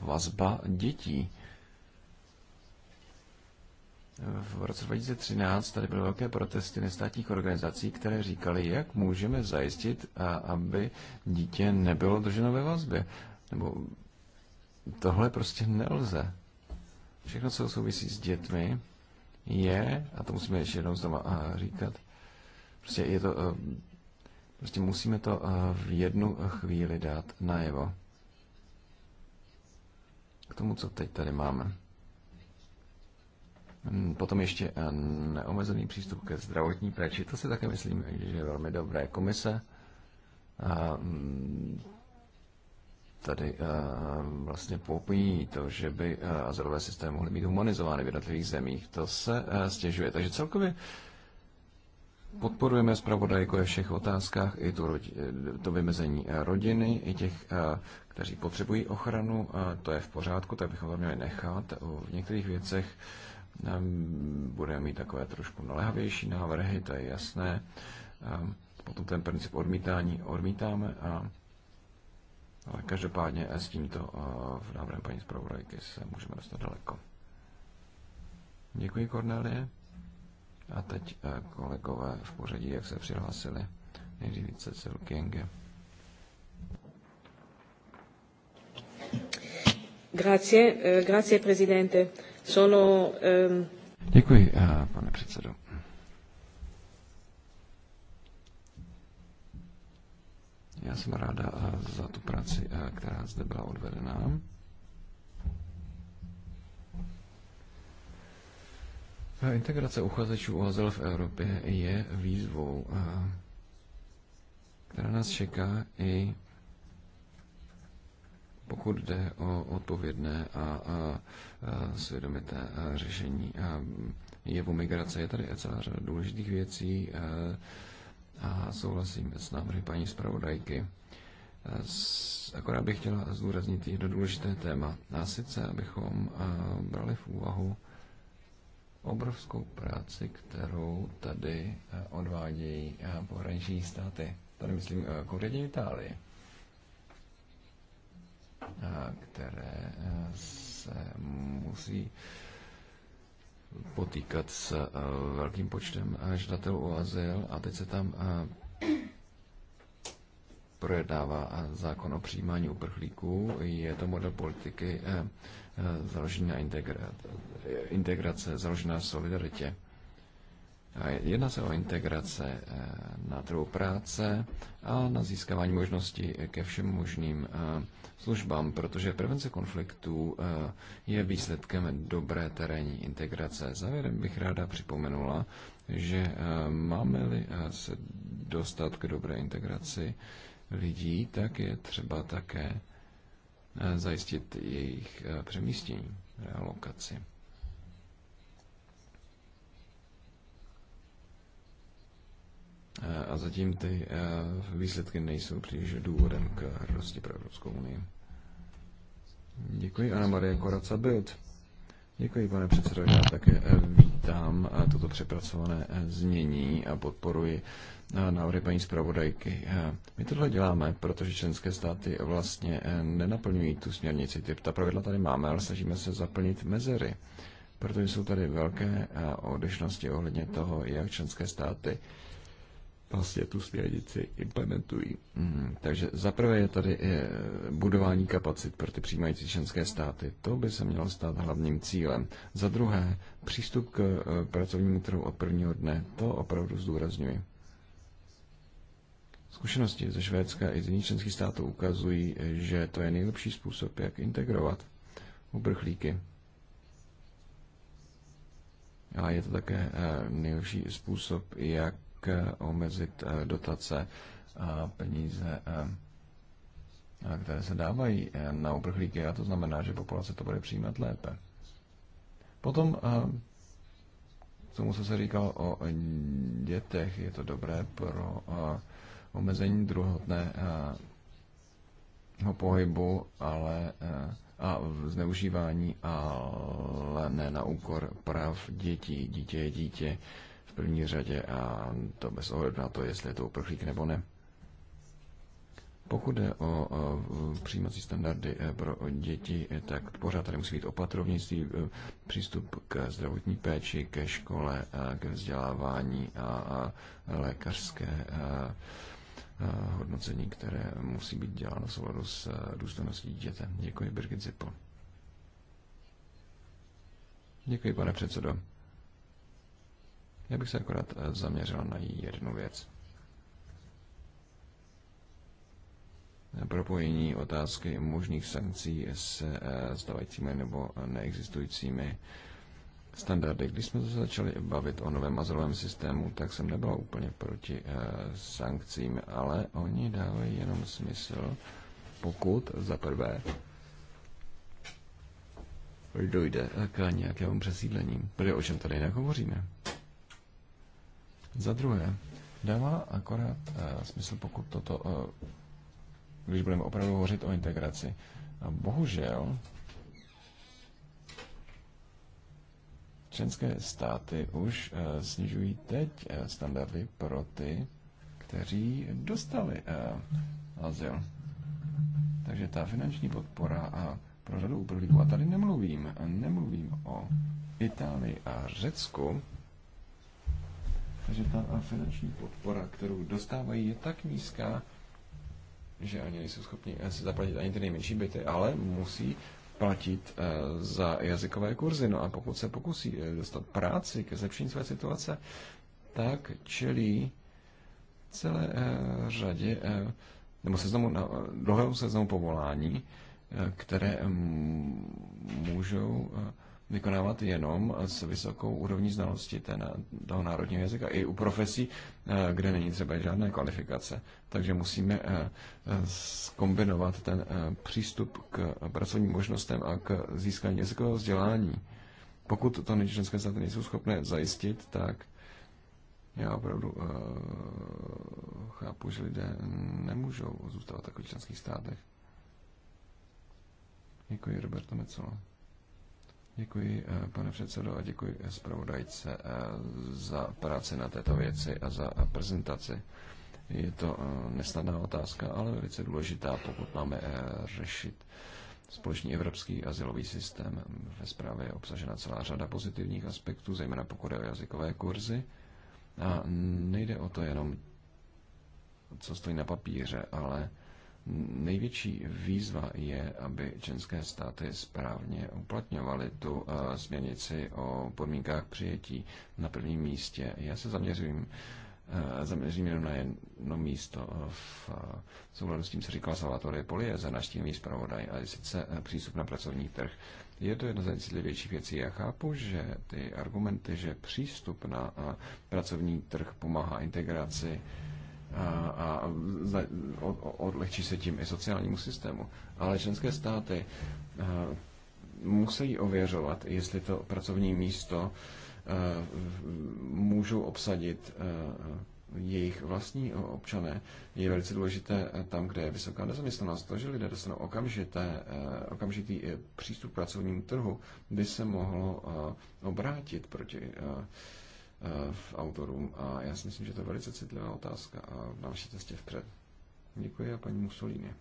vazba dětí v roce 2013 tady byly velké protesty nestátních organizací, které říkali, jak můžeme zajistit, a aby dítě nebylo drženo ve vazbě. Nebo tohle prostě nelze. Všechno, co souvisí s dětmi, je, a to musíme ještě jednou znovu říkat, prostě je to, eh, prostě musíme to eh, v jednu chvíli dát najevo. K tomu, co teď tady máme. Mm, potom ještě eh, neomezený přístup ke zdravotní péči. To si také myslím, že je velmi dobré. Komise eh, mm, tady eh, vlastně popíjí to, že by azylové systémy mohly být humanizovány v jednotlivých zemích. To se stěžuje. Takže celkově podporujeme zpravodajku ve všech otázkách, i to, to vymezení rodiny, i těch, kteří potřebují ochranu, to je v pořádku, tak bychom to měli nechat. V některých věcech Ehm, Budeme mít takové trošku naléhavější návrhy, to je jasné. Ehm, potom ten princip odmítání odmítáme a ale každopádně s tímto eh, v návrhem paní zpravodajky se můžeme dostat daleko. Děkuji, Kornelie. A teď eh, kolegové v pořadí, jak se přihlásili. Nejdřív více Kienge. Grazie, eh, grazie, presidente. Sono, ehm, Děkuji, eh, pane předsedo. Já jsem ráda eh, za tu práci, eh, která zde byla odvedena. Integrace uchazečů o azyl v Evropě je výzvou, která nás čeká i pokud jde o odpovědné a, a, a svědomité řešení a jevu migrace, je tady celá řada důležitých věcí a souhlasím s návrhy paní zpravodajky. Akorát bych chtěla zdůraznit jedno důležité téma, a sice abychom brali v úvahu obrovskou práci, kterou tady odvádějí pohraniční státy. Tady myslím konkrétně Itálii které eh, se musí potýkat s eh, velkým počtem eh, žadatelů o azyl a teď se tam projednává zákon o přijímání uprchlíků. Je to model politiky založený na integrace, založená na solidaritě. Jedná se o integrace eh, na trhu práce a na získávání možností ke všem možným eh, službám, protože prevence konfliktů eh, je výsledkem dobré terénní integrace. Závěrem bych ráda připomenula, že máme-li se dostat k dobré integraci lidí, tak je třeba také zajistit jejich přemístění, realokaci. Eh, a zatím ty eh, výsledky nejsou příliš důvodem k hrdosti pro Evropskou unii. Děkuji, Ana Marie Koraca Bild. Děkuji, pane předsedo. Já také eh, vítám toto přepracované znění a podporuji návrhy paní zpravodajky. My tohle děláme, protože členské státy vlastně nenaplňují tu směrnici typ. Ta pravidla tady máme, ale snažíme se zaplnit mezery, protože jsou tady velké odlišnosti ohledně toho, jak členské státy vlastně tu směrnici implementují. Mm, takže zaprvé je tady je eh, budování kapacit pro ty přijímající členské státy. To by se mělo stát hlavním cílem. Za druhé, přístup k eh, pracovnímu trhu od prvního dne. To opravdu zdůrazňuji. Zkušenosti ze Švédska i z jiných členských států ukazují, eh, že to je nejlepší způsob, jak integrovat uprchlíky. A je to také nejlepší způsob, jak Eh, omezit eh, dotace a peníze, eh, které se dávají na uprchlíky a to znamená, že populace to bude přijímat lépe. Potom k tomu, se říkal o dětech, je to dobré pro omezení druhotného pohybu, ale a zneužívání, ale ne na úkor prav dětí. Dítě je dítě první řadě a to bez ohledu na to, jestli je to uprchlík nebo ne. Pokud jde o, o přijímací standardy eh, pro děti, eh, tak pořád tady musí být opatrovnictví, eh, přístup k zdravotní péči, ke škole, k vzdělávání a, a lékařské a, a hodnocení, které musí být děláno souladu s důstojností dítěte. Děkuji, Birgit Zippo. Děkuji, pane předsedo. Já bych se akorát eh, zaměřil na jednu věc. propojení otázky možných sankcí s zdávajícími eh, nebo neexistujícími standardy. Když jsme se začali bavit o novém azylovém systému, tak jsem nebyl úplně proti eh, sankcím, ale oni dávají jenom smysl, pokud za prvé dojde k nějakému přesídlení. Protože o čem tady nehovoříme? Za druhé, dává akorát eh, smysl, pokud toto, eh, když budeme opravdu hovořit o integraci. A bohužel členské státy už eh, snižují teď standardy pro ty, kteří dostali azyl. Takže ta finanční podpora a pro řadu uprchlíků, a tady nemluvím, nemluvím o Itálii a Řecku, takže ta finanční podpora, kterou dostávají, je tak nízká, že ani nejsou schopni eh, si zaplatit ani ty nejmenší byty, ale musí platit eh, za jazykové kurzy. No a pokud se pokusí eh, dostat práci ke zlepšení své situace, tak čelí celé řadě, nebo seznamu, dlouhému seznamu povolání, které mm, můžou vykonávat jenom s vysokou úrovní znalosti ten, toho národního jazyka. I u profesí, eh, kde není třeba žádné kvalifikace. Takže musíme eh, skombinovat ten eh, přístup k pracovním možnostem a k získání jazykového vzdělání. Pokud to členské státy nejsou schopné zajistit, tak já opravdu uh, chápu, že lidé nemůžou zůstat v takových členských státech. Děkuji, Roberto Mecolo. Děkuji, eh, pane předsedo, a děkuji zpravodajce eh, za práci na této věci a za prezentaci. Je to eh, nesnadná otázka, ale velice důležitá, pokud máme řešit společný evropský asilový systém. Ve zprávě je obsažena celá řada pozitivních aspektů, zejména pokud je o jazykové kurzy. A nejde o to jenom, co stojí na papíře, ale Největší výzva je, aby členské státy správně uplatňovaly tu eh, směrnici o podmínkách přijetí na prvním místě. Já se zaměřím eh, zaměřím jenom na jedno místo v eh, souhledu s tím, co říkal Salvatore Polieze, náš tímý zpravodaj, a sice přístup na pracovní trh. Je to jedna z nejcitlivějších věcí. Já chápu, že ty argumenty, že přístup na pracovní trh pomáhá integraci, a odlehčí se tím i sociálnímu systému. Ale členské státy musí ověřovat, jestli to pracovní místo můžou obsadit jejich vlastní občané, je velice důležité tam, kde je vysoká nezaměstnanost. To, že lidé dostanou okamžité, okamžitý e, přístup k pracovnímu trhu, by se mohlo obrátit proti Eh, v autorům a já si myslím, že to je velice citlivá otázka a v naší cestě vpřed. Děkuji a paní Mussolini.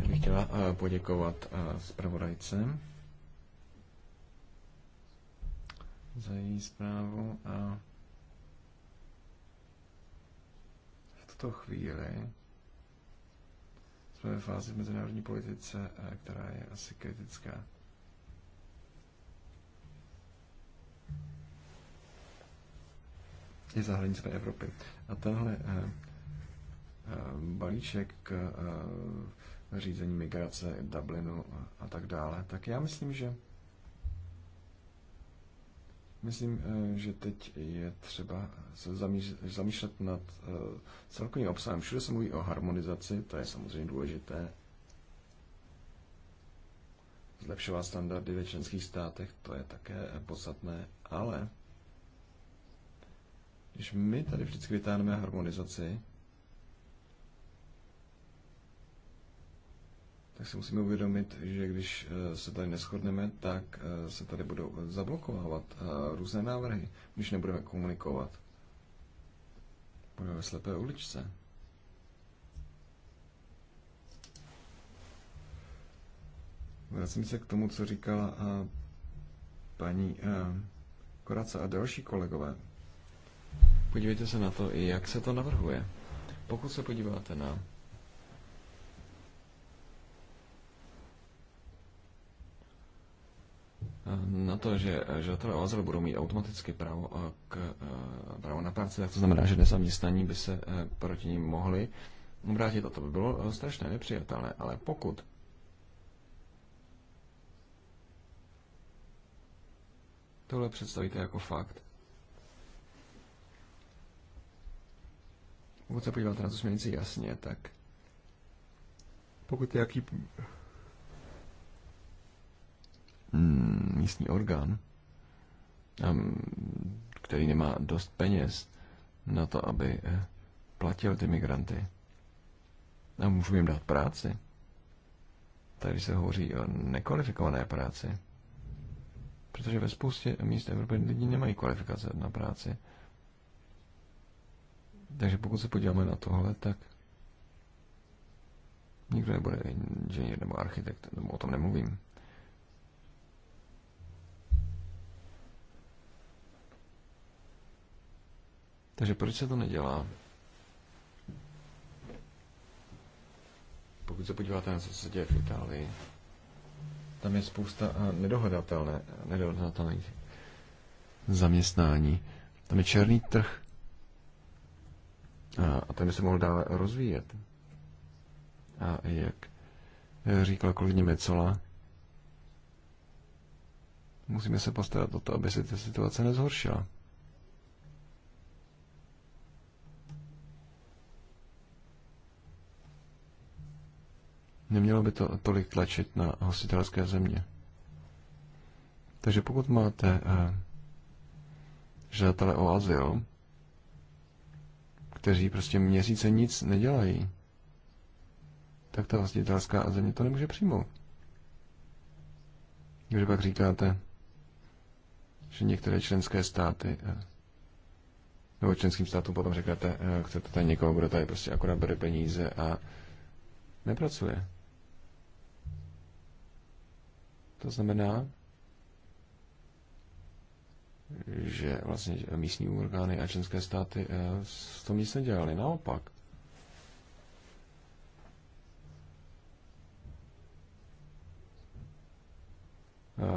Já bych chtěla eh, poděkovat eh, zpravodajce za její zprávu a tuto chvíli jsme ve fázi v mezinárodní politice, eh, která je asi kritická. Je za hranicemi Evropy. A tenhle eh, eh, balíček k řízení migrace, Dublinu a tak dále, tak já myslím, že Myslím, eh, že teď je třeba se zamýšlet nad eh, celkovým obsahem. Všude se mluví o harmonizaci, to je samozřejmě důležité. Zlepšovat standardy ve členských státech, to je také eh, podstatné, ale když my tady vždycky vytáhneme harmonizaci, tak si musíme uvědomit, že když eh, se tady neschodneme, tak eh, se tady budou zablokovávat eh, různé návrhy, když nebudeme komunikovat. Budeme ve slepé uličce. Vracím se k tomu, co říkala paní Koraca a další kolegové. Podívejte se na to, jak se to navrhuje. Pokud se podíváte na na to, že žadatelé o azyl budou mít automaticky právo, eh, k, eh, právo na práci, tak to znamená, že nezaměstnaní by se eh, proti ním mohli obrátit. A to by bylo strašné nepřijatelné. Ale pokud tohle představíte jako fakt, pokud se podíváte na tu směnici jasně, tak pokud je jaký Hmm, místní orgán, um, který nemá dost peněz na to, aby eh, platil ty migranty. A můžu jim dát práci. Tady se hovoří o nekvalifikované práci. Protože ve spoustě míst Evropy lidi nemají kvalifikace na práci. Takže pokud se podíváme na tohle, tak nikdo nebude inženýr nebo architekt, nebo o tom nemluvím. Takže proč se to nedělá? Pokud se podíváte na co se děje v Itálii, tam je spousta eh, nedohodatelné, nedohledatelných zaměstnání. Tam je černý trh. A, eh, a ten by se mohl dále rozvíjet. A jak eh, říkala kolegyně Mecola, musíme se postarat o to, aby se ta situace nezhoršila. Nemělo by to tolik tlačit na hostitelské země. Takže pokud máte eh, žadatele o azyl, kteří prostě měsíce nic nedělají, tak ta hostitelská země to nemůže přijmout. Když pak říkáte, že některé členské státy, eh, nebo členským státům potom řeknete, eh, chcete tady někoho, kdo tady prostě akorát bere peníze a nepracuje. To znamená, že vlastně místní orgány a členské státy eh, s tom nic nedělali. Naopak.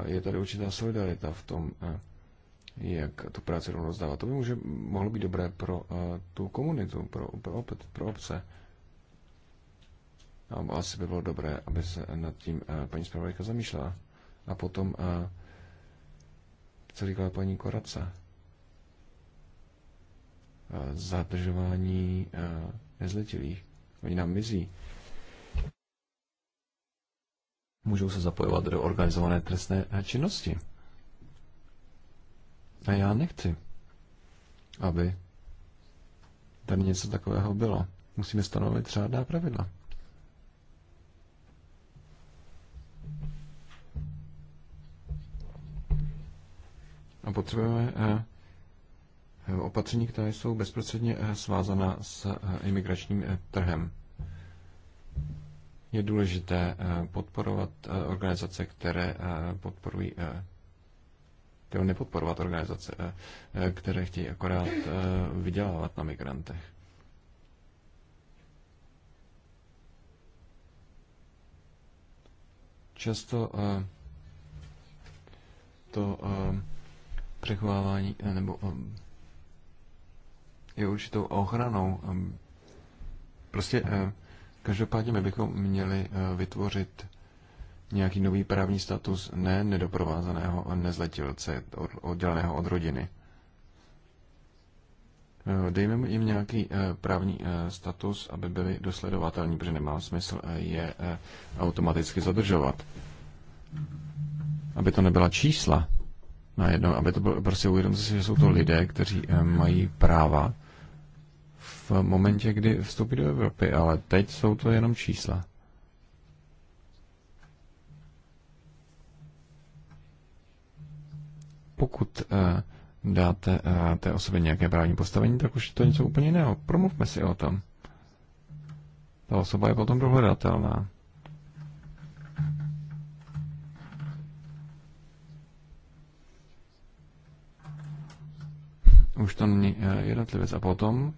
Je tady určitá solidarita v tom, eh, jak tu práci rovnou rozdávat. To by může, mohlo být dobré pro eh, tu komunitu, pro, pro, opět, pro obce. A asi by bylo dobré, aby se nad tím paní zpravodajka zamýšlela. A potom, co říkala paní Koraca, zadržování nezletilých. Oni nám mizí. Můžou se zapojovat do organizované trestné činnosti. A já nechci, aby tam něco takového bylo. Musíme stanovit řádná pravidla. A potřebujeme eh, opatření, která jsou bezprostředně eh, svázaná s eh, imigračním trhem. Je důležité podporovat organizace, které podporují nebo nepodporovat organizace, které chtějí akorát vydělávat na migrantech. Často to přechovávání eh, nebo eh, je určitou ochranou. Ehm, prostě eh, každopádně my bychom měli vytvořit nějaký nový právní status ne nedoprovázaného nezletilce odděleného od rodiny. Dejme jim nějaký právní status, aby byli dosledovatelní, protože nemá smysl je automaticky zadržovat. Aby to nebyla čísla, na jedno, aby to bylo, prostě uvědomit si, že jsou to hmm. lidé, kteří eh, mají práva v momentě, kdy vstoupí do Evropy, ale teď jsou to jenom čísla. Pokud eh, dáte eh, té osobě nějaké právní postavení, tak už je to něco úplně jiného. Promluvme si o tom. Ta osoba je potom dohledatelná. Už to není eh, jednotlivec. A potom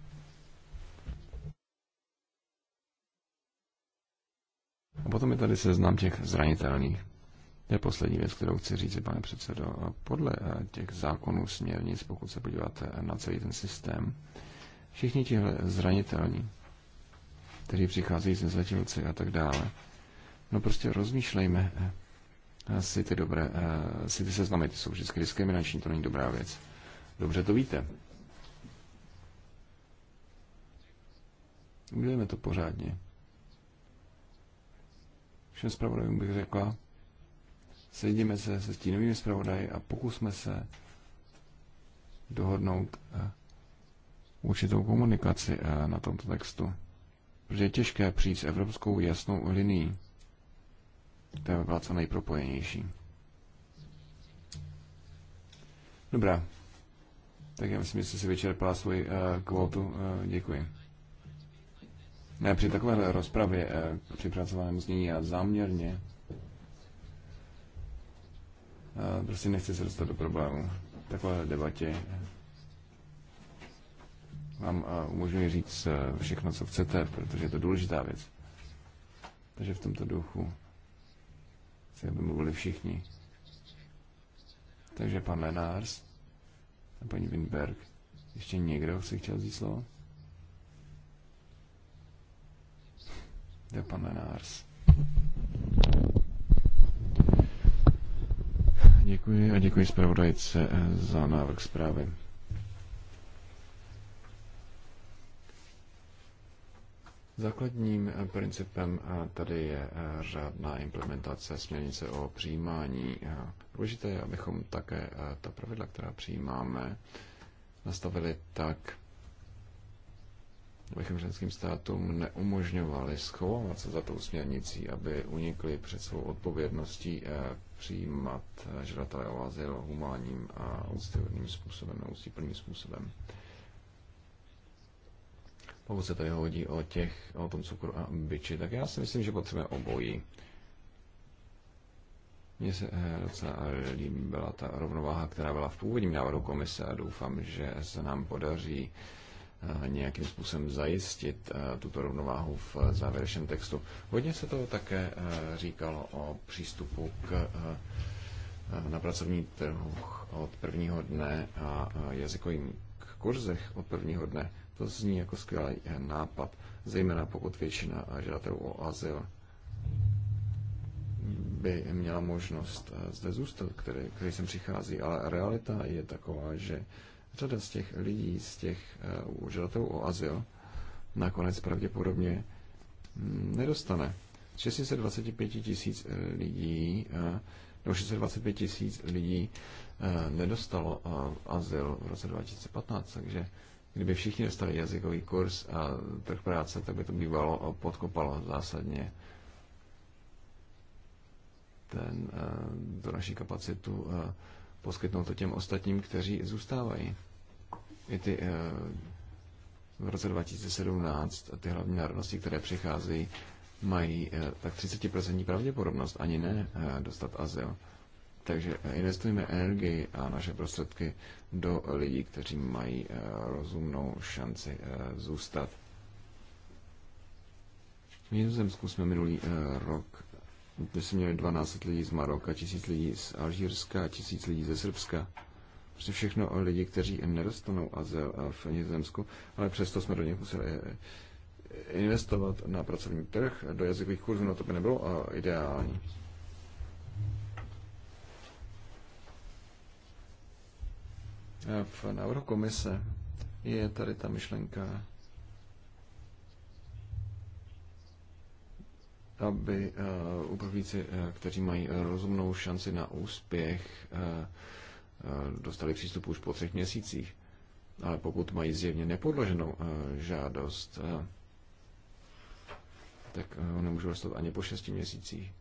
A potom je tady seznam těch zranitelných. To je poslední věc, kterou chci říct, pane předsedo. Podle eh, těch zákonů směrnic, pokud se podíváte eh, na celý ten systém, všichni tihle zranitelní, kteří přicházejí z nezletilci a tak dále, no prostě rozmýšlejme si ty dobré, si ty seznamy, ty jsou vždycky diskriminační, to není dobrá věc. Dobře to víte. Udělejme to pořádně. Všem zpravodajům bych řekla, sejdeme se se stínovými zpravodaji a pokusme se dohodnout eh, určitou komunikaci eh, na tomto textu. Protože je těžké přijít s evropskou jasnou linií. To je byla co nejpropojenější. Dobrá, tak já myslím, že jsi si vyčerpala svoji uh, kvótu. Uh, děkuji. Ne, při takové rozpravě uh, při pracovaném znění a záměrně uh, prostě nechci se dostat do problému. Takové debatě vám uh, umožňuji říct uh, všechno, co chcete, protože je to důležitá věc. Takže v tomto duchu si aby mluvili všichni. Takže pan Lenárs paní Winberg. Ještě někdo si chtěl vzít slovo? Jde pan Lenárs. Děkuji a děkuji zpravodajce eh, za návrh zprávy. Základním eh, principem eh, tady je eh, řádná implementace směrnice o přijímání. Důležité je, abychom také ta pravidla, která přijímáme, nastavili tak, abychom ženským státům neumožňovali schovávat se za tou směrnicí, aby unikli před svou odpovědností přijímat žadatele o azyl humánním a úctyhodným způsobem, neúctyplným způsobem. Pokud se tady hodí o, těch, o tom cukru a byči, tak já si myslím, že potřebujeme obojí. Mně se eh, docela líbila ta rovnováha, která byla v původním návrhu komise a doufám, že se nám podaří eh, nějakým způsobem zajistit eh, tuto rovnováhu v závěrečném textu. Hodně se to také říkalo o přístupu k na pracovní trhu od prvního dne a jazykovým kurzech od prvního dne. To zní jako skvělý eh, nápad, zejména pokud většina eh, žadatelů o azyl by měla možnost eh, zde zůstat, který, který sem přichází. Ale realita je taková, že řada z těch lidí, z těch žadatelů o azyl, nakonec pravděpodobně mm, nedostane. 625 tisíc lidí, nebo 625 tisíc lidí nedostalo azyl v roce 2015, takže Kdyby všichni dostali jazykový kurz a trh práce, tak by to bývalo podkopalo zásadně ten, eh, tu naši kapacitu eh, poskytnout to těm ostatním, kteří zůstávají. I ty eh, v roce 2017 ty hlavní národnosti, které přicházejí, mají tak 30% pravděpodobnost ani ne dostat azyl. Takže eh, investujeme energii a naše prostředky do lidí, kteří mají eh, rozumnou šanci eh, zůstat. V Nizozemsku jsme minulý rok, kde jsme měli 12 lidí z Maroka, 1000 lidí z Alžírska, 1000 lidí ze Srbska. Prostě všechno lidi, kteří nedostanou azyl v Nizozemsku, ale přesto jsme do nich museli investovat na pracovní trh, do jazykových kurzů, no to by nebylo ideální V návrhu komise je tady ta myšlenka, aby eh, uprchlíci, eh, kteří mají rozumnou šanci na úspěch, eh, dostali přístup už po třech měsících. Ale pokud mají zjevně nepodloženou žádost, tak ho nemůžu dostat ani po šesti měsících.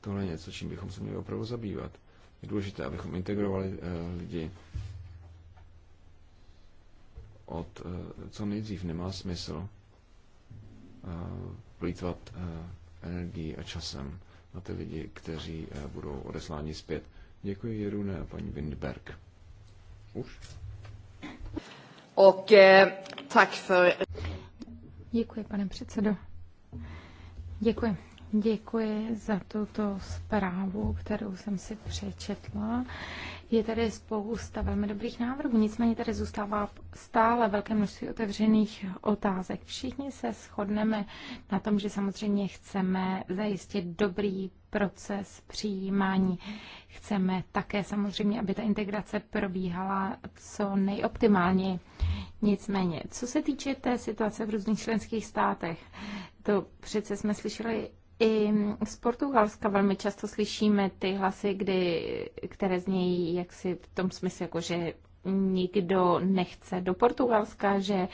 Tohle je něco, čím bychom se měli opravdu zabývat. Je důležité, abychom integrovali eh, lidi od eh, co nejdřív. Nemá smysl eh, plýtvat energii a časem na ty lidi, kteří budou odesláni zpět. Děkuji Jerune a paní Windberg. Už? Ok, tak for... Děkuji, pane předsedo. Děkuji. Děkuji za tuto zprávu, kterou jsem si přečetla. Je tady spousta velmi dobrých návrhů, nicméně tady zůstává stále velké množství otevřených otázek. Všichni se shodneme na tom, že samozřejmě chceme zajistit dobrý proces přijímání. Chceme také samozřejmě, aby ta integrace probíhala co nejoptimálněji. Nicméně, co se týče té situace v různých členských státech, to přece jsme slyšeli i z Portugalska velmi často slyšíme ty hlasy, kdy, které znějí jaksi v tom smyslu, jako že nikdo nechce do Portugalska, že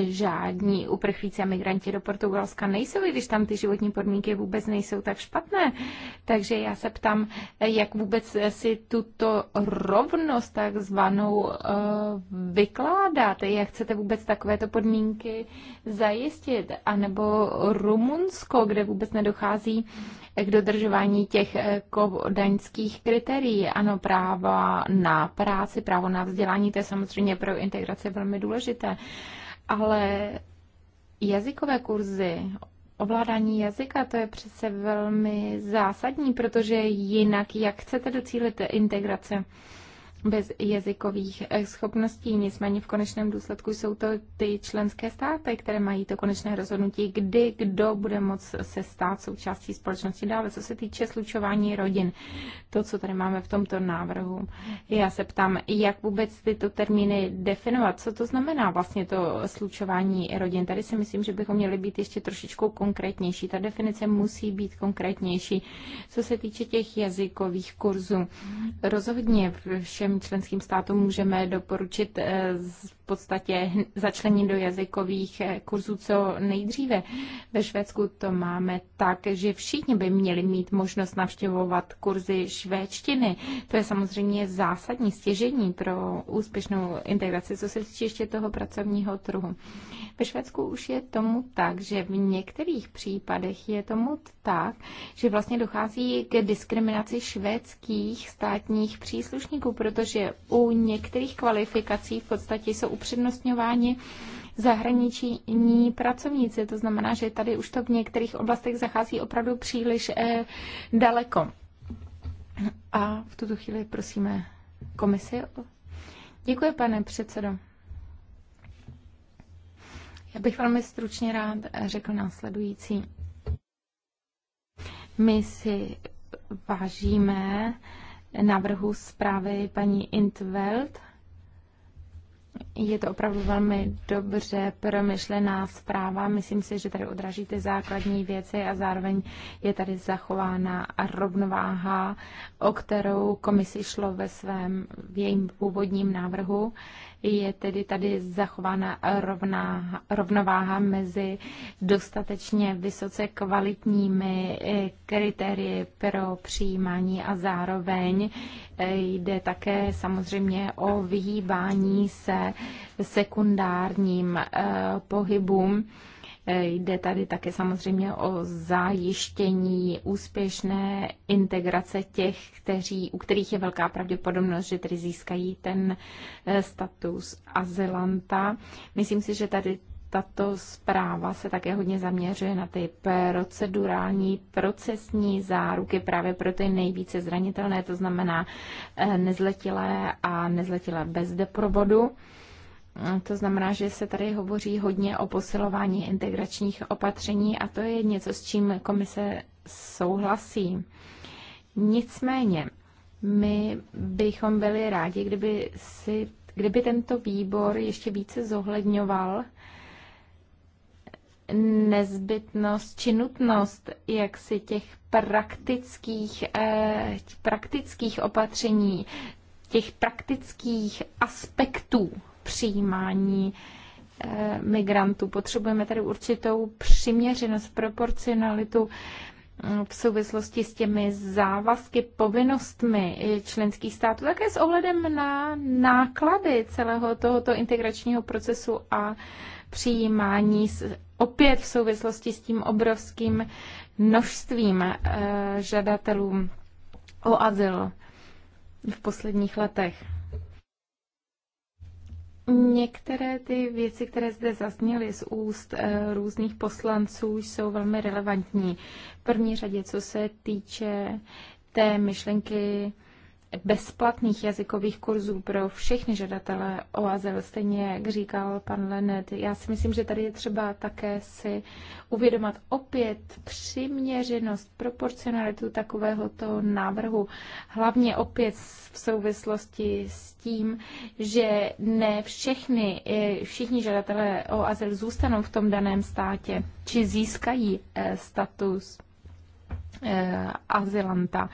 žádní uprchlíci a migranti do Portugalska nejsou, i když tam ty životní podmínky vůbec nejsou tak špatné. Takže já se ptám, jak vůbec si tuto rovnost takzvanou eh, vykládáte, jak chcete vůbec takovéto podmínky zajistit, anebo Rumunsko, kde vůbec nedochází k dodržování těch eh, daňských kritérií. Ano, práva na práci, právo na vzdělání, to je samozřejmě pro integraci velmi důležité. Ale jazykové kurzy, ovládání jazyka, to je přece velmi zásadní, protože jinak jak chcete docílit integrace? bez jazykových eh, schopností. Nicméně v konečném důsledku jsou to ty členské státy, které mají to konečné rozhodnutí, kdy kdo bude moct se stát součástí společnosti dále. Co se týče slučování rodin, to, co tady máme v tomto návrhu, já se ptám, jak vůbec tyto termíny definovat, co to znamená vlastně to slučování rodin. Tady si myslím, že bychom měli být ještě trošičku konkrétnější. Ta definice musí být konkrétnější. Co se týče těch jazykových kurzů, rozhodně všem ostatním členským státům můžeme doporučit eh, v podstatě začlenit do jazykových eh, kurzů co nejdříve. Ve Švédsku to máme tak, že všichni by měli mít možnost navštěvovat kurzy švédštiny. To je samozřejmě zásadní stěžení pro úspěšnou integraci, co se týče ještě toho pracovního trhu. Ve Švédsku už je tomu tak, že v některých případech je tomu tak, že vlastně dochází k diskriminaci švédských státních příslušníků, protože u některých kvalifikací v podstatě jsou upřednostňováni zahraniční pracovníci. To znamená, že tady už to v některých oblastech zachází opravdu příliš eh, daleko. A v tuto chvíli prosíme komisi. Děkuji, pane předsedo. Já bych velmi stručně rád řekl následující. My si vážíme návrhu zprávy paní Intveld. Je to opravdu velmi dobře promyšlená zpráva. Myslím si, že tady odraží ty základní věci a zároveň je tady zachována rovnováha, o kterou komisi šlo ve svém v jejím původním návrhu je tedy tady zachována rovná, rovnováha mezi dostatečně vysoce kvalitními eh, kritérii pro přijímání a zároveň eh, jde také samozřejmě o vyhýbání se sekundárním eh, pohybům Jde tady také samozřejmě o zajištění úspěšné integrace těch, kteří, u kterých je velká pravděpodobnost, že tedy získají ten eh, status azylanta. Myslím si, že tady tato zpráva se také hodně zaměřuje na ty procedurální, procesní záruky právě pro ty nejvíce zranitelné, to znamená eh, nezletilé a nezletilé bez deprovodu. To znamená, že se tady hovoří hodně o posilování integračních opatření a to je něco, s čím komise souhlasí. Nicméně, my bychom byli rádi, kdyby, si, kdyby tento výbor ještě více zohledňoval nezbytnost či nutnost jaksi těch praktických, eh, praktických opatření, těch praktických aspektů přijímání eh, migrantů. Potřebujeme tady určitou přiměřenost, proporcionalitu mm, v souvislosti s těmi závazky, povinnostmi eh, členských států, také s ohledem na náklady celého tohoto integračního procesu a přijímání opět v souvislosti s tím obrovským množstvím eh, žadatelů o azyl v posledních letech. Některé ty věci, které zde zazněly z úst eh, různých poslanců, jsou velmi relevantní. V první řadě, co se týče té myšlenky bezplatných jazykových kurzů pro všechny žadatele o azyl, stejně jak říkal pan Lenet. Já si myslím, že tady je třeba také si uvědomat opět přiměřenost, proporcionalitu takovéhoto návrhu, hlavně opět v souvislosti s tím, že ne všechny, eh, všichni žadatelé o azyl zůstanou v tom daném státě, či získají eh, status Eh, azylanta.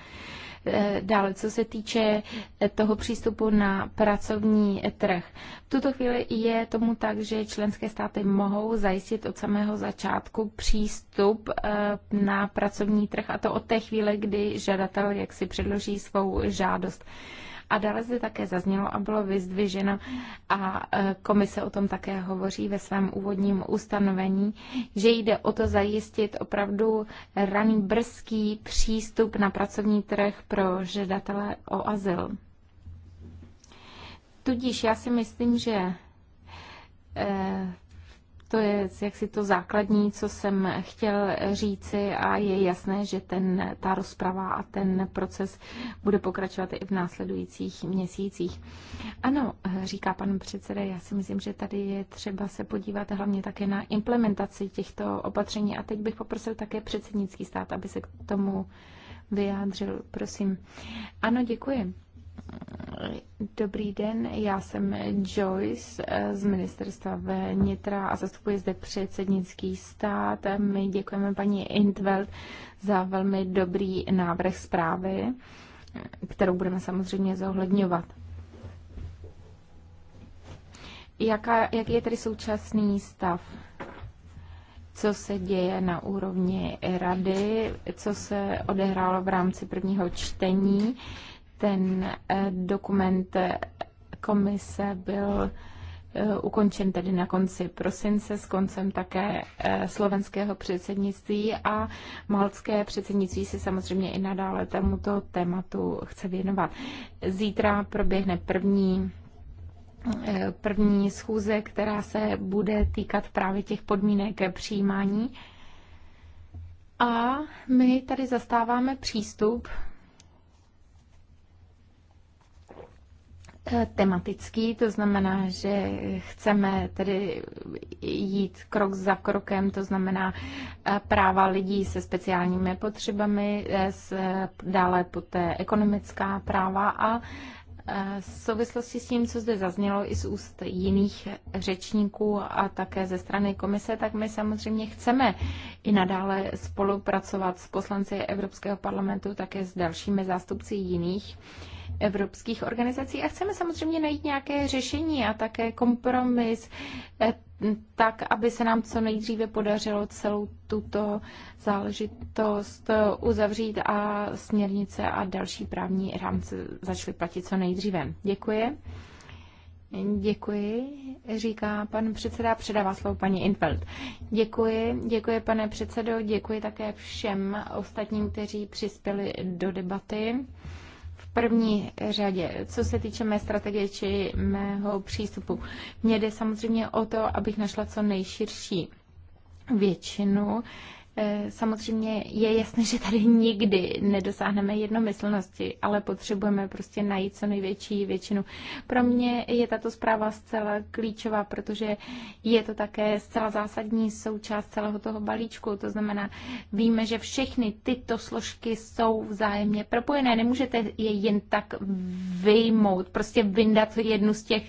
Eh, dále, co se týče eh, toho přístupu na pracovní trh. V tuto chvíli je tomu tak, že členské státy mohou zajistit od samého začátku přístup na pracovní trh, a to od té chvíle, kdy žadatel jaksi předloží svou žádost. A dále zde také zaznělo a bylo vyzdviženo a e, komise o tom také hovoří ve svém úvodním ustanovení, že jde o to zajistit opravdu raný brzký přístup na pracovní trh pro žadatele o azyl. Tudíž já si myslím, že e, to je jaksi to základní, co jsem chtěl říci a je jasné, že ten, ta rozprava a ten proces bude pokračovat i v následujících měsících. Ano, říká pan předseda, já si myslím, že tady je třeba se podívat hlavně také na implementaci těchto opatření a teď bych poprosil také předsednický stát, aby se k tomu vyjádřil. Prosím. Ano, děkuji. Dobrý den, já jsem Joyce eh, z ministerstva vnitra a zastupuji zde předsednický stát. My děkujeme paní Intveld za velmi dobrý návrh zprávy, kterou budeme samozřejmě zohledňovat. Jaká, jaký je tedy současný stav? co se děje na úrovni rady, co se odehrálo v rámci prvního čtení ten eh, dokument komise byl eh, ukončen tedy na konci prosince s koncem také eh, slovenského předsednictví a malcké předsednictví se samozřejmě i nadále tomuto tématu chce věnovat. Zítra proběhne první první schůze, která se bude týkat právě těch podmínek přijímání. A my tady zastáváme přístup, Eh, tematický, to znamená, že chceme tedy jít krok za krokem, to znamená eh, práva lidí se speciálními potřebami, eh, dále poté ekonomická práva a v souvislosti s tím, co zde zaznělo i z úst jiných řečníků a také ze strany komise, tak my samozřejmě chceme i nadále spolupracovat s poslanci Evropského parlamentu, také s dalšími zástupci jiných uh, evropských organizací a chceme samozřejmě najít nějaké řešení a také kompromis, eh, tak, aby se nám co nejdříve podařilo celou tuto záležitost eh, uzavřít a směrnice a další právní rámce začaly platit co nejdříve. Děkuji. Děkuji, říká pan předseda, předává slovo paní Infeld. Děkuji, děkuji pane předsedo, děkuji také všem ostatním, kteří přispěli do debaty první řadě, co se týče mé strategie či mého přístupu. Mně jde samozřejmě o to, abych našla co nejširší většinu Eh, samozřejmě je jasné, že tady nikdy nedosáhneme jednomyslnosti, ale potřebujeme prostě najít co největší většinu. Pro mě je tato zpráva zcela klíčová, protože je to také zcela zásadní součást celého toho balíčku. To znamená, víme, že všechny tyto složky jsou vzájemně propojené. Nemůžete je jen tak vyjmout, prostě vyndat jednu z těch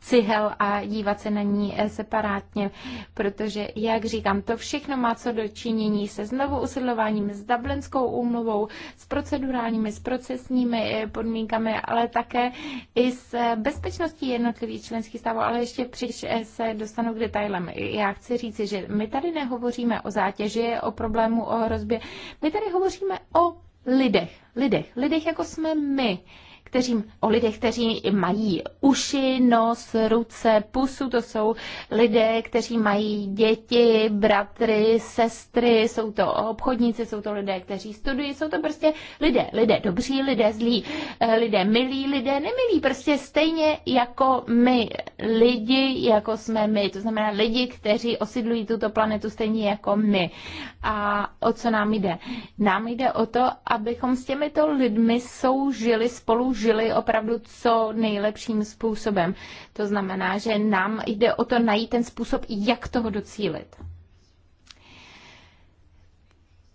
cihel a dívat se na ní separátně, protože, jak říkám, to všechno má co dočinit mění se znovu usidlováním s Dublinskou úmluvou, s procedurálními, s procesními eh, podmínkami, ale také i s bezpečností jednotlivých členských států, ale ještě příš eh, se dostanu k detailem. Já chci říci, že my tady nehovoříme o zátěži, o problému, o hrozbě. My tady hovoříme o lidech, lidech, lidech jako jsme my kteří, o lidech, kteří mají uši, nos, ruce, pusu. To jsou lidé, kteří mají děti, bratry, sestry, jsou to obchodníci, jsou to lidé, kteří studují, jsou to prostě lidé, lidé dobří, lidé zlí, eh, lidé milí, lidé nemilí, prostě stejně jako my lidi, jako jsme my. To znamená lidi, kteří osidlují tuto planetu stejně jako my. A o co nám jde? Nám jde o to, abychom s těmito lidmi soužili spolu využili opravdu co nejlepším způsobem. To znamená, že nám jde o to najít ten způsob, jak toho docílit.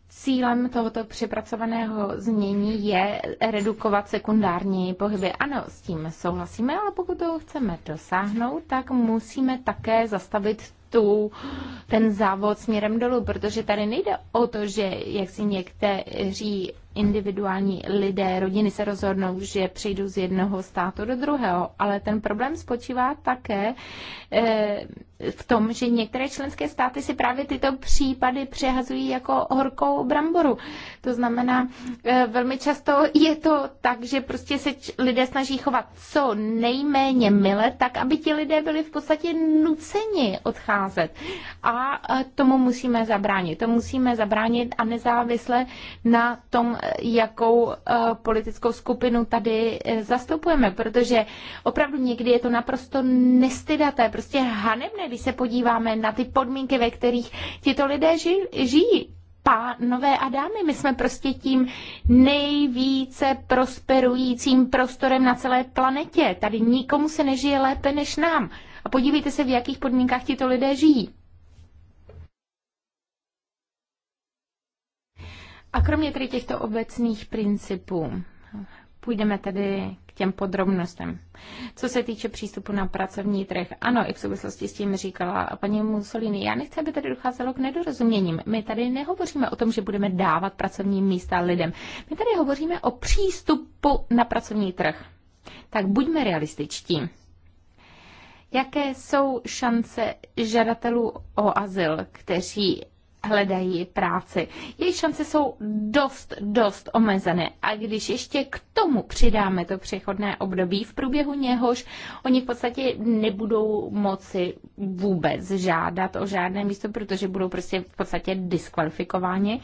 Cílem tohoto přepracovaného změní je redukovat sekundární pohyby. Ano, s tím souhlasíme, ale pokud toho chceme dosáhnout, tak musíme také zastavit tu, ten závod směrem dolů, protože tady nejde o to, že jak si někteří individuální lidé, rodiny se rozhodnou, že přejdou z jednoho státu do druhého, ale ten problém spočívá také eh, v tom, že některé členské státy si právě tyto případy přehazují jako horkou bramboru. To znamená, eh, velmi často je to tak, že prostě se lidé snaží chovat co nejméně mile, tak aby ti lidé byli v podstatě nuceni odcházet. A eh, tomu musíme zabránit. To musíme zabránit a nezávisle na tom jakou eh, politickou skupinu tady eh, zastupujeme, protože opravdu někdy je to naprosto nestydaté, prostě hanebné, když se podíváme na ty podmínky, ve kterých tito lidé žijí pánové a dámy. My jsme prostě tím nejvíce prosperujícím prostorem na celé planetě. Tady nikomu se nežije lépe než nám. A podívejte se, v jakých podmínkách tito lidé žijí. A kromě tedy těchto obecných principů, půjdeme tedy k těm podrobnostem. Co se týče přístupu na pracovní trh, ano, i v souvislosti s tím říkala paní Mussolini, já nechci, aby tady docházelo k nedorozuměním. My tady nehovoříme o tom, že budeme dávat pracovní místa lidem. My tady hovoříme o přístupu na pracovní trh. Tak buďme realističtí. Jaké jsou šance žadatelů o azyl, kteří hledají práci. Jejich šance jsou dost, dost omezené. A když ještě k tomu přidáme to přechodné období, v průběhu něhož oni v podstatě nebudou moci vůbec žádat o žádné místo, protože budou prostě v podstatě diskvalifikováni,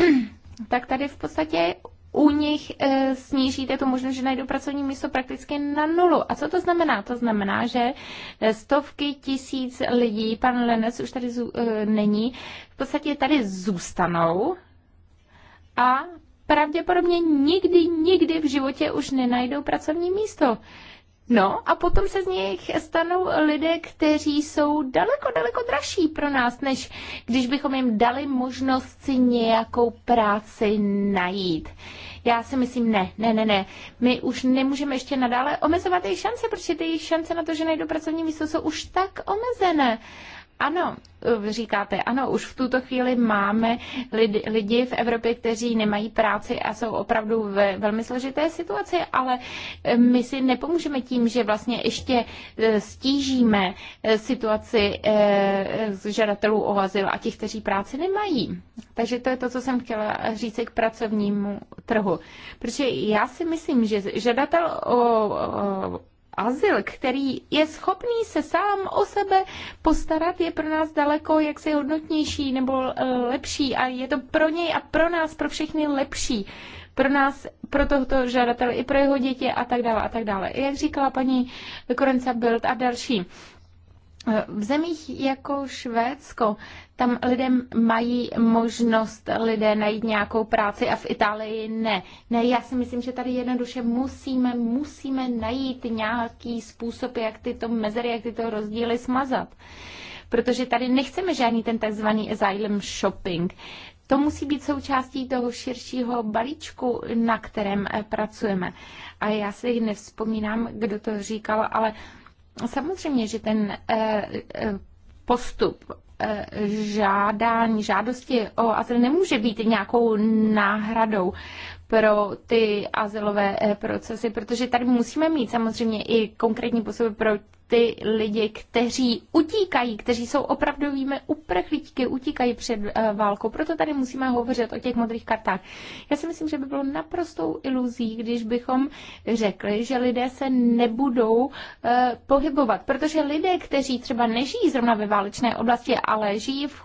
*clears throat* tak tady v podstatě u nich e, snížíte tu možnost, že najdou pracovní místo prakticky na nulu. A co to znamená? To znamená, že e, stovky tisíc lidí, pan Lenec už tady e, není, v podstatě tady zůstanou a pravděpodobně nikdy, nikdy v životě už nenajdou pracovní místo. No a potom se z nich stanou lidé, kteří jsou daleko, daleko dražší pro nás, než když bychom jim dali možnost si nějakou práci najít. Já si myslím, ne, ne, ne, ne. My už nemůžeme ještě nadále omezovat jejich šance, protože ty jejich šance na to, že najdou pracovní místo, jsou už tak omezené. Ano, eh, říkáte, ano, už v tuto chvíli máme lidi, lidi v Evropě, kteří nemají práci a jsou opravdu ve velmi složité situaci, ale eh, my si nepomůžeme tím, že vlastně ještě eh, stížíme situaci žadatelů o azyl a těch, kteří práci nemají. Takže to je to, co jsem chtěla říct k pracovnímu trhu. Protože já si myslím, že žadatel o, o azyl, který je schopný se sám o sebe postarat, je pro nás daleko jaksi hodnotnější nebo eh, lepší a je to pro něj a pro nás, pro všechny lepší. Pro nás, pro tohoto žadatele, i pro jeho děti a tak dále a tak dále. Jak říkala paní Korenca Bild a další, v zemích jako Švédsko, tam lidem mají možnost lidé najít nějakou práci a v Itálii ne. Ne, já si myslím, že tady jednoduše musíme, musíme najít nějaký způsob, jak tyto mezery, jak tyto rozdíly smazat. Protože tady nechceme žádný ten takzvaný asylum shopping. To musí být součástí toho širšího balíčku, na kterém eh, pracujeme. A já si nevzpomínám, kdo to říkal, ale Samozřejmě, že ten eh, eh, postup eh, žádání, žádosti o azyl nemůže být nějakou náhradou pro ty azylové procesy, protože tady musíme mít samozřejmě i konkrétní postupy pro ty lidi, kteří utíkají, kteří jsou opravdovými uprchlíčky, utíkají před eh, válkou. Proto tady musíme hovořit o těch modrých kartách. Já si myslím, že by bylo naprostou iluzí, když bychom řekli, že lidé se nebudou eh, pohybovat, protože lidé, kteří třeba nežijí zrovna ve válečné oblasti, ale žijí v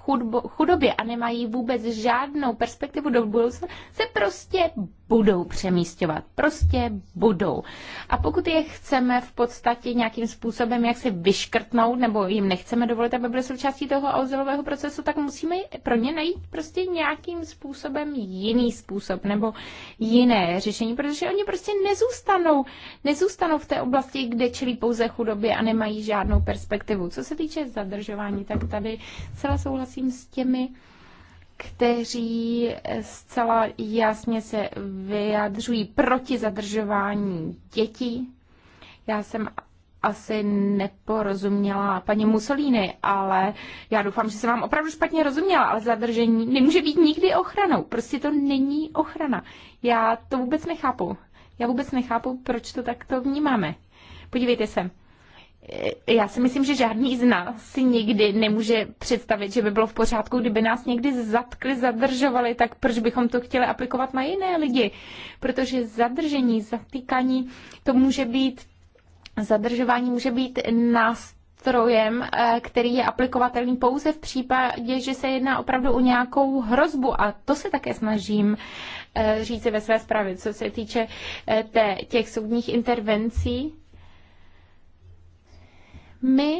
chudobě a nemají vůbec žádnou perspektivu do budoucna, se prostě budou přemístěvat. Prostě budou. A pokud je chceme v podstatě nějakým způsobem jak si vyškrtnout, nebo jim nechceme dovolit, aby byly součástí toho auzilového procesu, tak musíme pro ně najít prostě nějakým způsobem jiný způsob nebo jiné řešení, protože oni prostě nezůstanou, nezůstanou v té oblasti, kde čelí pouze chudobě a nemají žádnou perspektivu. Co se týče zadržování, tak tady celá souhlasím s těmi kteří zcela jasně se vyjadřují proti zadržování dětí. Já jsem asi neporozuměla paní Mussolini, ale já doufám, že se vám opravdu špatně rozuměla, ale zadržení nemůže být nikdy ochranou. Prostě to není ochrana. Já to vůbec nechápu. Já vůbec nechápu, proč to takto vnímáme. Podívejte se, já si myslím, že žádný z nás si nikdy nemůže představit, že by bylo v pořádku, kdyby nás někdy zatkli, zadržovali, tak proč bychom to chtěli aplikovat na jiné lidi? Protože zadržení, zatýkání, to může být, zadržování může být nás nástrojem, eh, který je aplikovatelný pouze v případě, že se jedná opravdu o nějakou hrozbu. A to se také snažím eh, říci ve své zprávě, co se týče eh, těch soudních intervencí my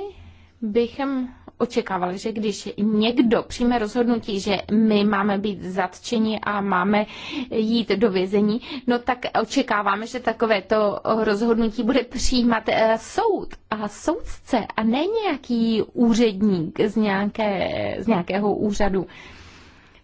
bychom očekávali, že když někdo přijme rozhodnutí, že my máme být zatčeni a máme jít do vězení, no tak očekáváme, že takovéto rozhodnutí bude přijímat eh, soud a soudce a ne nějaký úředník z, nějaké, z nějakého úřadu.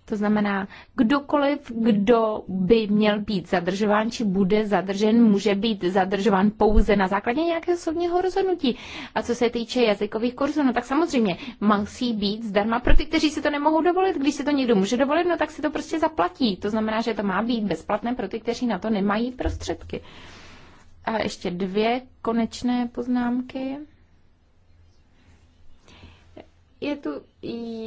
To znamená, kdokoliv, kdo by měl být zadržován či bude zadržen, může být zadržován pouze na základě nějakého soudního rozhodnutí. A co se týče jazykových kurzů, no tak samozřejmě musí být zdarma pro ty, kteří si to nemohou dovolit. Když si to někdo může dovolit, no tak si to prostě zaplatí. To znamená, že to má být bezplatné pro ty, kteří na to nemají prostředky. A ještě dvě konečné poznámky je tu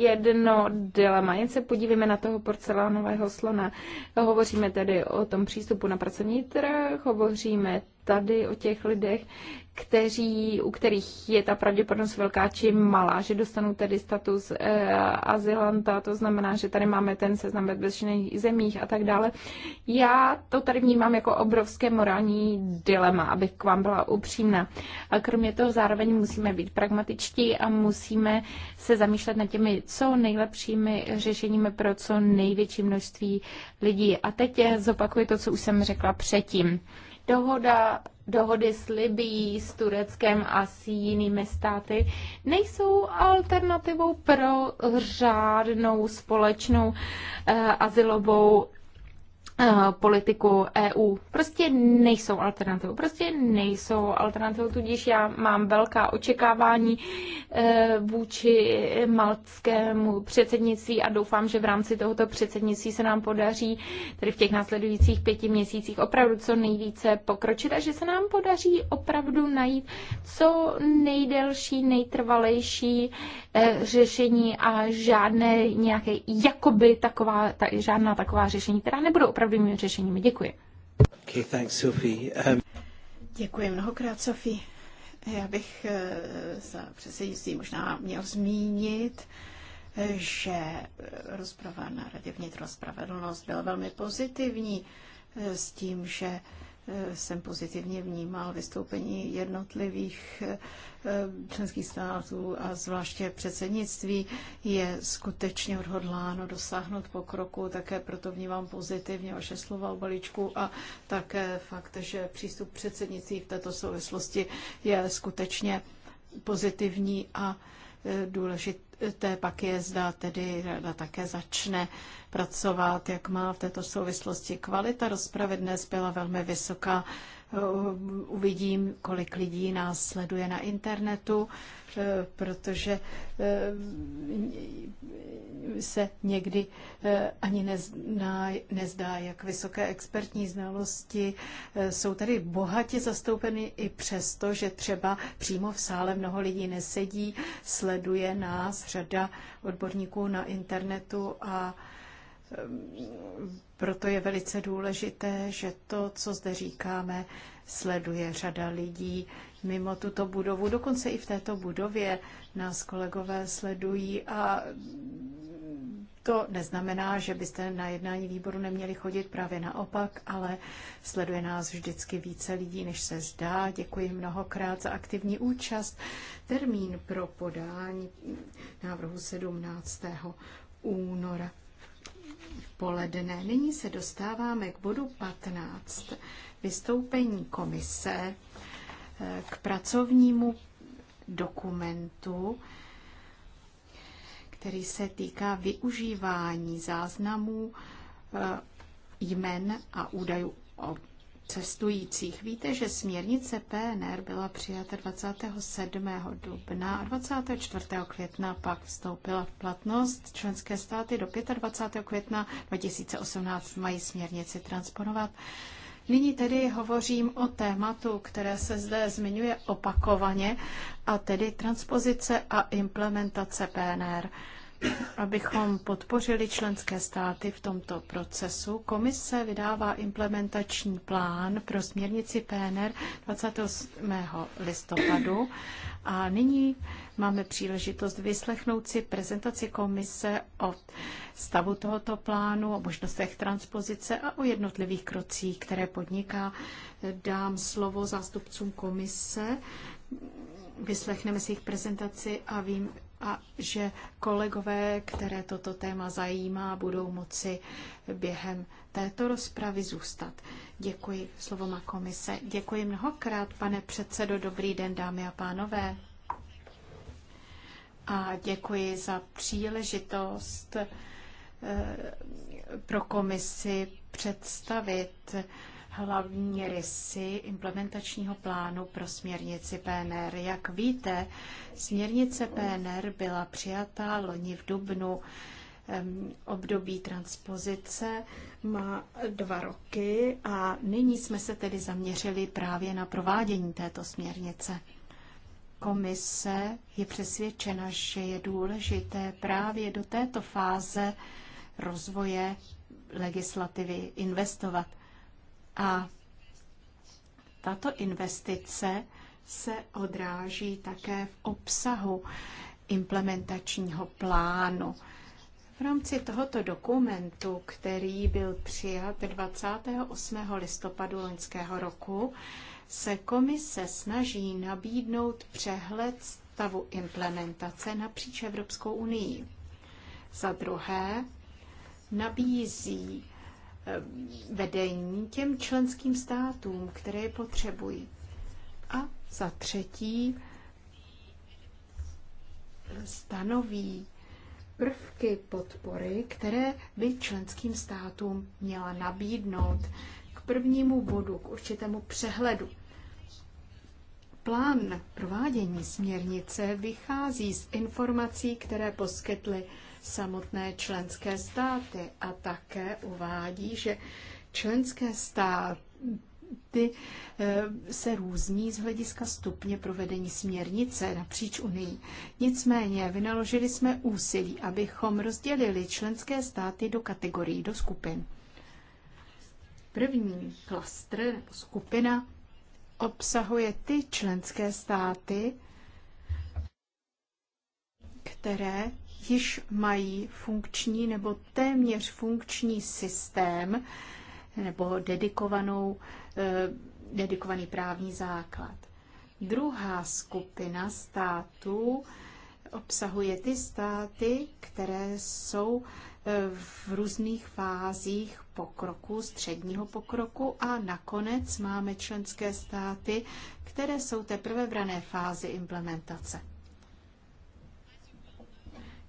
jedno dilema. Jen se podívíme na toho porcelánového slona. Hovoříme tedy o tom přístupu na pracovní trh, hovoříme tady o těch lidech, kteří, u kterých je ta pravděpodobnost velká či malá, že dostanou tedy status e, azylanta, to znamená, že tady máme ten seznam bezpečných zemích a tak dále. Já to tady vnímám jako obrovské morální dilema, abych k vám byla upřímná. A kromě toho zároveň musíme být pragmatičtí a musíme se zamýšlet nad těmi co nejlepšími řešeními pro co největší množství lidí. A teď eh, zopakuji to, co už jsem řekla předtím. Dohoda, dohody s Libií, s Tureckem a s jinými státy nejsou alternativou pro řádnou společnou uh, eh, asilovou Eh, politiku EU. Prostě nejsou alternativou. Prostě nejsou alternativou, tudíž já mám velká očekávání eh, vůči maltskému předsednictví a doufám, že v rámci tohoto předsednictví se nám podaří tedy v těch následujících pěti měsících opravdu co nejvíce pokročit a že se nám podaří opravdu najít co nejdelší, nejtrvalejší eh, řešení a žádné nějaké jakoby taková, ta, žádná taková řešení, která nebudou opravdu opravdovými řešeními. Děkuji. Okay, thanks, Sophie. Um... Děkuji mnohokrát, Sofie. Já bych eh, za předsednictví možná měl zmínit, že rozprava na Radě vnitro spravedlnost byla velmi pozitivní eh, s tím, že jsem pozitivně vnímal vystoupení jednotlivých eh, členských států a zvláště předsednictví je skutečně odhodláno dosáhnout pokroku, také proto vnímám pozitivně vaše slova o balíčku a také fakt, že přístup předsednictví v této souvislosti je skutečně pozitivní a eh, důležitý té pak je zda tedy rada také začne pracovat, jak má v této souvislosti. Kvalita rozpravy dnes byla velmi vysoká. Eh, uvidím, kolik lidí nás sleduje na internetu, eh, protože eh, se někdy ani nezná, nezdá, jak vysoké expertní znalosti jsou tady bohatě zastoupeny i přesto, že třeba přímo v sále mnoho lidí nesedí, sleduje nás řada odborníků na internetu a mm, proto je velice důležité, že to, co zde říkáme, sleduje řada lidí mimo tuto budovu. Dokonce i v této budově nás kolegové sledují a to neznamená, že byste na jednání výboru neměli chodit právě naopak, ale sleduje nás vždycky více lidí, než se zdá. Děkuji mnohokrát za aktivní účast. Termín pro podání návrhu 17. února poledne. Nyní se dostáváme k bodu 15. Vystoupení komise eh, k pracovnímu dokumentu který se týká využívání záznamů eh, jmen a údajů o cestujících. Víte, že směrnice PNR byla přijata 27. dubna a 24. května pak vstoupila v platnost. Členské státy do 25. května 2018 mají směrnici transponovat. Nyní tedy hovořím o tématu, které se zde zmiňuje opakovaně, a tedy transpozice a implementace PNR. Abychom podpořili členské státy v tomto procesu, komise vydává implementační plán pro směrnici PNR 28. listopadu a nyní máme příležitost vyslechnout si prezentaci komise o stavu tohoto plánu, o možnostech transpozice a o jednotlivých krocích, které podniká. Dám slovo zástupcům komise, vyslechneme si jejich prezentaci a vím, a že kolegové, které toto téma zajímá, budou moci během této rozpravy zůstat. Děkuji. Slovo má komise. Děkuji mnohokrát, pane předsedo. Dobrý den, dámy a pánové. A děkuji za příležitost eh, pro komisi představit hlavní rysy implementačního plánu pro směrnici PNR. Jak víte, směrnice PNR byla přijatá loni v Dubnu. Období transpozice má dva roky a nyní jsme se tedy zaměřili právě na provádění této směrnice. Komise je přesvědčena, že je důležité právě do této fáze rozvoje legislativy investovat – a tato investice se odráží také v obsahu implementačního plánu. V rámci tohoto dokumentu, který byl přijat 28. listopadu loňského roku, se komise snaží nabídnout přehled stavu implementace napříč Evropskou unii. Za druhé, nabízí vedení těm členským státům, které je potřebují. A za třetí stanoví prvky podpory, které by členským státům měla nabídnout k prvnímu bodu, k určitému přehledu. Plán provádění směrnice vychází z informací, které poskytly samotné členské státy a také uvádí, že členské státy eh, se různí z hlediska stupně provedení směrnice napříč Unii. Nicméně vynaložili jsme úsilí, abychom rozdělili členské státy do kategorií, do skupin. První klastr nebo skupina obsahuje ty členské státy, které již mají funkční nebo téměř funkční systém nebo dedikovanou, eh, dedikovaný právní základ. Druhá skupina států obsahuje ty státy, které jsou eh, v různých fázích pokroku, středního pokroku a nakonec máme členské státy, které jsou teprve v rané fázi implementace.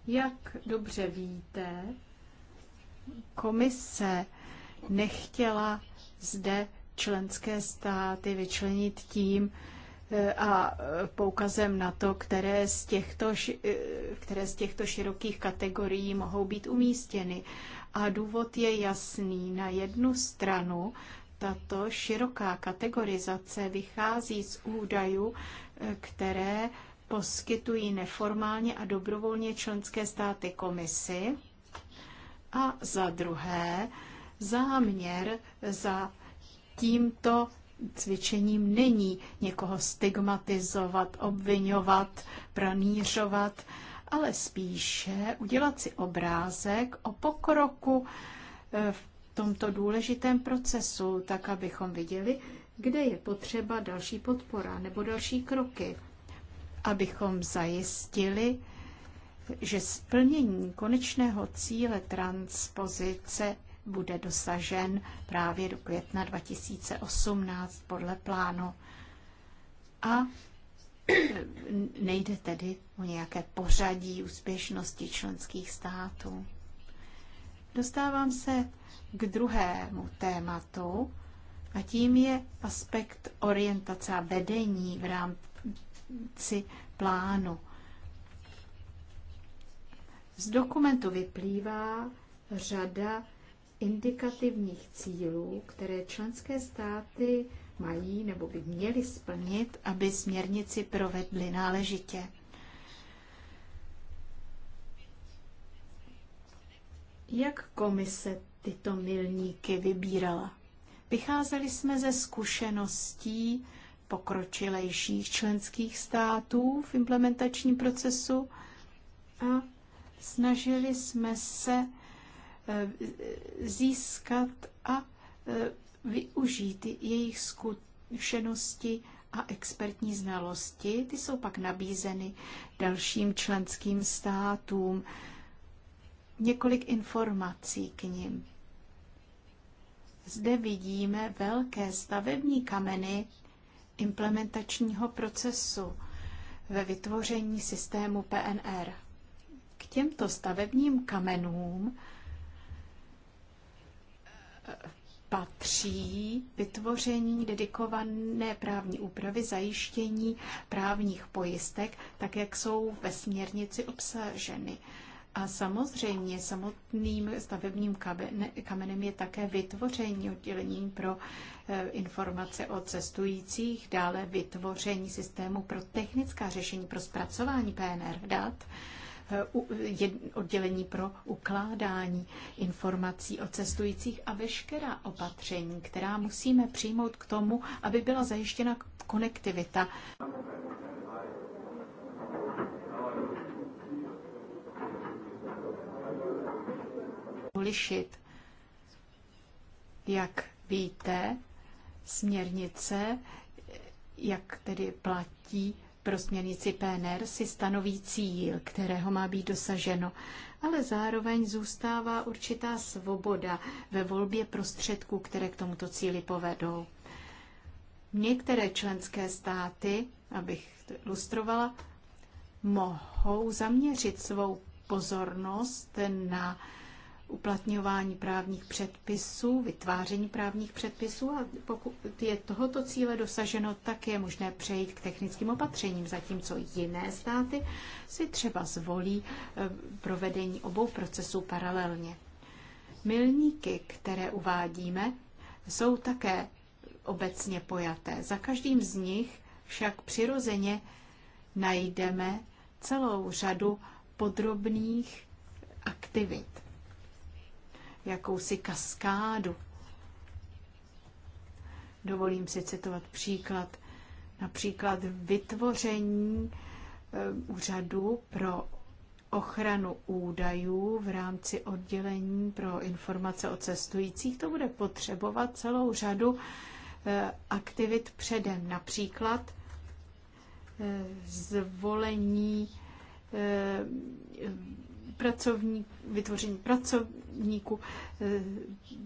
Jak dobře víte, komise nechtěla zde členské státy vyčlenit tím eh, a eh, poukazem na to, které z těchto, eh, které z těchto širokých kategorií mohou být umístěny. A důvod je jasný. Na jednu stranu tato široká kategorizace vychází z údajů, které poskytují neformálně a dobrovolně členské státy komisi. A za druhé, záměr za tímto cvičením není někoho stigmatizovat, obvinovat, pranířovat, ale spíše udělat si obrázek o pokroku eh, v tomto důležitém procesu, tak abychom viděli, kde je potřeba další podpora nebo další kroky abychom zajistili, že splnění konečného cíle transpozice bude dosažen právě do května 2018 podle plánu. A nejde tedy o nějaké pořadí úspěšnosti členských států. Dostávám se k druhému tématu, a tím je aspekt orientace a vedení v rámci rámci plánu. Z dokumentu vyplývá řada indikativních cílů, které členské státy mají nebo by měly splnit, aby směrnici provedly náležitě. Jak komise tyto milníky vybírala? Vycházeli jsme ze zkušeností pokročilejších členských států v implementačním procesu a snažili jsme se e, získat a e, využít jejich zkušenosti a expertní znalosti. Ty jsou pak nabízeny dalším členským státům. Několik informací k nim. Zde vidíme velké stavební kameny implementačního procesu ve vytvoření systému PNR. K těmto stavebním kamenům eh, patří vytvoření dedikované právní úpravy, zajištění právních pojistek, tak jak jsou ve směrnici obsaženy. A samozřejmě samotným stavebním kamenem je také vytvoření oddělení pro eh, informace o cestujících, dále vytvoření systému pro technická řešení pro zpracování PNR dat, eh, oddělení pro ukládání informací o cestujících a veškerá opatření, která musíme přijmout k tomu, aby byla zajištěna konektivita. lišit. Jak víte, směrnice, jak tedy platí pro směrnici PNR, si stanoví cíl, kterého má být dosaženo, ale zároveň zůstává určitá svoboda ve volbě prostředků, které k tomuto cíli povedou. Některé členské státy, abych to ilustrovala, mohou zaměřit svou pozornost na uplatňování právních předpisů, vytváření právních předpisů a pokud je tohoto cíle dosaženo, tak je možné přejít k technickým opatřením, zatímco jiné státy si třeba zvolí eh, provedení obou procesů paralelně. Milníky, které uvádíme, jsou také obecně pojaté. Za každým z nich však přirozeně najdeme celou řadu podrobných aktivit jakousi kaskádu. Dovolím si citovat příklad. Například vytvoření eh, úřadu pro ochranu údajů v rámci oddělení pro informace o cestujících. To bude potřebovat celou řadu eh, aktivit předem. Například eh, zvolení pracovní, vytvoření pracovníků, eh,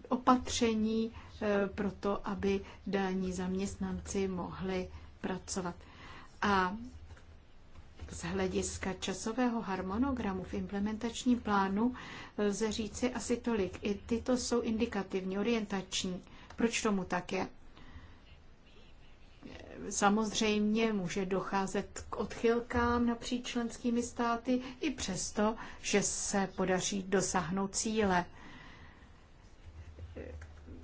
opatření eh, pro to, aby daní zaměstnanci mohli pracovat. A z hlediska časového harmonogramu v implementačním plánu eh, lze říci asi tolik. I tyto jsou indikativní, orientační. Proč tomu tak je? Samozřejmě může docházet k odchylkám napříč členskými státy i přesto, že se podaří dosáhnout cíle.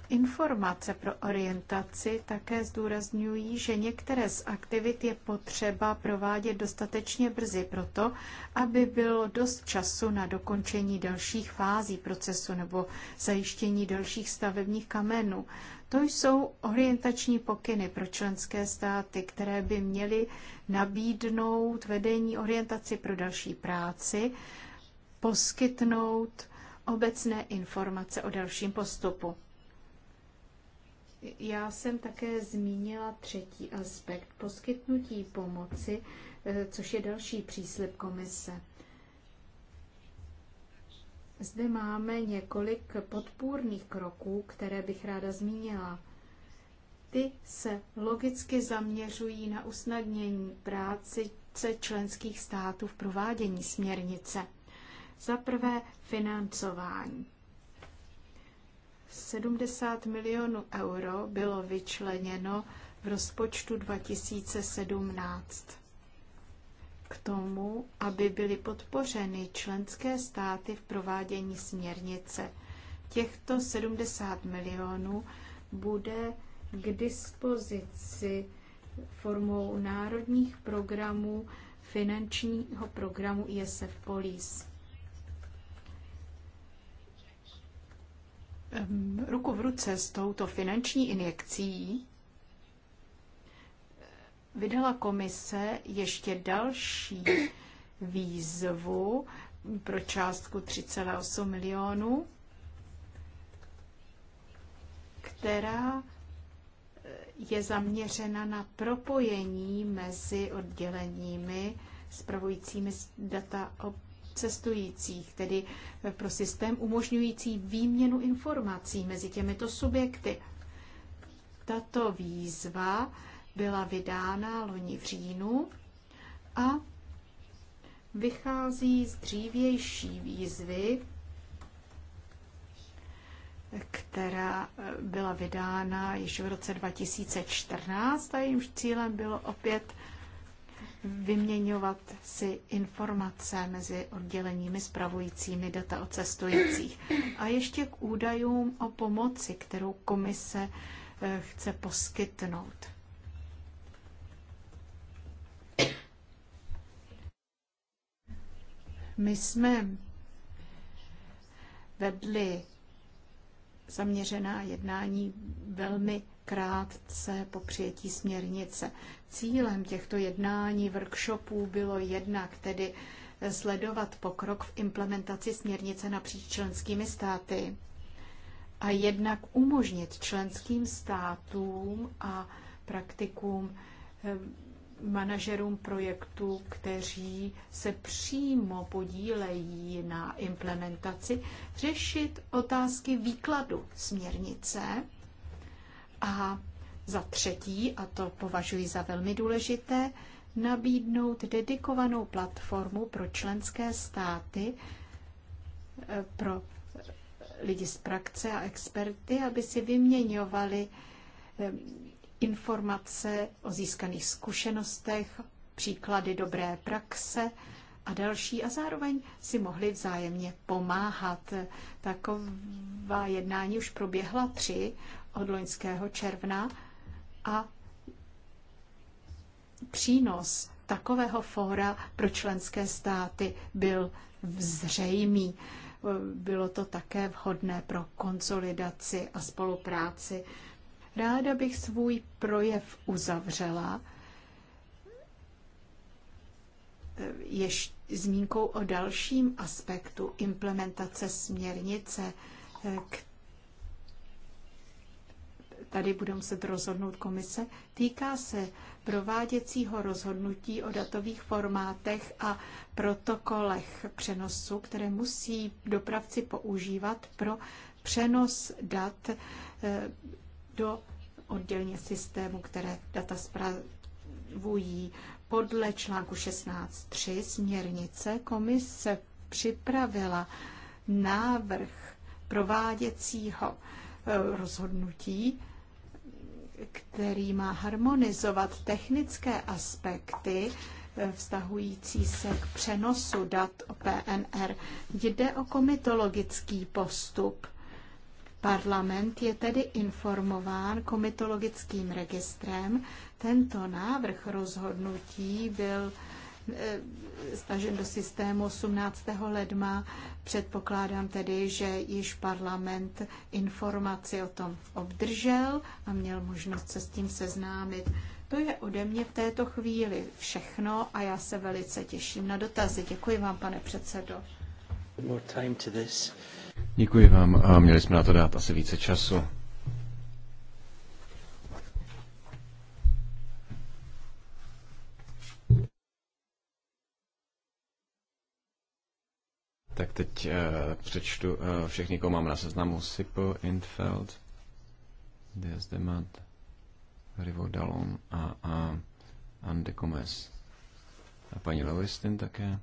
Informace pro orientaci také zdůrazňují, že některé z aktivit je potřeba provádět dostatečně brzy proto, aby bylo dost času na dokončení dalších fází procesu nebo zajištění dalších stavebních kamenů. To jsou orientační pokyny pro členské státy, které by měly nabídnout vedení orientaci pro další práci, poskytnout obecné informace o dalším postupu. Já jsem také zmínila třetí aspekt poskytnutí pomoci, eh, což je další příslip komise. Zde máme několik podpůrných kroků, které bych ráda zmínila. Ty se logicky zaměřují na usnadnění práci členských států v provádění směrnice. Za prvé financování. 70 milionů euro bylo vyčleněno v rozpočtu 2017 k tomu, aby byly podpořeny členské státy v provádění směrnice. Těchto 70 milionů bude k dispozici formou národních programů finančního programu ISF Polis. Ruku v ruce s touto finanční injekcí vydala komise ještě další výzvu pro částku 3,8 milionů, která je zaměřena na propojení mezi odděleními spravujícími data o cestujících, tedy pro systém umožňující výměnu informací mezi těmito subjekty. Tato výzva byla vydána loni v říjnu a vychází z dřívější výzvy, která eh, byla vydána již v roce 2014 a jejímž cílem bylo opět vyměňovat si informace mezi odděleními spravujícími data o cestujících. A ještě k údajům o pomoci, kterou komise eh, chce poskytnout. My jsme vedli zaměřená jednání velmi krátce po přijetí směrnice. Cílem těchto jednání, workshopů bylo jednak tedy sledovat pokrok v implementaci směrnice napříč členskými státy a jednak umožnit členským státům a praktikům eh, manažerům projektů, kteří se přímo podílejí na implementaci, řešit otázky výkladu směrnice. A za třetí, a to považuji za velmi důležité, nabídnout dedikovanou platformu pro členské státy, eh, pro lidi z praxe a experty, aby si vyměňovali eh, informace o získaných zkušenostech, příklady dobré praxe a další a zároveň si mohli vzájemně pomáhat. Taková jednání už proběhla tři od loňského června a přínos takového fóra pro členské státy byl vzřejmý. Bylo to také vhodné pro konsolidaci a spolupráci Ráda bych svůj projev uzavřela eh, ještě zmínkou o dalším aspektu implementace směrnice, eh, tady bude muset rozhodnout komise, týká se prováděcího rozhodnutí o datových formátech a protokolech přenosu, které musí dopravci používat pro přenos dat eh, do oddělně systému, které data zpravují. Podle článku 16.3 směrnice komise připravila návrh prováděcího eh, rozhodnutí, který má harmonizovat technické aspekty eh, vztahující se k přenosu dat o PNR. Jde o komitologický postup Parlament je tedy informován komitologickým registrem. Tento návrh rozhodnutí byl eh, stažen do systému 18. ledna. Předpokládám tedy, že již parlament informaci o tom obdržel a měl možnost se s tím seznámit. To je ode mě v této chvíli všechno a já se velice těším na dotazy. Děkuji vám, pane předsedo. Děkuji vám a měli jsme na to dát asi více času. Tak teď uh, přečtu uh, všechny, koho mám na seznamu. Sipo, Infeld, Diaz Demat, a, a Andekomes. A paní Lewistin také.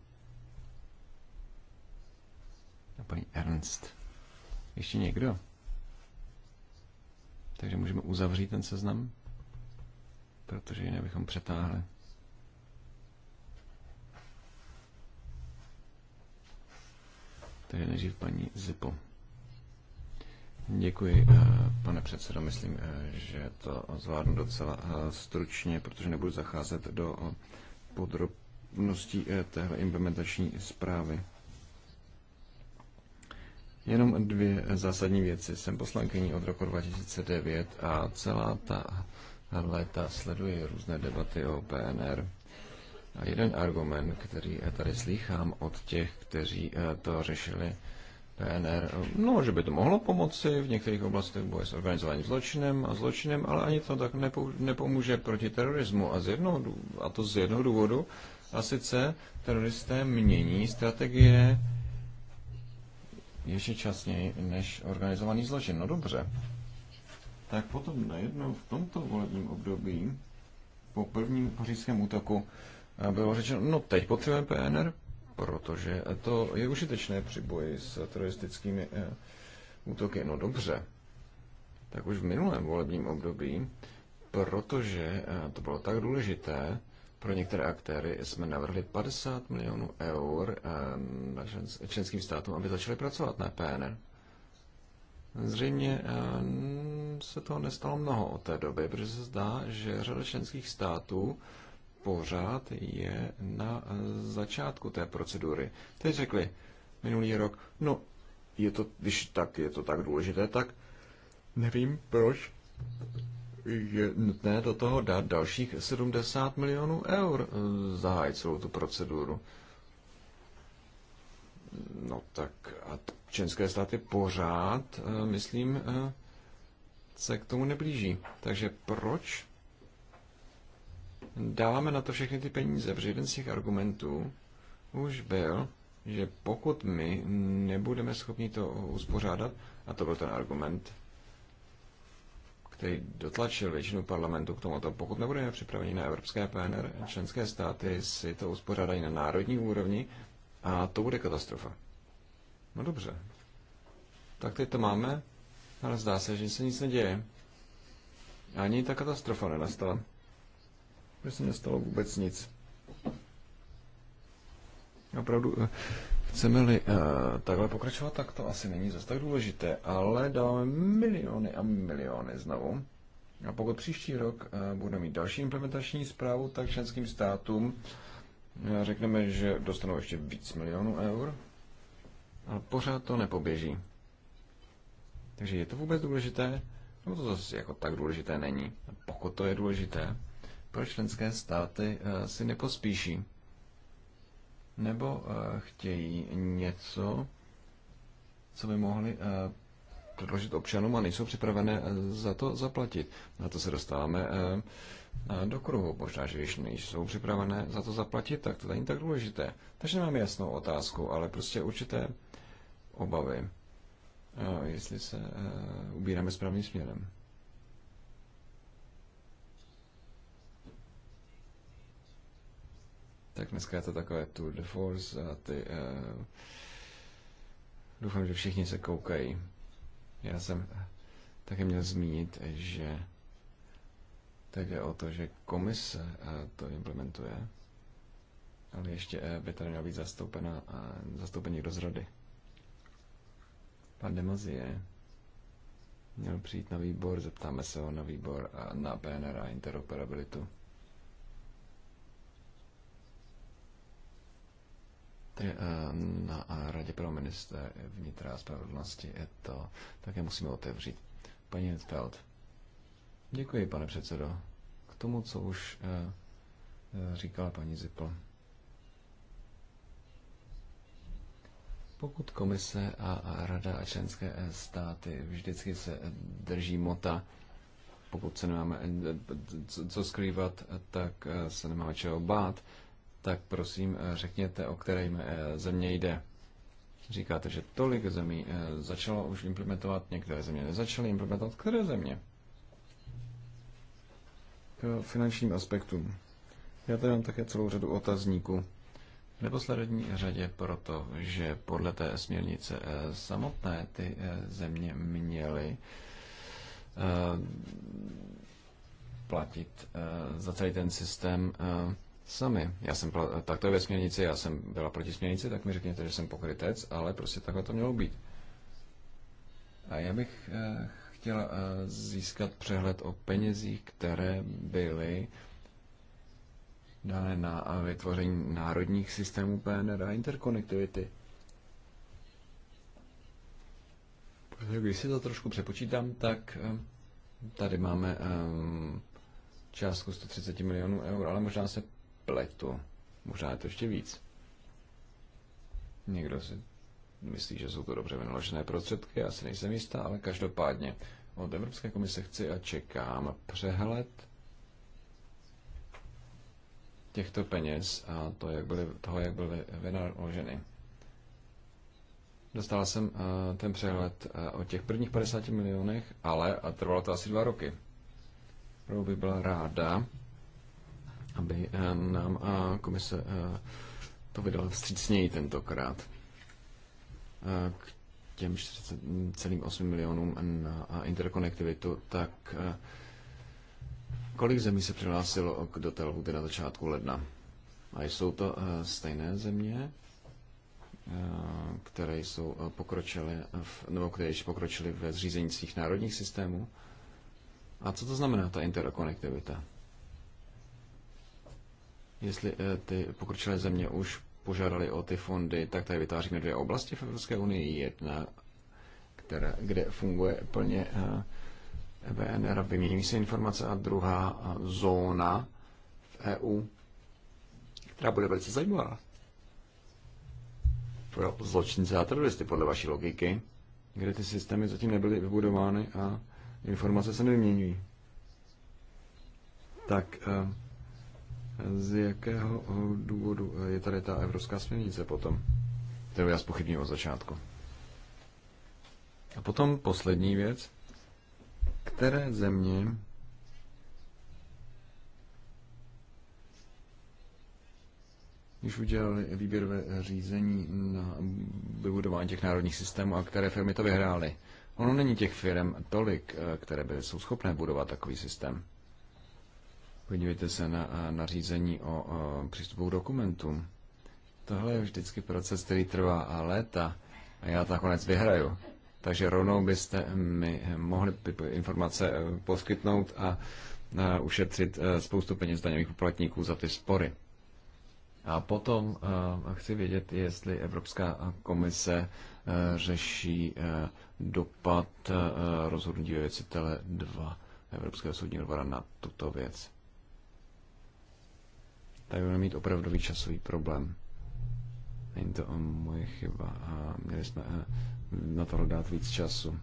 Paní Ernst. Ještě někdo? Takže můžeme uzavřít ten seznam, protože jinak bychom přetáhli. Takže nejdřív paní Zipo. Děkuji, eh, pane předsedo. Myslím, eh, že to zvládnu docela eh, stručně, protože nebudu zacházet do podrobností téhle implementační zprávy. Jenom dvě zásadní věci. Jsem poslankyní od roku 2009 a celá ta léta sleduji různé debaty o PNR. A jeden argument, který tady slýchám od těch, kteří eh, to řešili, PNR, no, že by to mohlo pomoci v některých oblastech boje s organizovaným zločinem a zločinem, ale ani to tak nepomůže proti terorismu. A, z jednoho, a to z jednoho důvodu, a sice teroristé mění strategie ještě časněji než organizovaný zločin. No dobře. Tak potom najednou v tomto volebním období po prvním pařížském útoku eh, bylo řečeno, no teď potřebujeme PNR, protože to je užitečné při boji s teroristickými eh, útoky. No dobře, tak už v minulém volebním období, protože eh, to bylo tak důležité, pro některé aktéry jsme navrhli 50 milionů eur eh, na členským státům, aby začaly pracovat na PNR. Zřejmě eh, se toho nestalo mnoho od té doby, protože se zdá, že řada členských států pořád je na eh, začátku té procedury. Teď řekli minulý rok, no, je to, když tak, je to tak důležité, tak nevím proč je nutné do toho dát dalších 70 milionů eur, eh, zahájit celou tu proceduru. No tak a členské státy pořád, eh, myslím, eh, se k tomu neblíží. Takže proč dáváme na to všechny ty peníze? Protože jeden z těch argumentů už byl, že pokud my nebudeme schopni to uspořádat, a to byl ten argument, který dotlačil většinu parlamentu k tomuto. Pokud nebudeme připraveni na evropské PNR, členské státy si to uspořádají na národní úrovni a to bude katastrofa. No dobře. Tak teď to máme, ale zdá se, že se nic neděje. Ani ta katastrofa nenastala. Že se nestalo vůbec nic. Opravdu eh, Chceme-li uh, takhle pokračovat, tak to asi není zase tak důležité, ale dáme miliony a miliony znovu. A pokud příští rok uh, budeme mít další implementační zprávu, tak členským státům uh, řekneme, že dostanou ještě víc milionů eur. ale pořád to nepoběží. Takže je to vůbec důležité? No to zase jako tak důležité není. A pokud to je důležité, proč členské státy uh, si nepospíší? nebo eh, chtějí něco, co by mohli eh, předložit občanům a nejsou připravené eh, za to zaplatit. Na to se dostáváme do kruhu. Možná, že když nejsou připravené za to zaplatit, tak to není tak důležité. Takže nemám jasnou otázku, ale prostě určité obavy, jestli se ubíráme správným směrem. tak dneska je to takové tour de force a ty uh, doufám, že všichni se koukají. Já jsem také měl zmínit, že tak je o to, že komise eh, to implementuje, ale ještě eh, by tady měla být zastoupena, zastoupení uh, zastoupení rady. Pan Demazie měl přijít na výbor, zeptáme se ho na výbor a na PNR a interoperabilitu. Tedy eh, na Radě pro ministra vnitra a spravedlnosti to také musíme otevřít. Paní Hetfeld. Děkuji, pane předsedo. K tomu, co už eh, eh, říkala paní Zipl. Pokud komise a rada a členské státy vždycky se drží mota, pokud se nemáme co skrývat, tak se nemáme čeho bát tak prosím eh, řekněte, o které eh, země jde. Říkáte, že tolik zemí eh, začalo už implementovat, některé země nezačaly implementovat, které země? K finančním aspektům. Já tady mám také celou řadu otazníků. V neposlední řadě proto, že podle té směrnice samotné ty země měly platit za celý ten systém sami. Já jsem byla, tak to je ve směrnici, já jsem byla proti směrnici, tak mi řekněte, že jsem pokrytec, ale prostě takhle to mělo být. A já bych eh, chtěla eh, získat přehled o penězích, které byly dané na vytvoření národních systémů PNR a interkonektivity. Protože když si to trošku přepočítám, tak eh, tady máme um, částku 130 milionů eur, ale možná se nepletu, možná je to ještě víc. Někdo si myslí, že jsou to dobře vynaložené prostředky, já si nejsem jistá, ale každopádně od Evropské komise chci a čekám přehled těchto peněz a to, jak byly, toho, jak byly vynaloženy. Dostala jsem eh, ten přehled eh, o těch prvních 50 milionech, ale a trvalo to asi dva roky. Pro by byla ráda, aby eh, nám a eh, komise eh, to vydala vstřícněji tentokrát k těm 40,8 milionům na interkonektivitu, tak kolik zemí se přihlásilo k dotelu na začátku ledna? A jsou to stejné země, které jsou pokročily, nebo které již pokročily ve zřízení svých národních systémů? A co to znamená ta interkonektivita? jestli eh, ty pokročilé země už požádali o ty fondy, tak tady vytváříme dvě oblasti v Evropské unii. Jedna, která, kde funguje plně eh, e VNR, vymění se informace, a druhá eh, zóna v EU, která bude velice zajímavá pro zločince a teroristy, podle vaší logiky, kde ty systémy zatím nebyly vybudovány a informace se nevyměňují. Tak z jakého důvodu je tady ta evropská směrnice potom, to já spochybním od začátku. A potom poslední věc. Které země již udělali výběrové řízení na vybudování těch národních systémů a které firmy to vyhrály. Ono není těch firm tolik, eh, které by jsou schopné budovat takový systém. Podívejte se na eh, nařízení o přístupu k dokumentům. Tohle je vždycky proces, který trvá a eh, léta a já tak nakonec vyhraju. Takže rovnou byste mi eh, mohli informace poskytnout a ušetřit spoustu peněz daňových poplatníků za ty spory. A potom chci vědět, jestli Evropská komise řeší dopad rozhodnutí věcitele 2 Evropského soudního dvora na tuto věc tak budeme mít opravdový časový problém. Není to moje chyba a měli jsme eh, na to dát víc času.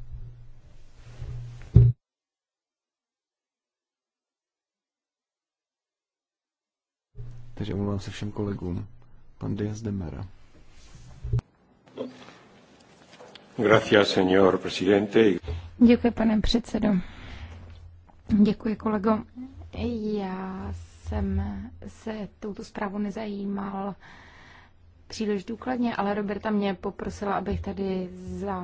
Takže omlouvám se všem kolegům. Pan Diaz de Mera. Gracias, señor presidente. Děkuji, pane předsedo. Děkuji, kolego. Já jsem se touto zprávu nezajímal příliš důkladně, ale Roberta mě poprosila, abych tady za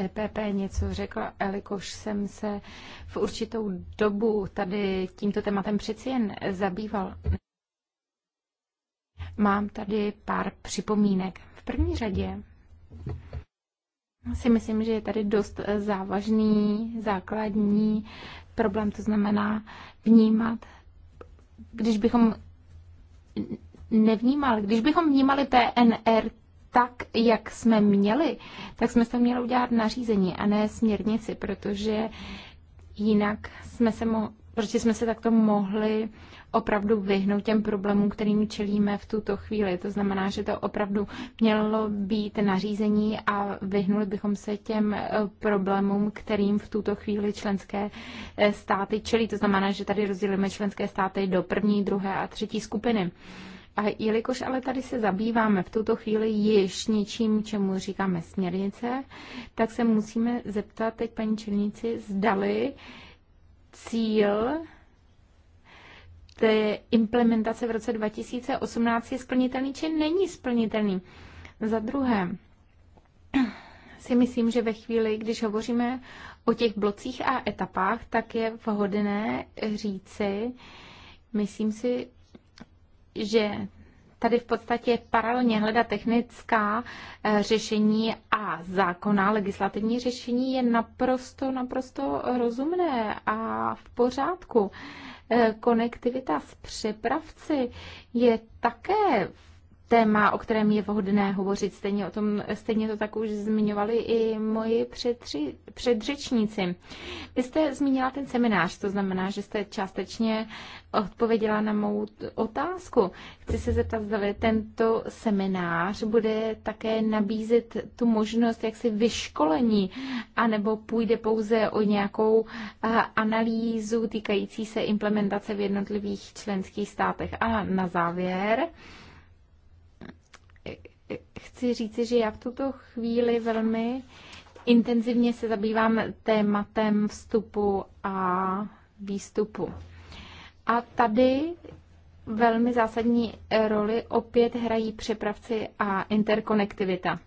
EPP něco řekla, jelikož jsem se v určitou dobu tady tímto tématem přeci jen zabýval. Mám tady pár připomínek. V první řadě si myslím, že je tady dost závažný základní problém, to znamená vnímat když bychom nevnímali, když bychom vnímali TNR tak, jak jsme měli, tak jsme se měli udělat nařízení a ne směrnici, protože jinak jsme se mo- protože jsme se takto mohli opravdu vyhnout těm problémům, kterými čelíme v tuto chvíli. To znamená, že to opravdu mělo být nařízení a vyhnuli bychom se těm eh, problémům, kterým v tuto chvíli členské eh, státy čelí. To znamená, že tady rozdělíme členské státy do první, druhé a třetí skupiny. A jelikož ale tady se zabýváme v tuto chvíli již něčím, čemu říkáme směrnice, tak se musíme zeptat teď paní Černici, zdali cíl té implementace v roce 2018 je splnitelný či není splnitelný. Za druhé, si myslím, že ve chvíli, když hovoříme o těch blocích a etapách, tak je vhodné říci, myslím si, že tady v podstatě paralelně hledat technická eh, řešení a zákona, legislativní řešení je naprosto, naprosto rozumné a v pořádku. Eh, konektivita s přepravci je také v téma, o kterém je vhodné hovořit. Stejně, o tom, stejně to tak už zmiňovali i moji předři, předřečníci. Vy jste zmínila ten seminář, to znamená, že jste částečně odpověděla na mou otázku. Chci se zeptat, zda tento seminář bude také nabízet tu možnost jaksi vyškolení, anebo půjde pouze o nějakou analýzu týkající se implementace v jednotlivých členských státech. A na závěr, chci říci, že já v tuto chvíli velmi intenzivně se zabývám tématem vstupu a výstupu. A tady velmi zásadní roli opět hrají přepravci a interkonektivita.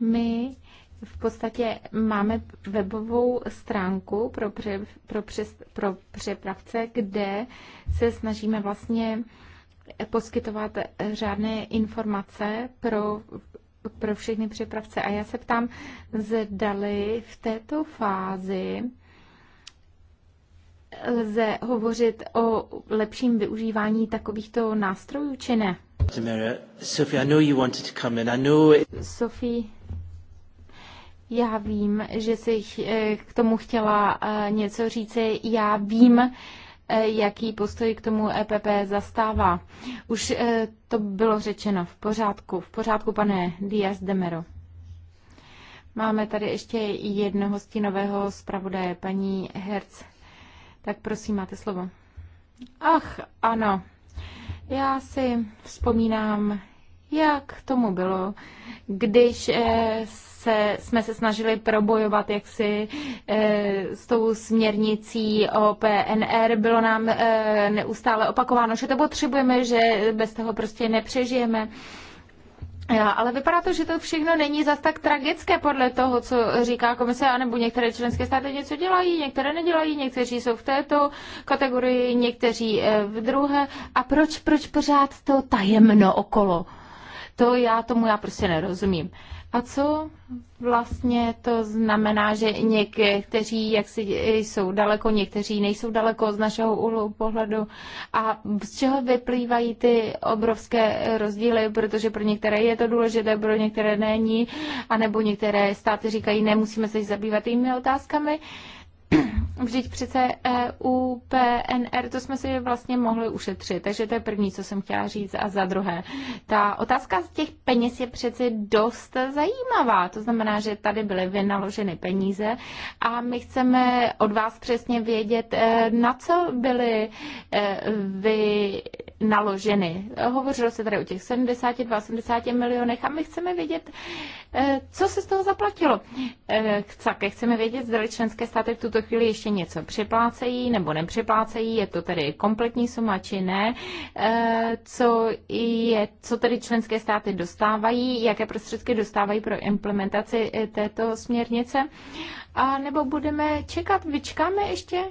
My v podstatě máme webovou stránku pro, pře, pro, přes, pro přepravce, kde se snažíme vlastně poskytovat eh, řádné informace pro, pro všechny přepravce. A já se ptám, zdali v této fázi lze hovořit o lepším využívání takovýchto nástrojů, či ne? Sophie, já vím, že jsi eh, k tomu chtěla eh, něco říci. Já vím, E, jaký postoj k tomu EPP zastává. Už e, to bylo řečeno v pořádku. V pořádku, pane Díaz Demero. Máme tady ještě jednoho stínového zpravodaje, paní Herc. Tak prosím, máte slovo. Ach, ano. Já si vzpomínám jak tomu bylo, když eh, se, jsme se snažili probojovat jaksi eh, s tou směrnicí o PNR, bylo nám eh, neustále opakováno, že to potřebujeme, že bez toho prostě nepřežijeme. Já, ale vypadá to, že to všechno není zas tak tragické podle toho, co říká komise, anebo některé členské státy něco dělají, některé nedělají, někteří jsou v této kategorii, někteří v druhé. A proč, proč pořád to tajemno okolo? To já tomu já prostě nerozumím. A co vlastně to znamená, že někteří jak si jsou daleko, někteří nejsou daleko z našeho úhlu pohledu a z čeho vyplývají ty obrovské rozdíly, protože pro některé je to důležité, pro některé není, anebo některé státy říkají, nemusíme se zabývat jinými otázkami. *clears throat* Vždyť přece EU, PNR, to jsme si vlastně mohli ušetřit. Takže to je první, co jsem chtěla říct. A za druhé, ta otázka z těch peněz je přece dost zajímavá. To znamená, že tady byly vynaloženy peníze a my chceme od vás přesně vědět, eh, na co byly eh, vy naloženy. Hovořilo se tady o těch 72, 80 milionech a my chceme vědět, eh, co se z toho zaplatilo. Eh, také chceme vědět, zda členské státy v tuto chvíli ještě něco přeplácejí nebo nepřeplácejí, je to tedy kompletní suma či ne, eh, co, je, co tedy členské státy dostávají, jaké prostředky dostávají pro implementaci této směrnice. A nebo budeme čekat, vyčkáme ještě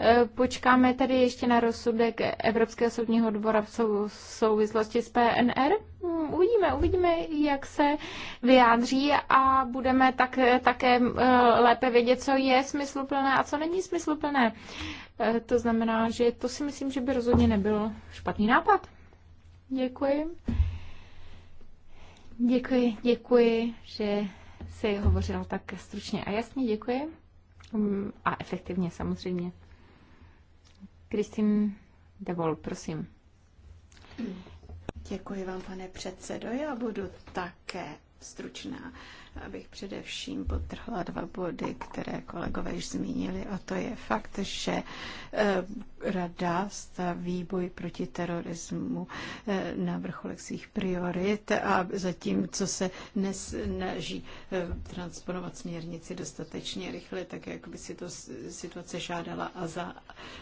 E, počkáme tedy ještě na rozsudek Evropského soudního dvora v souvislosti s PNR. Hmm, uvidíme, uvidíme, jak se vyjádří a budeme tak, také e, lépe vědět, co je smysluplné a co není smysluplné. E, to znamená, že to si myslím, že by rozhodně nebyl špatný nápad. Děkuji. Děkuji, děkuji, že jsi hovořila tak stručně a jasně. Děkuji. Mm, a efektivně samozřejmě. Kristin Devol, prosím. Děkuji vám, pane předsedo. Já budu také stručná abych především potrhla dva body, které kolegové již zmínili, a to je fakt, že eh, Rada staví boj proti terorismu eh, na vrcholek svých priorit a co se nesnaží eh, transponovat směrnici dostatečně rychle, tak jak by si to situace žádala a za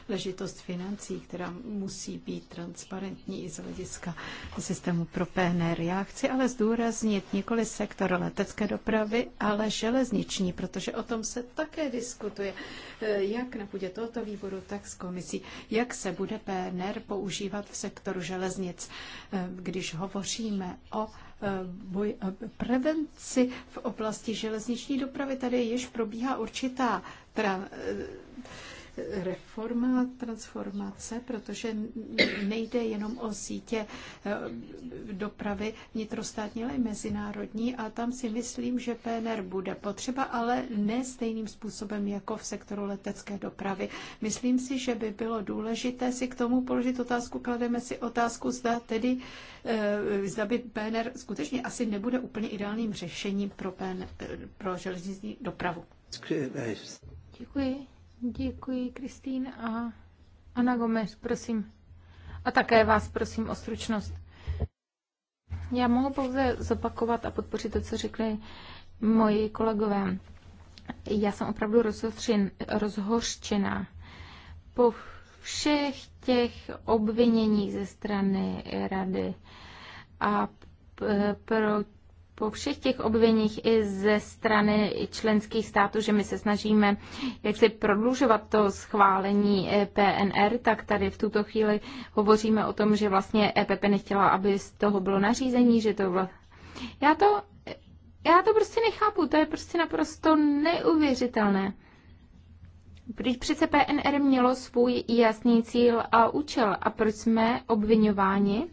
ležitost financí, která musí být transparentní i z hlediska systému pro PNR. Já chci ale zdůraznit nikoli sektor letecké dopravy, dopravy, ale železniční, protože o tom se také diskutuje, eh, jak na půdě tohoto výboru, tak s komisí, jak se bude PNR používat v sektoru železnic, eh, když hovoříme o eh, boj, prevenci v oblasti železniční dopravy. Tady již probíhá určitá tra, reforma, transformace, protože nejde jenom o sítě eh, dopravy vnitrostátní, ale i mezinárodní a tam si myslím, že PNR bude potřeba, ale ne stejným způsobem jako v sektoru letecké dopravy. Myslím si, že by bylo důležité si k tomu položit otázku, klademe si otázku, zda tedy, eh, zda by PNR skutečně asi nebude úplně ideálním řešením pro, PNR, pro železniční dopravu. Děkuji. Děkuji, Kristýn a Ana Gomez, prosím. A také vás prosím o stručnost. Já mohu pouze zopakovat a podpořit to, co řekli moji kolegové. Já jsem opravdu rozhořčená. Po všech těch obviněních ze strany rady a proti po všech těch obviněních i ze strany členských států, že my se snažíme jak si prodlužovat to schválení eh, PNR, tak tady v tuto chvíli hovoříme o tom, že vlastně EPP nechtěla, aby z toho bylo nařízení, že to bylo... Já to, já to prostě nechápu, to je prostě naprosto neuvěřitelné. Když přece PNR mělo svůj jasný cíl a účel a proč jsme obvinováni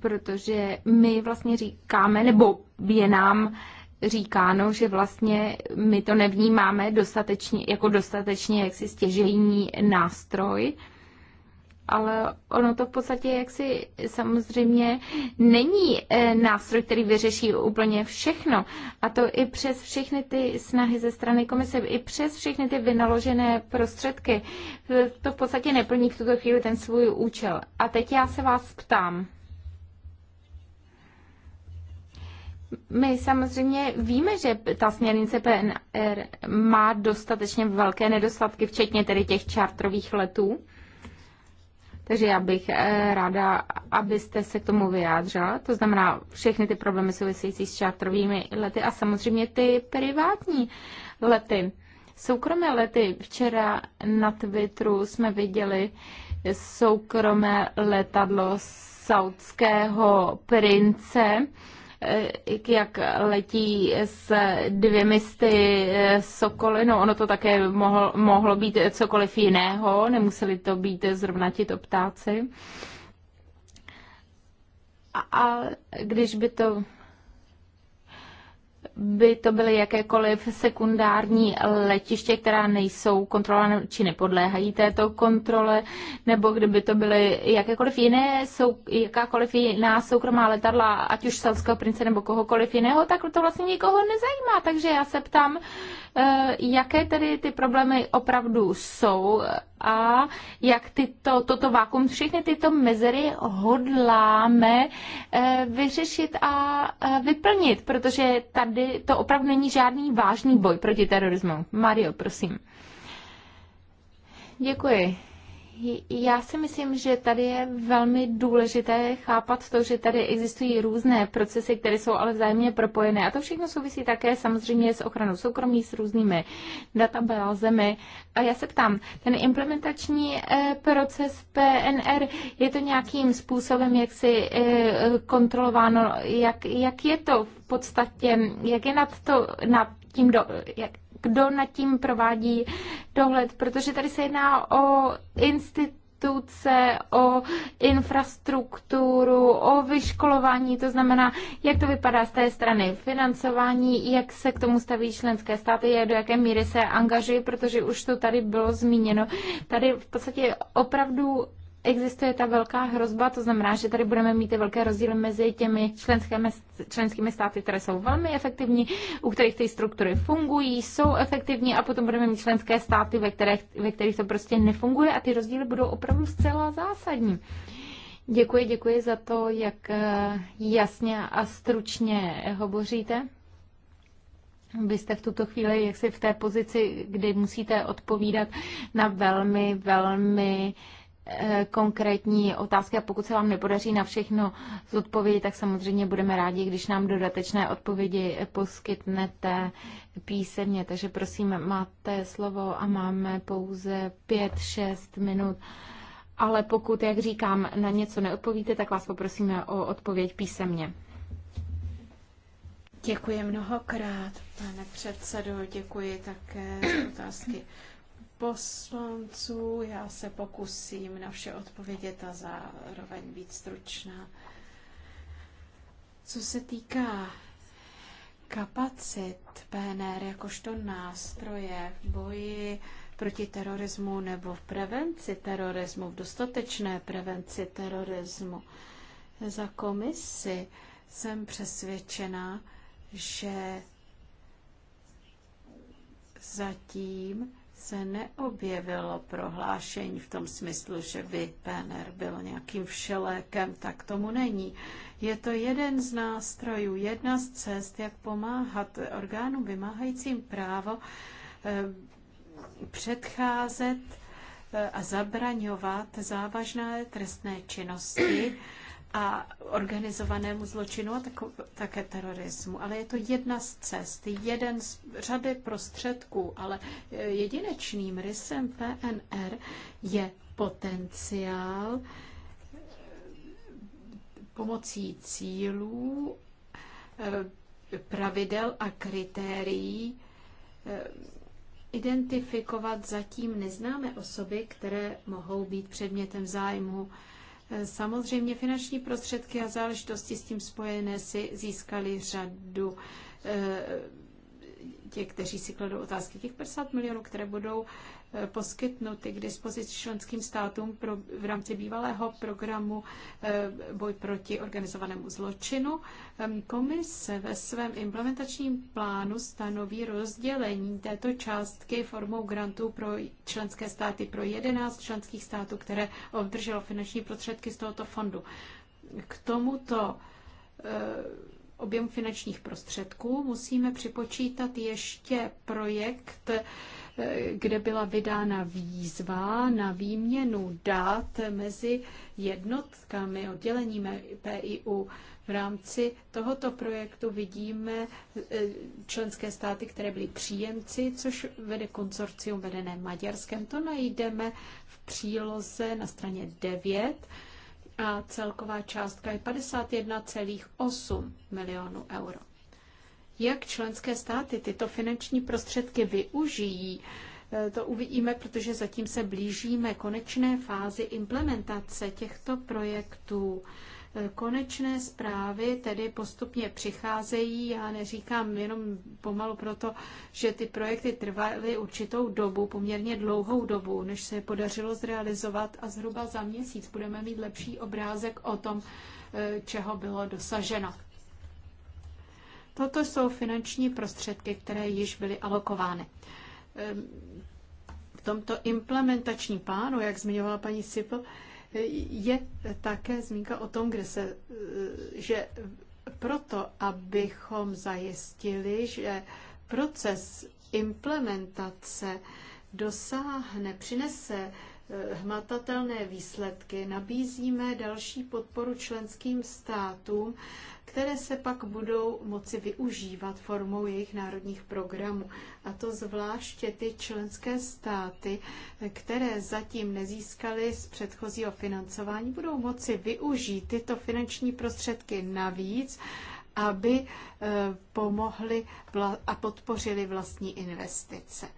protože my vlastně říkáme, nebo je nám říkáno, že vlastně my to nevnímáme dostatečně, jako dostatečně jaksi stěžejní nástroj, ale ono to v podstatě jaksi samozřejmě není eh, nástroj, který vyřeší úplně všechno. A to i přes všechny ty snahy ze strany komise, i přes všechny ty vynaložené prostředky. To v podstatě neplní v tuto chvíli ten svůj účel. A teď já se vás ptám. My samozřejmě víme, že ta směrnice PNR má dostatečně velké nedostatky, včetně tedy těch čartrových letů. Takže já bych eh, ráda, abyste se k tomu vyjádřila. To znamená všechny ty problémy související s čartrovými lety a samozřejmě ty privátní lety. Soukromé lety. Včera na Twitteru jsme viděli soukromé letadlo saudského prince, Eh, jak letí s dvěmi sty eh, sokoly, no ono to také mohlo, mohlo být cokoliv jiného, nemuseli to být zrovna to ptáci. A, a když by to by to byly jakékoliv sekundární letiště, která nejsou kontrolované, či nepodléhají této kontrole, nebo kdyby to byly jakékoliv jiné, sou, jakákoliv jiná soukromá letadla, ať už Selského prince nebo kohokoliv jiného, tak to vlastně nikoho nezajímá. Takže já se ptám, eh, jaké tedy ty problémy opravdu jsou a jak tyto, toto vákum, všechny tyto mezery hodláme eh, vyřešit a eh, vyplnit, protože tady to opravdu není žádný vážný boj proti terorismu. Mario, prosím. Děkuji. Já si myslím, že tady je velmi důležité chápat to, že tady existují různé procesy, které jsou ale vzájemně propojené. A to všechno souvisí také samozřejmě s ochranou soukromí, s různými databázemi. A já se ptám, ten implementační eh, proces PNR, je to nějakým způsobem, jak si eh, kontrolováno, jak, jak je to v podstatě, jak je nad to, nad tím, do, jak, kdo nad tím provádí dohled, protože tady se jedná o institut instituce, o infrastrukturu, o vyškolování, to znamená, jak to vypadá z té strany financování, jak se k tomu staví členské státy, jak do jaké míry se angažují, protože už to tady bylo zmíněno. Tady v podstatě opravdu existuje ta velká hrozba, to znamená, že tady budeme mít ty velké rozdíly mezi těmi členskými, členskými státy, které jsou velmi efektivní, u kterých ty struktury fungují, jsou efektivní a potom budeme mít členské státy, ve kterých, ve kterých to prostě nefunguje a ty rozdíly budou opravdu zcela zásadní. Děkuji, děkuji za to, jak eh, jasně a stručně hovoříte. Vy jste v tuto chvíli jaksi v té pozici, kdy musíte odpovídat na velmi, velmi uh, Eh, konkrétní otázky a pokud se vám nepodaří na všechno zodpovědět, tak samozřejmě budeme rádi, když nám dodatečné odpovědi poskytnete písemně. Takže prosím, máte slovo a máme pouze 5-6 minut. Ale pokud, jak říkám, na něco neodpovíte, tak vás poprosíme o odpověď písemně. Děkuji mnohokrát, pane předsedo. Děkuji také za otázky poslanců. Já se pokusím na vše odpovědět a zároveň být stručná. Co se týká kapacit PNR jakožto nástroje v boji proti terorismu nebo v prevenci terorismu, v dostatečné prevenci terorismu, za komisi jsem přesvědčena, že zatím se neobjevilo prohlášení v tom smyslu, že by PNR byl nějakým všelékem, tak tomu není. Je to jeden z nástrojů, jedna z cest, jak pomáhat orgánům vymáhajícím právo eh, předcházet eh, a zabraňovat závažné trestné činnosti a organizovanému zločinu a tako, také terorismu. Ale je to jedna z cest, jeden z řady prostředků, ale e, jedinečným rysem PNR je potenciál e, pomocí cílů, e, pravidel a kritérií identifikovat zatím neznámé osoby, které mohou být předmětem zájmu Samozřejmě finanční prostředky a záležitosti s tím spojené si získali řadu eh, těch, kteří si kladou otázky. Těch 50 milionů, které budou Eh, poskytnuty k dispozici členským státům pro, v rámci bývalého programu eh, Boj proti organizovanému zločinu. Komise ve svém implementačním plánu stanoví rozdělení této částky formou grantů pro členské státy pro 11 členských států, které obdrželo finanční prostředky z tohoto fondu. K tomuto eh, objemu finančních prostředků musíme připočítat ještě projekt kde byla vydána výzva na výměnu dát mezi jednotkami, odděleními PIU. V rámci tohoto projektu vidíme e, členské státy, které byly příjemci, což vede konzorcium vedené Maďarskem. To najdeme v příloze na straně 9 a celková částka je 51,8 milionů euro. Jak členské státy tyto finanční prostředky využijí, e, to uvidíme, protože zatím se blížíme konečné fázi implementace těchto projektů. E, konečné zprávy tedy postupně přicházejí. Já neříkám jenom pomalu proto, že ty projekty trvaly určitou dobu, poměrně dlouhou dobu, než se je podařilo zrealizovat a zhruba za měsíc budeme mít lepší obrázek o tom, e, čeho bylo dosaženo. Toto jsou finanční prostředky, které již byly alokovány. Ehm, v tomto implementačním plánu, jak zmiňovala paní Sipl, je také zmínka o tom, kde se, e, že proto, abychom zajistili, že proces implementace dosáhne, přinese hmatatelné výsledky, nabízíme další podporu členským státům, které se pak budou moci využívat formou jejich národních programů. A to zvláště ty členské státy, které zatím nezískaly z předchozího financování, budou moci využít tyto finanční prostředky navíc, aby eh, pomohli a podpořili vlastní investice.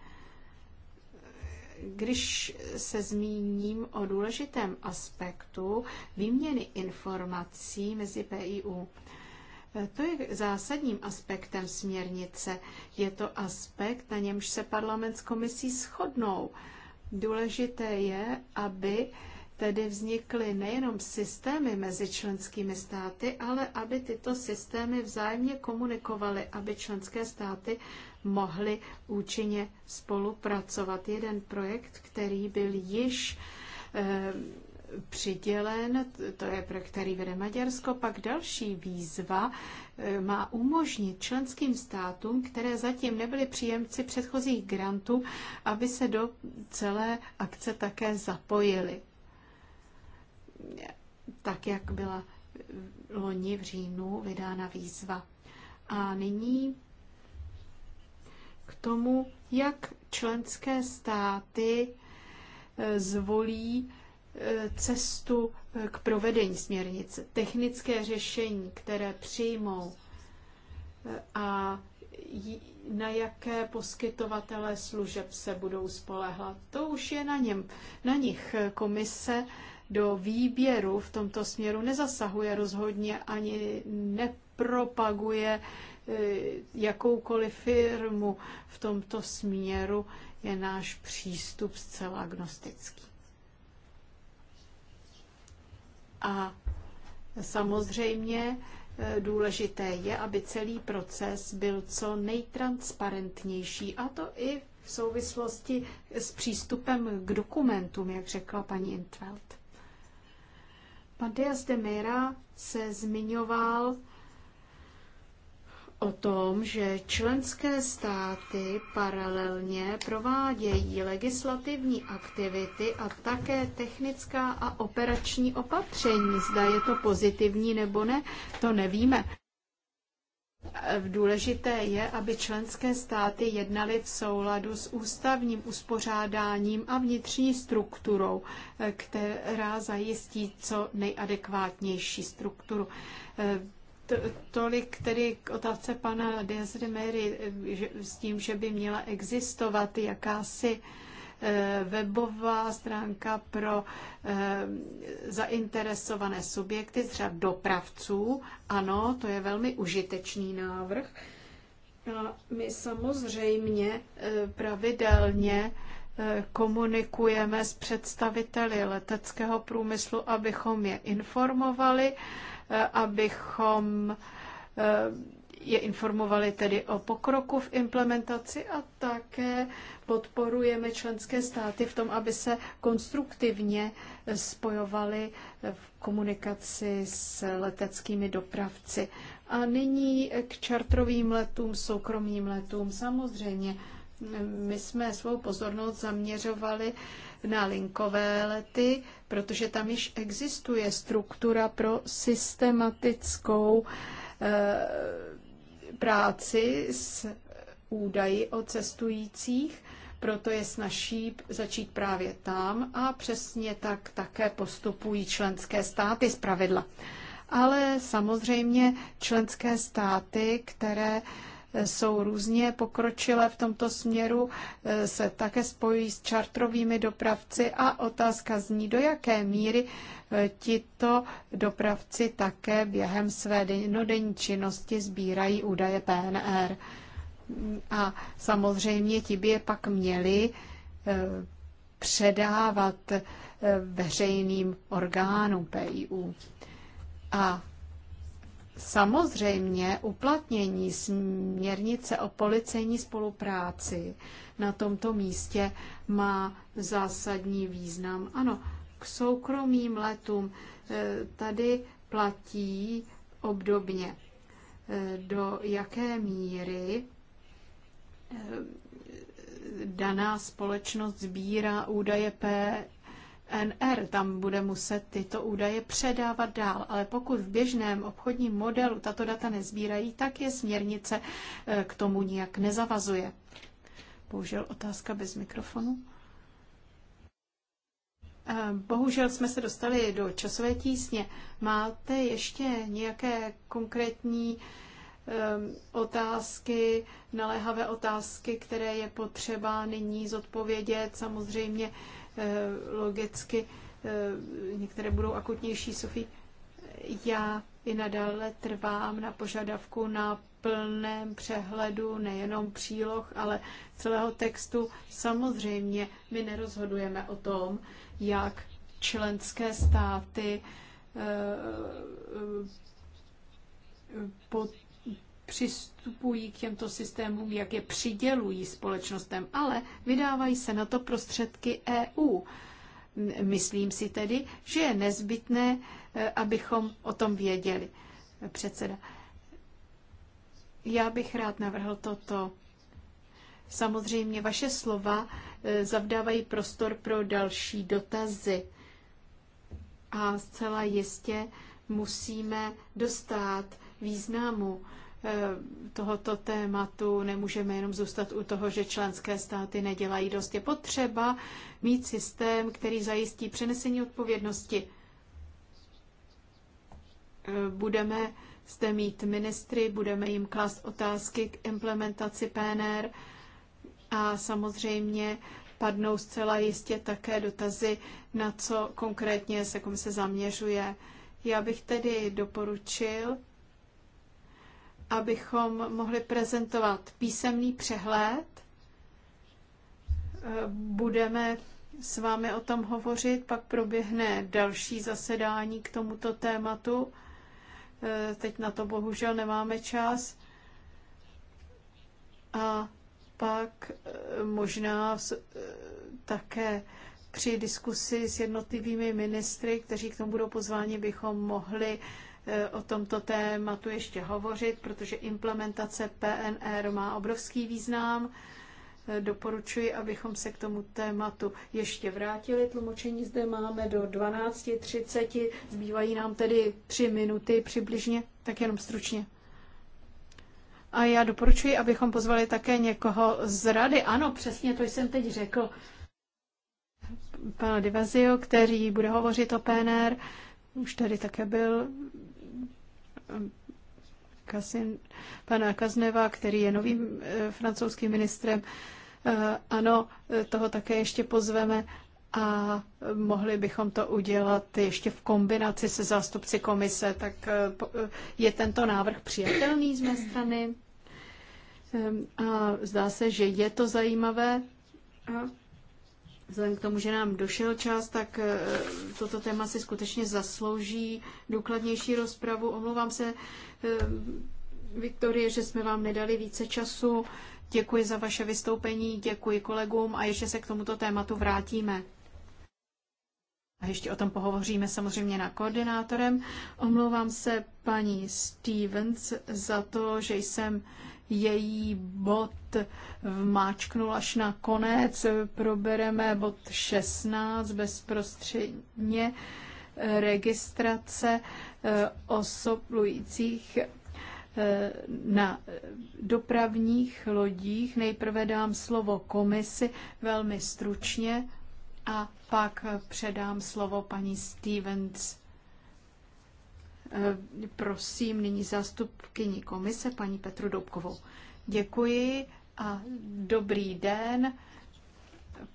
Když se zmíním o důležitém aspektu výměny informací mezi PIU, to je zásadním aspektem směrnice. Je to aspekt, na němž se parlament s komisí shodnou. Důležité je, aby tedy vznikly nejenom systémy mezi členskými státy, ale aby tyto systémy vzájemně komunikovaly, aby členské státy mohly účinně spolupracovat. Jeden projekt, který byl již e, přidělen, to je projekt, který vede Maďarsko, pak další výzva e, má umožnit členským státům, které zatím nebyly příjemci předchozích grantů, aby se do celé akce také zapojili tak jak byla loni v říjnu vydána výzva. A nyní k tomu, jak členské státy eh, zvolí eh, cestu eh, k provedení směrnice, technické řešení, které přijmou a na jaké poskytovatele služeb se budou spolehlat. To už je na, něm, na nich. Komise do výběru v tomto směru nezasahuje rozhodně ani nepropaguje e, jakoukoliv firmu v tomto směru je náš přístup zcela agnostický. A samozřejmě e, důležité je, aby celý proces byl co nejtransparentnější, a to i v souvislosti s přístupem k dokumentům, jak řekla paní Intveld. Pan Dias de Mera se zmiňoval o tom, že členské státy paralelně provádějí legislativní aktivity a také technická a operační opatření. Zda je to pozitivní nebo ne, to nevíme. Důležité je, aby členské státy jednaly v souladu s ústavním uspořádáním a vnitřní strukturou, která zajistí co nejadekvátnější strukturu. Tolik tedy k otázce pana Diazrimery s tím, že by měla existovat jakási Eh, webová stránka pro eh, zainteresované subjekty, třeba dopravců. Ano, to je velmi užitečný návrh. A my samozřejmě eh, pravidelně komunikujeme s představiteli leteckého průmyslu, abychom je informovali, abychom je informovali tedy o pokroku v implementaci a také podporujeme členské státy v tom, aby se konstruktivně spojovali v komunikaci s leteckými dopravci. A nyní k čartrovým letům, soukromým letům. Samozřejmě, my jsme svou pozornost zaměřovali na linkové lety, protože tam již existuje struktura pro systematickou eh, práci s údaji o cestujících, proto je snaží začít právě tam a přesně tak také postupují členské státy z pravidla. Ale samozřejmě členské státy, které uh, jsou různě pokročilé v tomto směru, eh, se také spojují s čartrovými dopravci a otázka zní, do jaké míry eh, tito dopravci také během své denní činnosti sbírají údaje PNR. A samozřejmě ti by je pak měli eh, předávat veřejným orgánům PIU. A Samozřejmě uplatnění směrnice o policejní spolupráci na tomto místě má zásadní význam. Ano, k soukromým letům eh, tady platí obdobně. Eh, do jaké míry eh, daná společnost sbírá údaje p? NR, tam bude muset tyto údaje předávat dál. Ale pokud v běžném obchodním modelu tato data nezbírají, tak je směrnice eh, k tomu nijak nezavazuje. Bohužel otázka bez mikrofonu. Eh, bohužel jsme se dostali do časové tísně. Máte ještě nějaké konkrétní ehm, otázky, naléhavé otázky, které je potřeba nyní zodpovědět? Samozřejmě Eh, logicky eh, některé budou akutnější. Sofie, já i nadále trvám na požadavku na plném přehledu nejenom příloh, ale celého textu. Samozřejmě my nerozhodujeme o tom, jak členské státy eh, pod přistupují k těmto systémům, jak je přidělují společnostem, ale vydávají se na to prostředky EU. Myslím si tedy, že je nezbytné, e, abychom o tom věděli. Předseda, já bych rád navrhl toto. Samozřejmě vaše slova e, zavdávají prostor pro další dotazy. A zcela jistě musíme dostat významu Eh, tohoto tématu. Nemůžeme jenom zůstat u toho, že členské státy nedělají dost. Je potřeba mít systém, který zajistí přenesení odpovědnosti. Eh, budeme zde mít ministry, budeme jim klást otázky k implementaci PNR a samozřejmě padnou zcela jistě také dotazy, na co konkrétně se komise zaměřuje. Já bych tedy doporučil, abychom mohli prezentovat písemný přehled. Eh, budeme s vámi o tom hovořit, pak proběhne další zasedání k tomuto tématu. Eh, teď na to bohužel nemáme čas. A pak eh, možná také při diskusi s jednotlivými ministry, kteří k tomu budou pozváni, bychom mohli uh, E, o tomto tématu ještě hovořit, protože implementace PNR má obrovský význam. E, doporučuji, abychom se k tomu tématu ještě vrátili. Tlumočení zde máme do 12.30, zbývají nám tedy tři minuty přibližně, tak jenom stručně. A já doporučuji, abychom pozvali také někoho z rady. Ano, přesně to jsem teď řekl. Pana Divazio, který bude hovořit o PNR, už tady také byl, Kasin, pana Kazneva, který je novým eh, francouzským ministrem. Eh, ano, eh, toho také ještě pozveme a mohli bychom to udělat ještě v kombinaci se zástupci komise. Tak je tento návrh přijatelný z mé strany? Ehm, a zdá se, že je to zajímavé. Vzhledem k tomu, že nám došel čas, tak eh, toto téma si skutečně zaslouží důkladnější rozpravu. Omlouvám se, eh, Viktorie, že jsme vám nedali více času. Děkuji za vaše vystoupení, děkuji kolegům a ještě se k tomuto tématu vrátíme. A ještě o tom pohovoříme samozřejmě na koordinátorem. Omlouvám se paní Stevens za to, že jsem její bod vmáčknul až na konec. Probereme bod 16 bezprostředně eh, registrace eh, osob eh, na dopravních lodích. Nejprve dám slovo komisi velmi stručně a pak předám slovo paní Stevens. Eh, prosím nyní zástupkyni komise, paní Petru Doubkovou. Děkuji a dobrý den,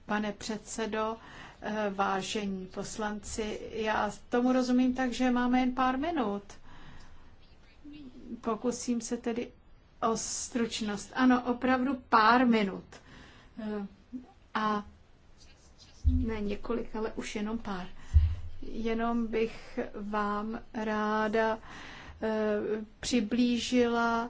pane předsedo, eh, vážení poslanci. Já tomu rozumím tak, že máme jen pár minut. Pokusím se tedy o stručnost. Ano, opravdu pár minut. Eh, a ne několik, ale už jenom pár. Jenom bych vám ráda eh, přiblížila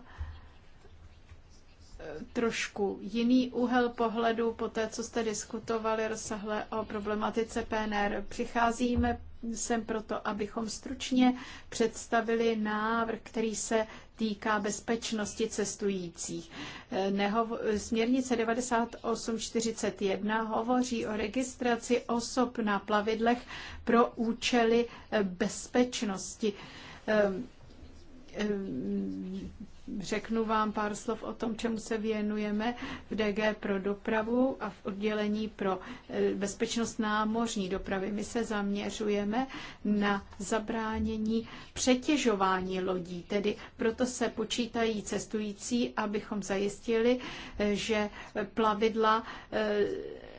eh, trošku jiný úhel pohledu po té, co jste diskutovali rozsahle o problematice PNR. Přicházíme sem proto, abychom stručně představili návrh, který se týká bezpečnosti cestujících. Eh, nehovo- směrnice 9841 hovoří o registraci osob na plavidlech pro účely eh, bezpečnosti ehm, ehm, Řeknu vám pár slov o tom, čemu se věnujeme v DG pro dopravu a v oddělení pro e, bezpečnost námořní dopravy. My se zaměřujeme na zabránění přetěžování lodí, tedy proto se počítají cestující, abychom zajistili, e, že plavidla e,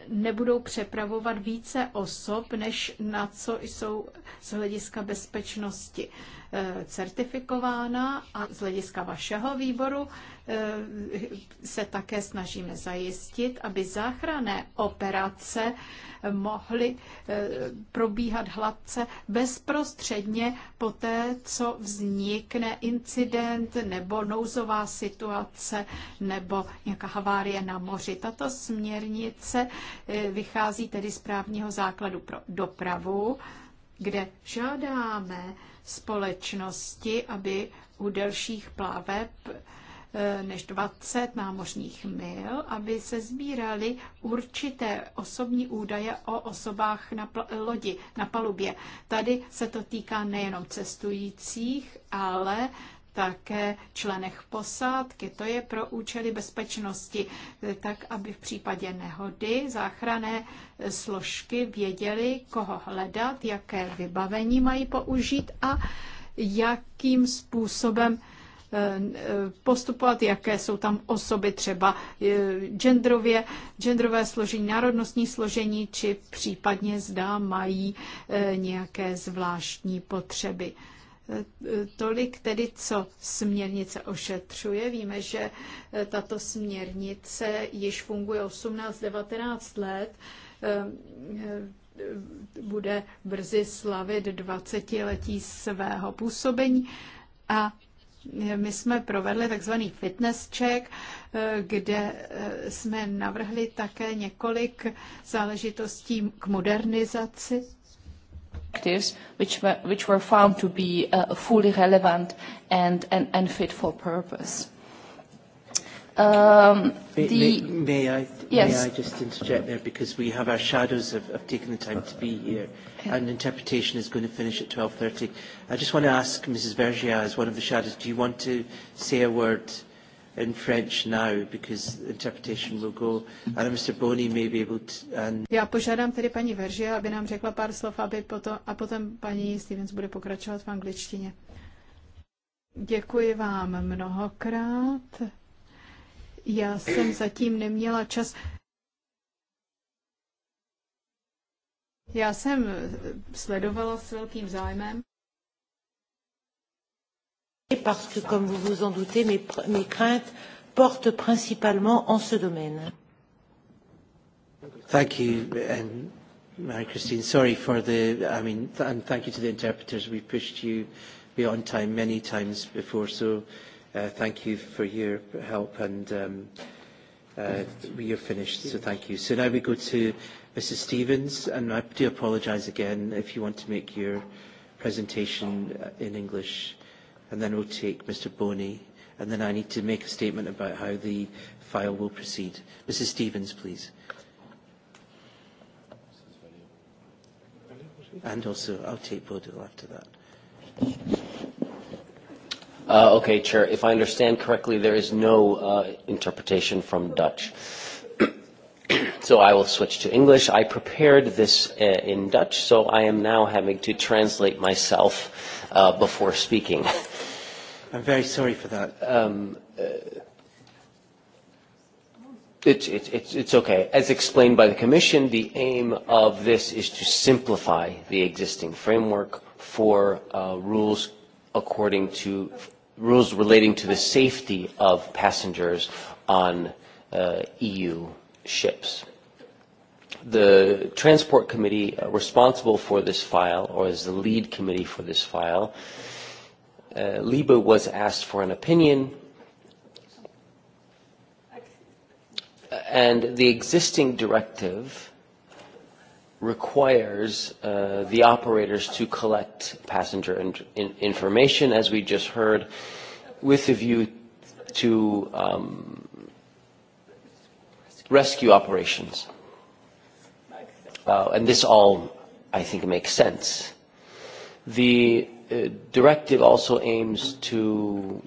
nebudou přepravovat více osob, než na co jsou z hlediska bezpečnosti Eh, certifikována a z hlediska vašeho výboru eh, se také snažíme zajistit, aby záchranné operace mohly eh, probíhat hladce bezprostředně po té, co vznikne incident nebo nouzová situace nebo nějaká havárie na moři. Tato směrnice vychází tedy z právního základu pro dopravu kde žádáme společnosti, aby u delších plaveb eh, než 20 námořních mil, aby se sbíraly určité osobní údaje o osobách na lodi, na palubě. Tady se to týká nejenom cestujících, ale také členech posádky. To je pro účely bezpečnosti, tak aby v případě nehody záchrané složky věděly, koho hledat, jaké vybavení mají použít a jakým způsobem eh, eh, postupovat, jaké jsou tam osoby třeba eh, genderově, genderové složení, národnostní složení, či případně zda mají nějaké zvláštní potřeby. Tolik tedy, co směrnice ošetřuje. Víme, že eh, tato směrnice již funguje 18-19 let. Eh, eh, bude brzy slavit 20 letí svého působení a my jsme provedli takzvaný fitness check, kde jsme navrhli také několik záležitostí k modernizaci objectives which were, which were found to be uh, fully relevant and, and, and fit for purpose. Um, may, the, may, may, I, yes. may I just interject there because we have our shadows have, have taken the time to be here and interpretation is going to finish at 12.30. I just want to ask Mrs. Vergia as one of the shadows, do you want to say a word in French now because the interpretation will go. And Mr. Boney may be able to, and... Já požádám tedy paní Verži, aby nám řekla pár slov, aby potom, a potom paní Stevens bude pokračovat v angličtině. Děkuji vám mnohokrát. Já jsem zatím neměla čas. Já jsem sledovala s velkým zájmem parce que, comme vous vous en doutez, mes, mes craintes portent principalement en ce domaine. Thank you, and Marie-Christine, sorry for the, I mean, th and thank you to the interpreters. We pushed you beyond time many times before, so uh, thank you for your help, and um, uh, we are finished, so thank you. So now we go to Mrs. Stevens, and I do apologise again if you want to make your presentation in English and then we'll take Mr Boney, and then I need to make a statement about how the file will proceed. Mrs Stevens, please. And also, I'll take Bodil after that. Uh, okay, Chair. If I understand correctly, there is no uh, interpretation from Dutch. *clears throat* so I will switch to English. I prepared this uh, in Dutch, so I am now having to translate myself uh, before speaking. *laughs* I'm very sorry for that. Um, uh, it's, it's, it's, it's okay. As explained by the Commission, the aim of this is to simplify the existing framework for uh, rules according to rules relating to the safety of passengers on uh, EU ships. The Transport Committee uh, responsible for this file, or is the lead committee for this file, uh, Uh, was asked for an opinion. And the existing directive requires uh, the operators to collect passenger in in information, as we just heard, with a view to um, rescue operations. Uh, and this all, I think, makes sense. The Uh, directive also aims to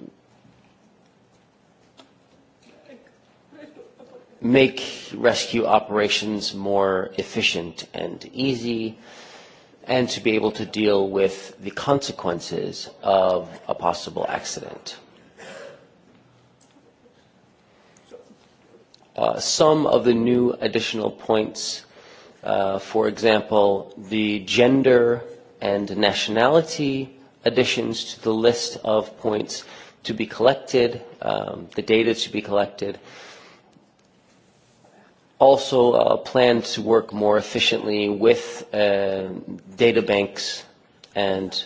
make rescue operations more efficient and easy and to be able to deal with the consequences of a possible accident. Uh, some of the new additional points, uh, for example, the gender and nationality additions to the list of points to be collected, um, the data to be collected. Also, a uh, plan to work more efficiently with uh, data banks and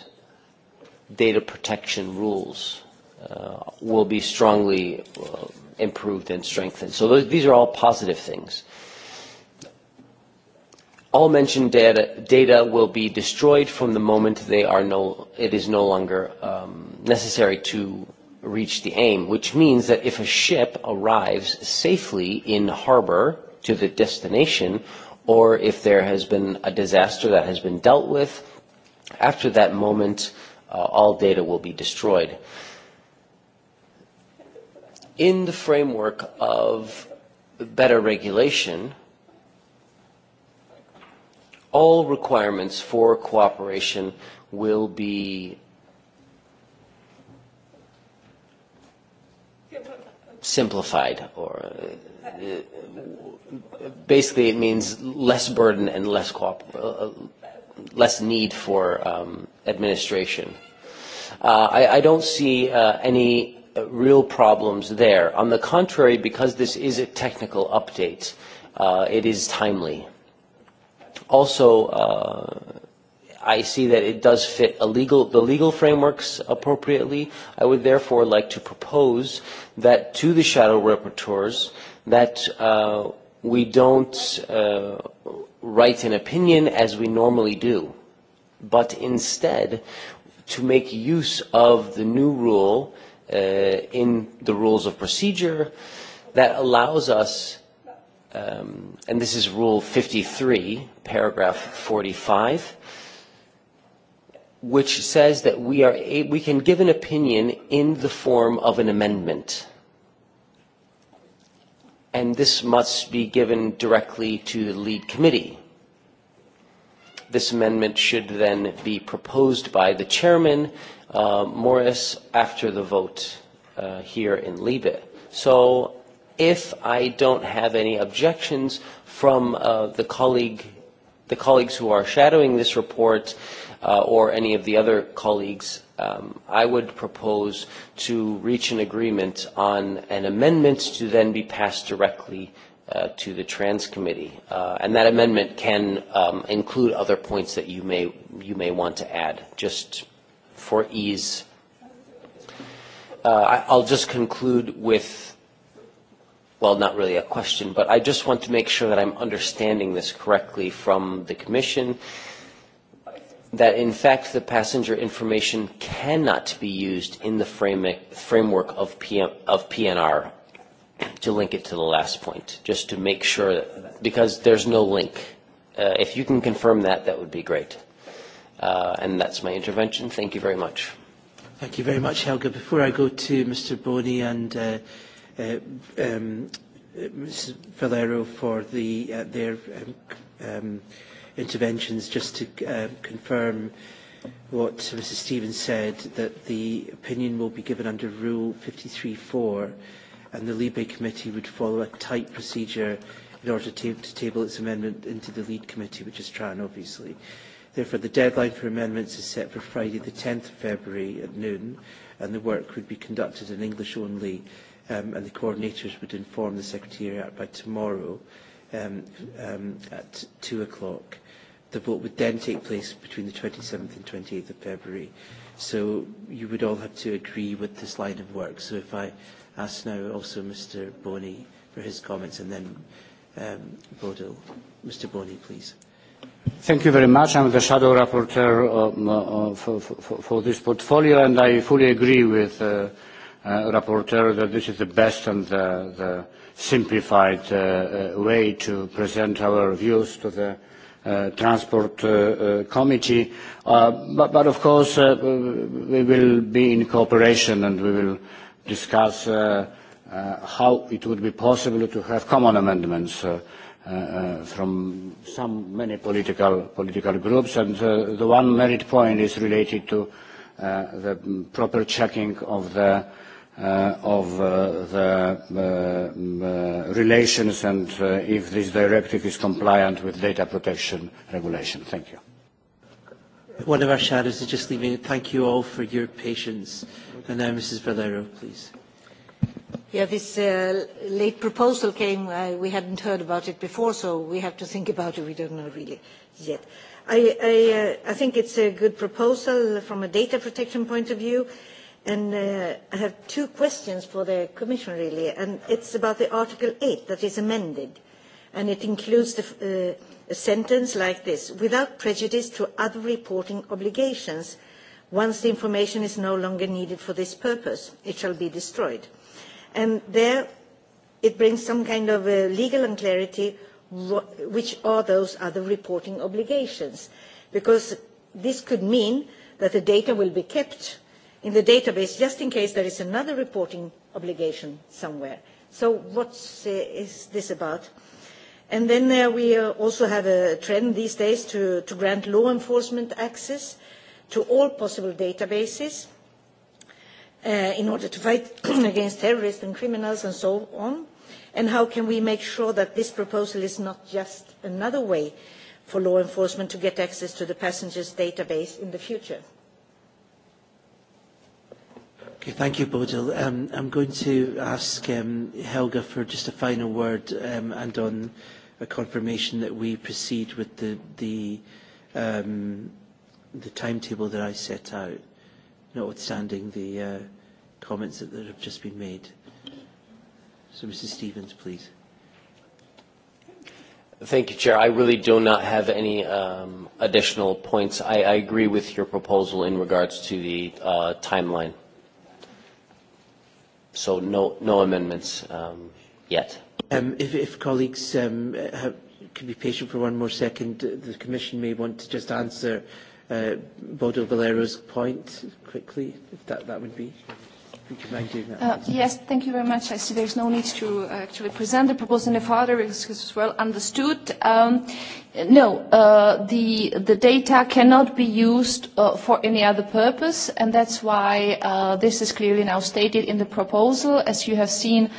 data protection rules uh, will be strongly uh, improved and strengthened. So th these are all positive things. Uh, All mentioned data, data will be destroyed from the moment they are no, it is no longer um, necessary to reach the aim, which means that if a ship arrives safely in harbor to the destination, or if there has been a disaster that has been dealt with, after that moment, uh, all data will be destroyed. In the framework of better regulation, all requirements for cooperation will be simplified or uh, basically it means less burden and less coop- uh, less need for um, administration. Uh, I, I don't see uh, any uh, real problems there. On the contrary, because this is a technical update, uh, it is timely. Also, uh, I see that it does fit a legal, the legal frameworks appropriately. I would therefore like to propose that to the shadow rapporteurs that uh, we don't uh, write an opinion as we normally do, but instead to make use of the new rule uh, in the rules of procedure that allows us um, and this is Rule 53, paragraph 45, which says that we, are, we can give an opinion in the form of an amendment. And this must be given directly to the lead committee. This amendment should then be proposed by the chairman, uh, Morris, after the vote uh, here in Liebe. So if I don't have any objections from uh, the colleague, the colleagues who are shadowing this report, uh, or any of the other colleagues, um, I would propose to reach an agreement on an amendment to then be passed directly uh, to the Trans Committee, uh, and that amendment can um, include other points that you may you may want to add, just for ease. Uh, I'll just conclude with well, not really a question, but I just want to make sure that I'm understanding this correctly from the Commission, that in fact the passenger information cannot be used in the framework of, PM, of PNR to link it to the last point, just to make sure, that, because there's no link. Uh, if you can confirm that, that would be great. Uh, and that's my intervention. Thank you very much. Thank you very much, Helga. Before I go to Mr. Boney and uh, Uh, um, Ms. Valero for the, uh, their um, um, interventions. Just to uh, confirm what Mrs. Stevens said, that the opinion will be given under Rule 53.4 and the Libe Committee would follow a tight procedure in order to, to table its amendment into the lead committee, which is Tran, obviously. Therefore, the deadline for amendments is set for Friday, the 10th of February at noon, and the work would be conducted in English only um, and the coordinators would inform the Secretariat by tomorrow um, um, at 2 o'clock. The vote would then take place between the 27th and 28th of February. So you would all have to agree with this line of work. So if I ask now also Mr Boney for his comments and then um, Bodil. Mr Boney, please. Thank you very much. I'm the shadow rapporteur um, uh, uh for, for, for this portfolio and I fully agree with uh, Uh, rapporteur that this is the best and the, the simplified uh, uh, way to present our views to the uh, Transport uh, uh, Committee. Uh, but, but of course, uh, we will be in cooperation and we will discuss uh, uh, how it would be possible to have common amendments uh, uh, uh from some many political, political groups. And uh, the one merit point is related to uh, the proper checking of the Uh, of uh, the uh, uh relations and uh, if this directive is compliant with data protection regulation. Thank you. One of our shadows is just leaving. Thank you all for your patience. And now Mrs. Valero, please. Yeah, this uh, late proposal came. We hadn't heard about it before, so we have to think about it. We don't know really yet. I, I, I think it's a good proposal from a data protection point of view. And uh, I have two questions for the Commission, really. And it's about the Article 8 that is amended. And it includes the, uh, a sentence like this, without prejudice to other reporting obligations, once the information is no longer needed for this purpose, it shall be destroyed. And there it brings some kind of uh, legal unclarity, which are those other reporting obligations? Because this could mean that the data will be kept in the database just in case there is another reporting obligation somewhere. So what uh, is this about? And then uh, we uh, also have a trend these days to, to grant law enforcement access to all possible databases uh, in order to fight *clears throat* against terrorists and criminals and so on. And how can we make sure that this proposal is not just another way for law enforcement to get access to the passengers database in the future? Okay, thank you, Bodil. Um, I'm going to ask um, Helga for just a final word um, and on a confirmation that we proceed with the, the, um, the timetable that I set out, notwithstanding the uh, comments that, that have just been made. So, Mrs. Stevens, please. Thank you, Chair. I really do not have any um, additional points. I, I agree with your proposal in regards to the uh, timeline. So no, no amendments um, yet. Um, if, if colleagues um, have, could be patient for one more second, uh, the Commission may want to just answer uh, Bodo Valero's point quickly, if that, that would be. Uh, yes, thank you very much. I see there's no need to uh, actually present the proposal any further because it's well understood. Um, No, uh, the, data cannot be used uh, for any other purpose, and that's why uh, this is clearly now stated in the proposal. As you have seen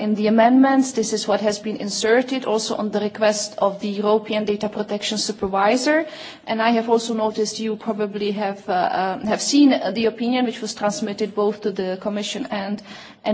in the amendments, this is what has been inserted also on the request of the European Data Protection Supervisor. And I have also noticed you probably have, seen the opinion which was transmitted both to the Commission and,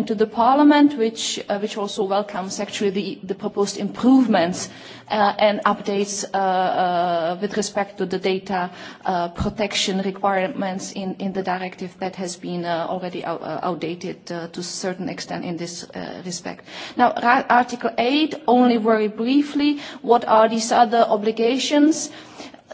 to the Parliament, which, also welcomes actually the proposed improvements and updates states uh, uh, with respect to the data uh, protection requirements in, in the directive that has been uh, already out, uh, outdated uh, to a certain extent in this uh, respect. Now, Article 8, only very briefly, what are these other obligations?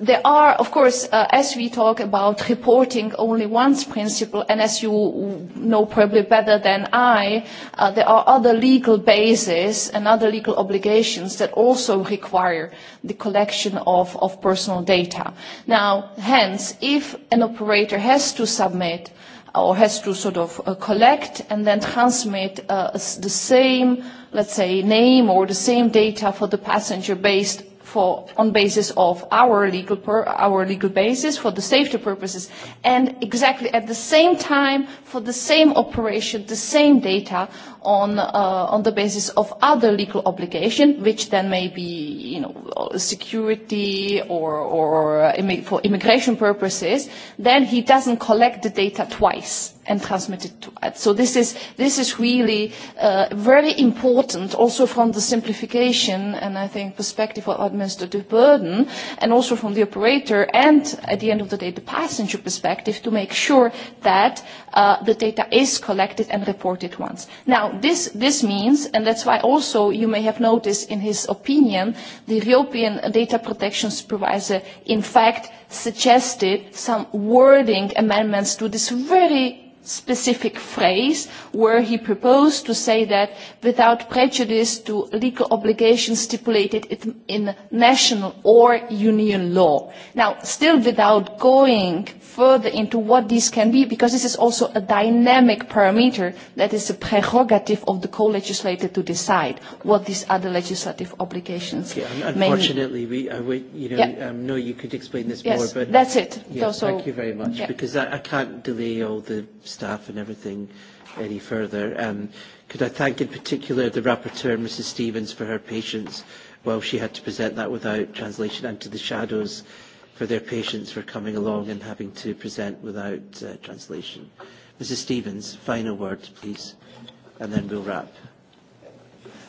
there are, of course, uh, as we talk about reporting only once principle, and as you know probably better than I, uh, there are other legal bases and other legal obligations that also require the collection of, of personal data. Now, hence, if an operator has to submit or has to sort of uh, collect and then transmit uh, the same, let's say, name or the same data for the passenger based for, on basis of our legal, per, our legal basis for the safety purposes and exactly at the same time for the same operation, the same data on, uh, on the basis of other legal obligation, which then may be you know, security or, or uh, for immigration purposes, then he doesn't collect the data twice and transmitted to us. So this is, this is really uh, very important also from the simplification and I think perspective of administrative burden and also from the operator and at the end of the day the passenger perspective to make sure that uh, the data is collected and reported once. Now this, this means, and that's why also you may have noticed in his opinion, the European Data Protection Supervisor in fact suggested some wording amendments to this very specific phrase where he proposed to say that without prejudice to legal obligations stipulated in national or union law. Now, still without going further into what this can be, because this is also a dynamic parameter that is a prerogative of the co-legislator to decide what these other legislative obligations okay, un Unfortunately, we, I uh, you know, yeah. um, no, you could explain this yes, more, but... that's it. Yeah, so, thank you very much, yeah. because I, I can't delay all the staff and everything any further. Um, could I thank in particular the rapporteur, Mrs Stevens, for her patience while she had to present that without translation and to the shadows for their patience for coming along and having to present without uh, translation. Mrs. Stevens, final word, please, and then we'll wrap.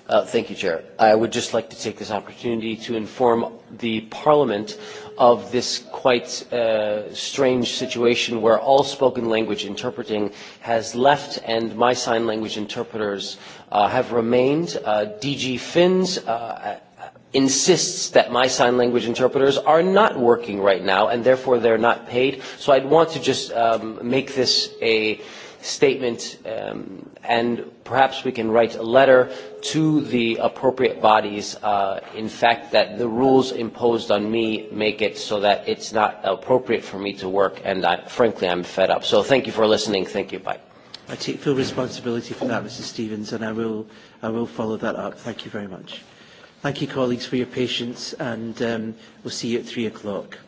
Uh, thank you, Chair. I would just like to take this opportunity to inform the Parliament of this quite uh, strange situation where all spoken language interpreting has left and my sign language interpreters uh, have remained. Uh, DG Finns uh, insists that my sign language interpreters are not working right now and therefore they're not paid. So I'd want to just um, make this a statement um, and perhaps we can write a letter to the appropriate bodies uh, in fact that the rules imposed on me make it so that it's not appropriate for me to work and I, frankly I'm fed up. So thank you for listening. Thank you. Bye. I take full responsibility for that, Mr. Stevens, and I will, I will follow that up. Thank you very much. Thank you, colleagues, for your patience, and um, we'll see you at three o'clock.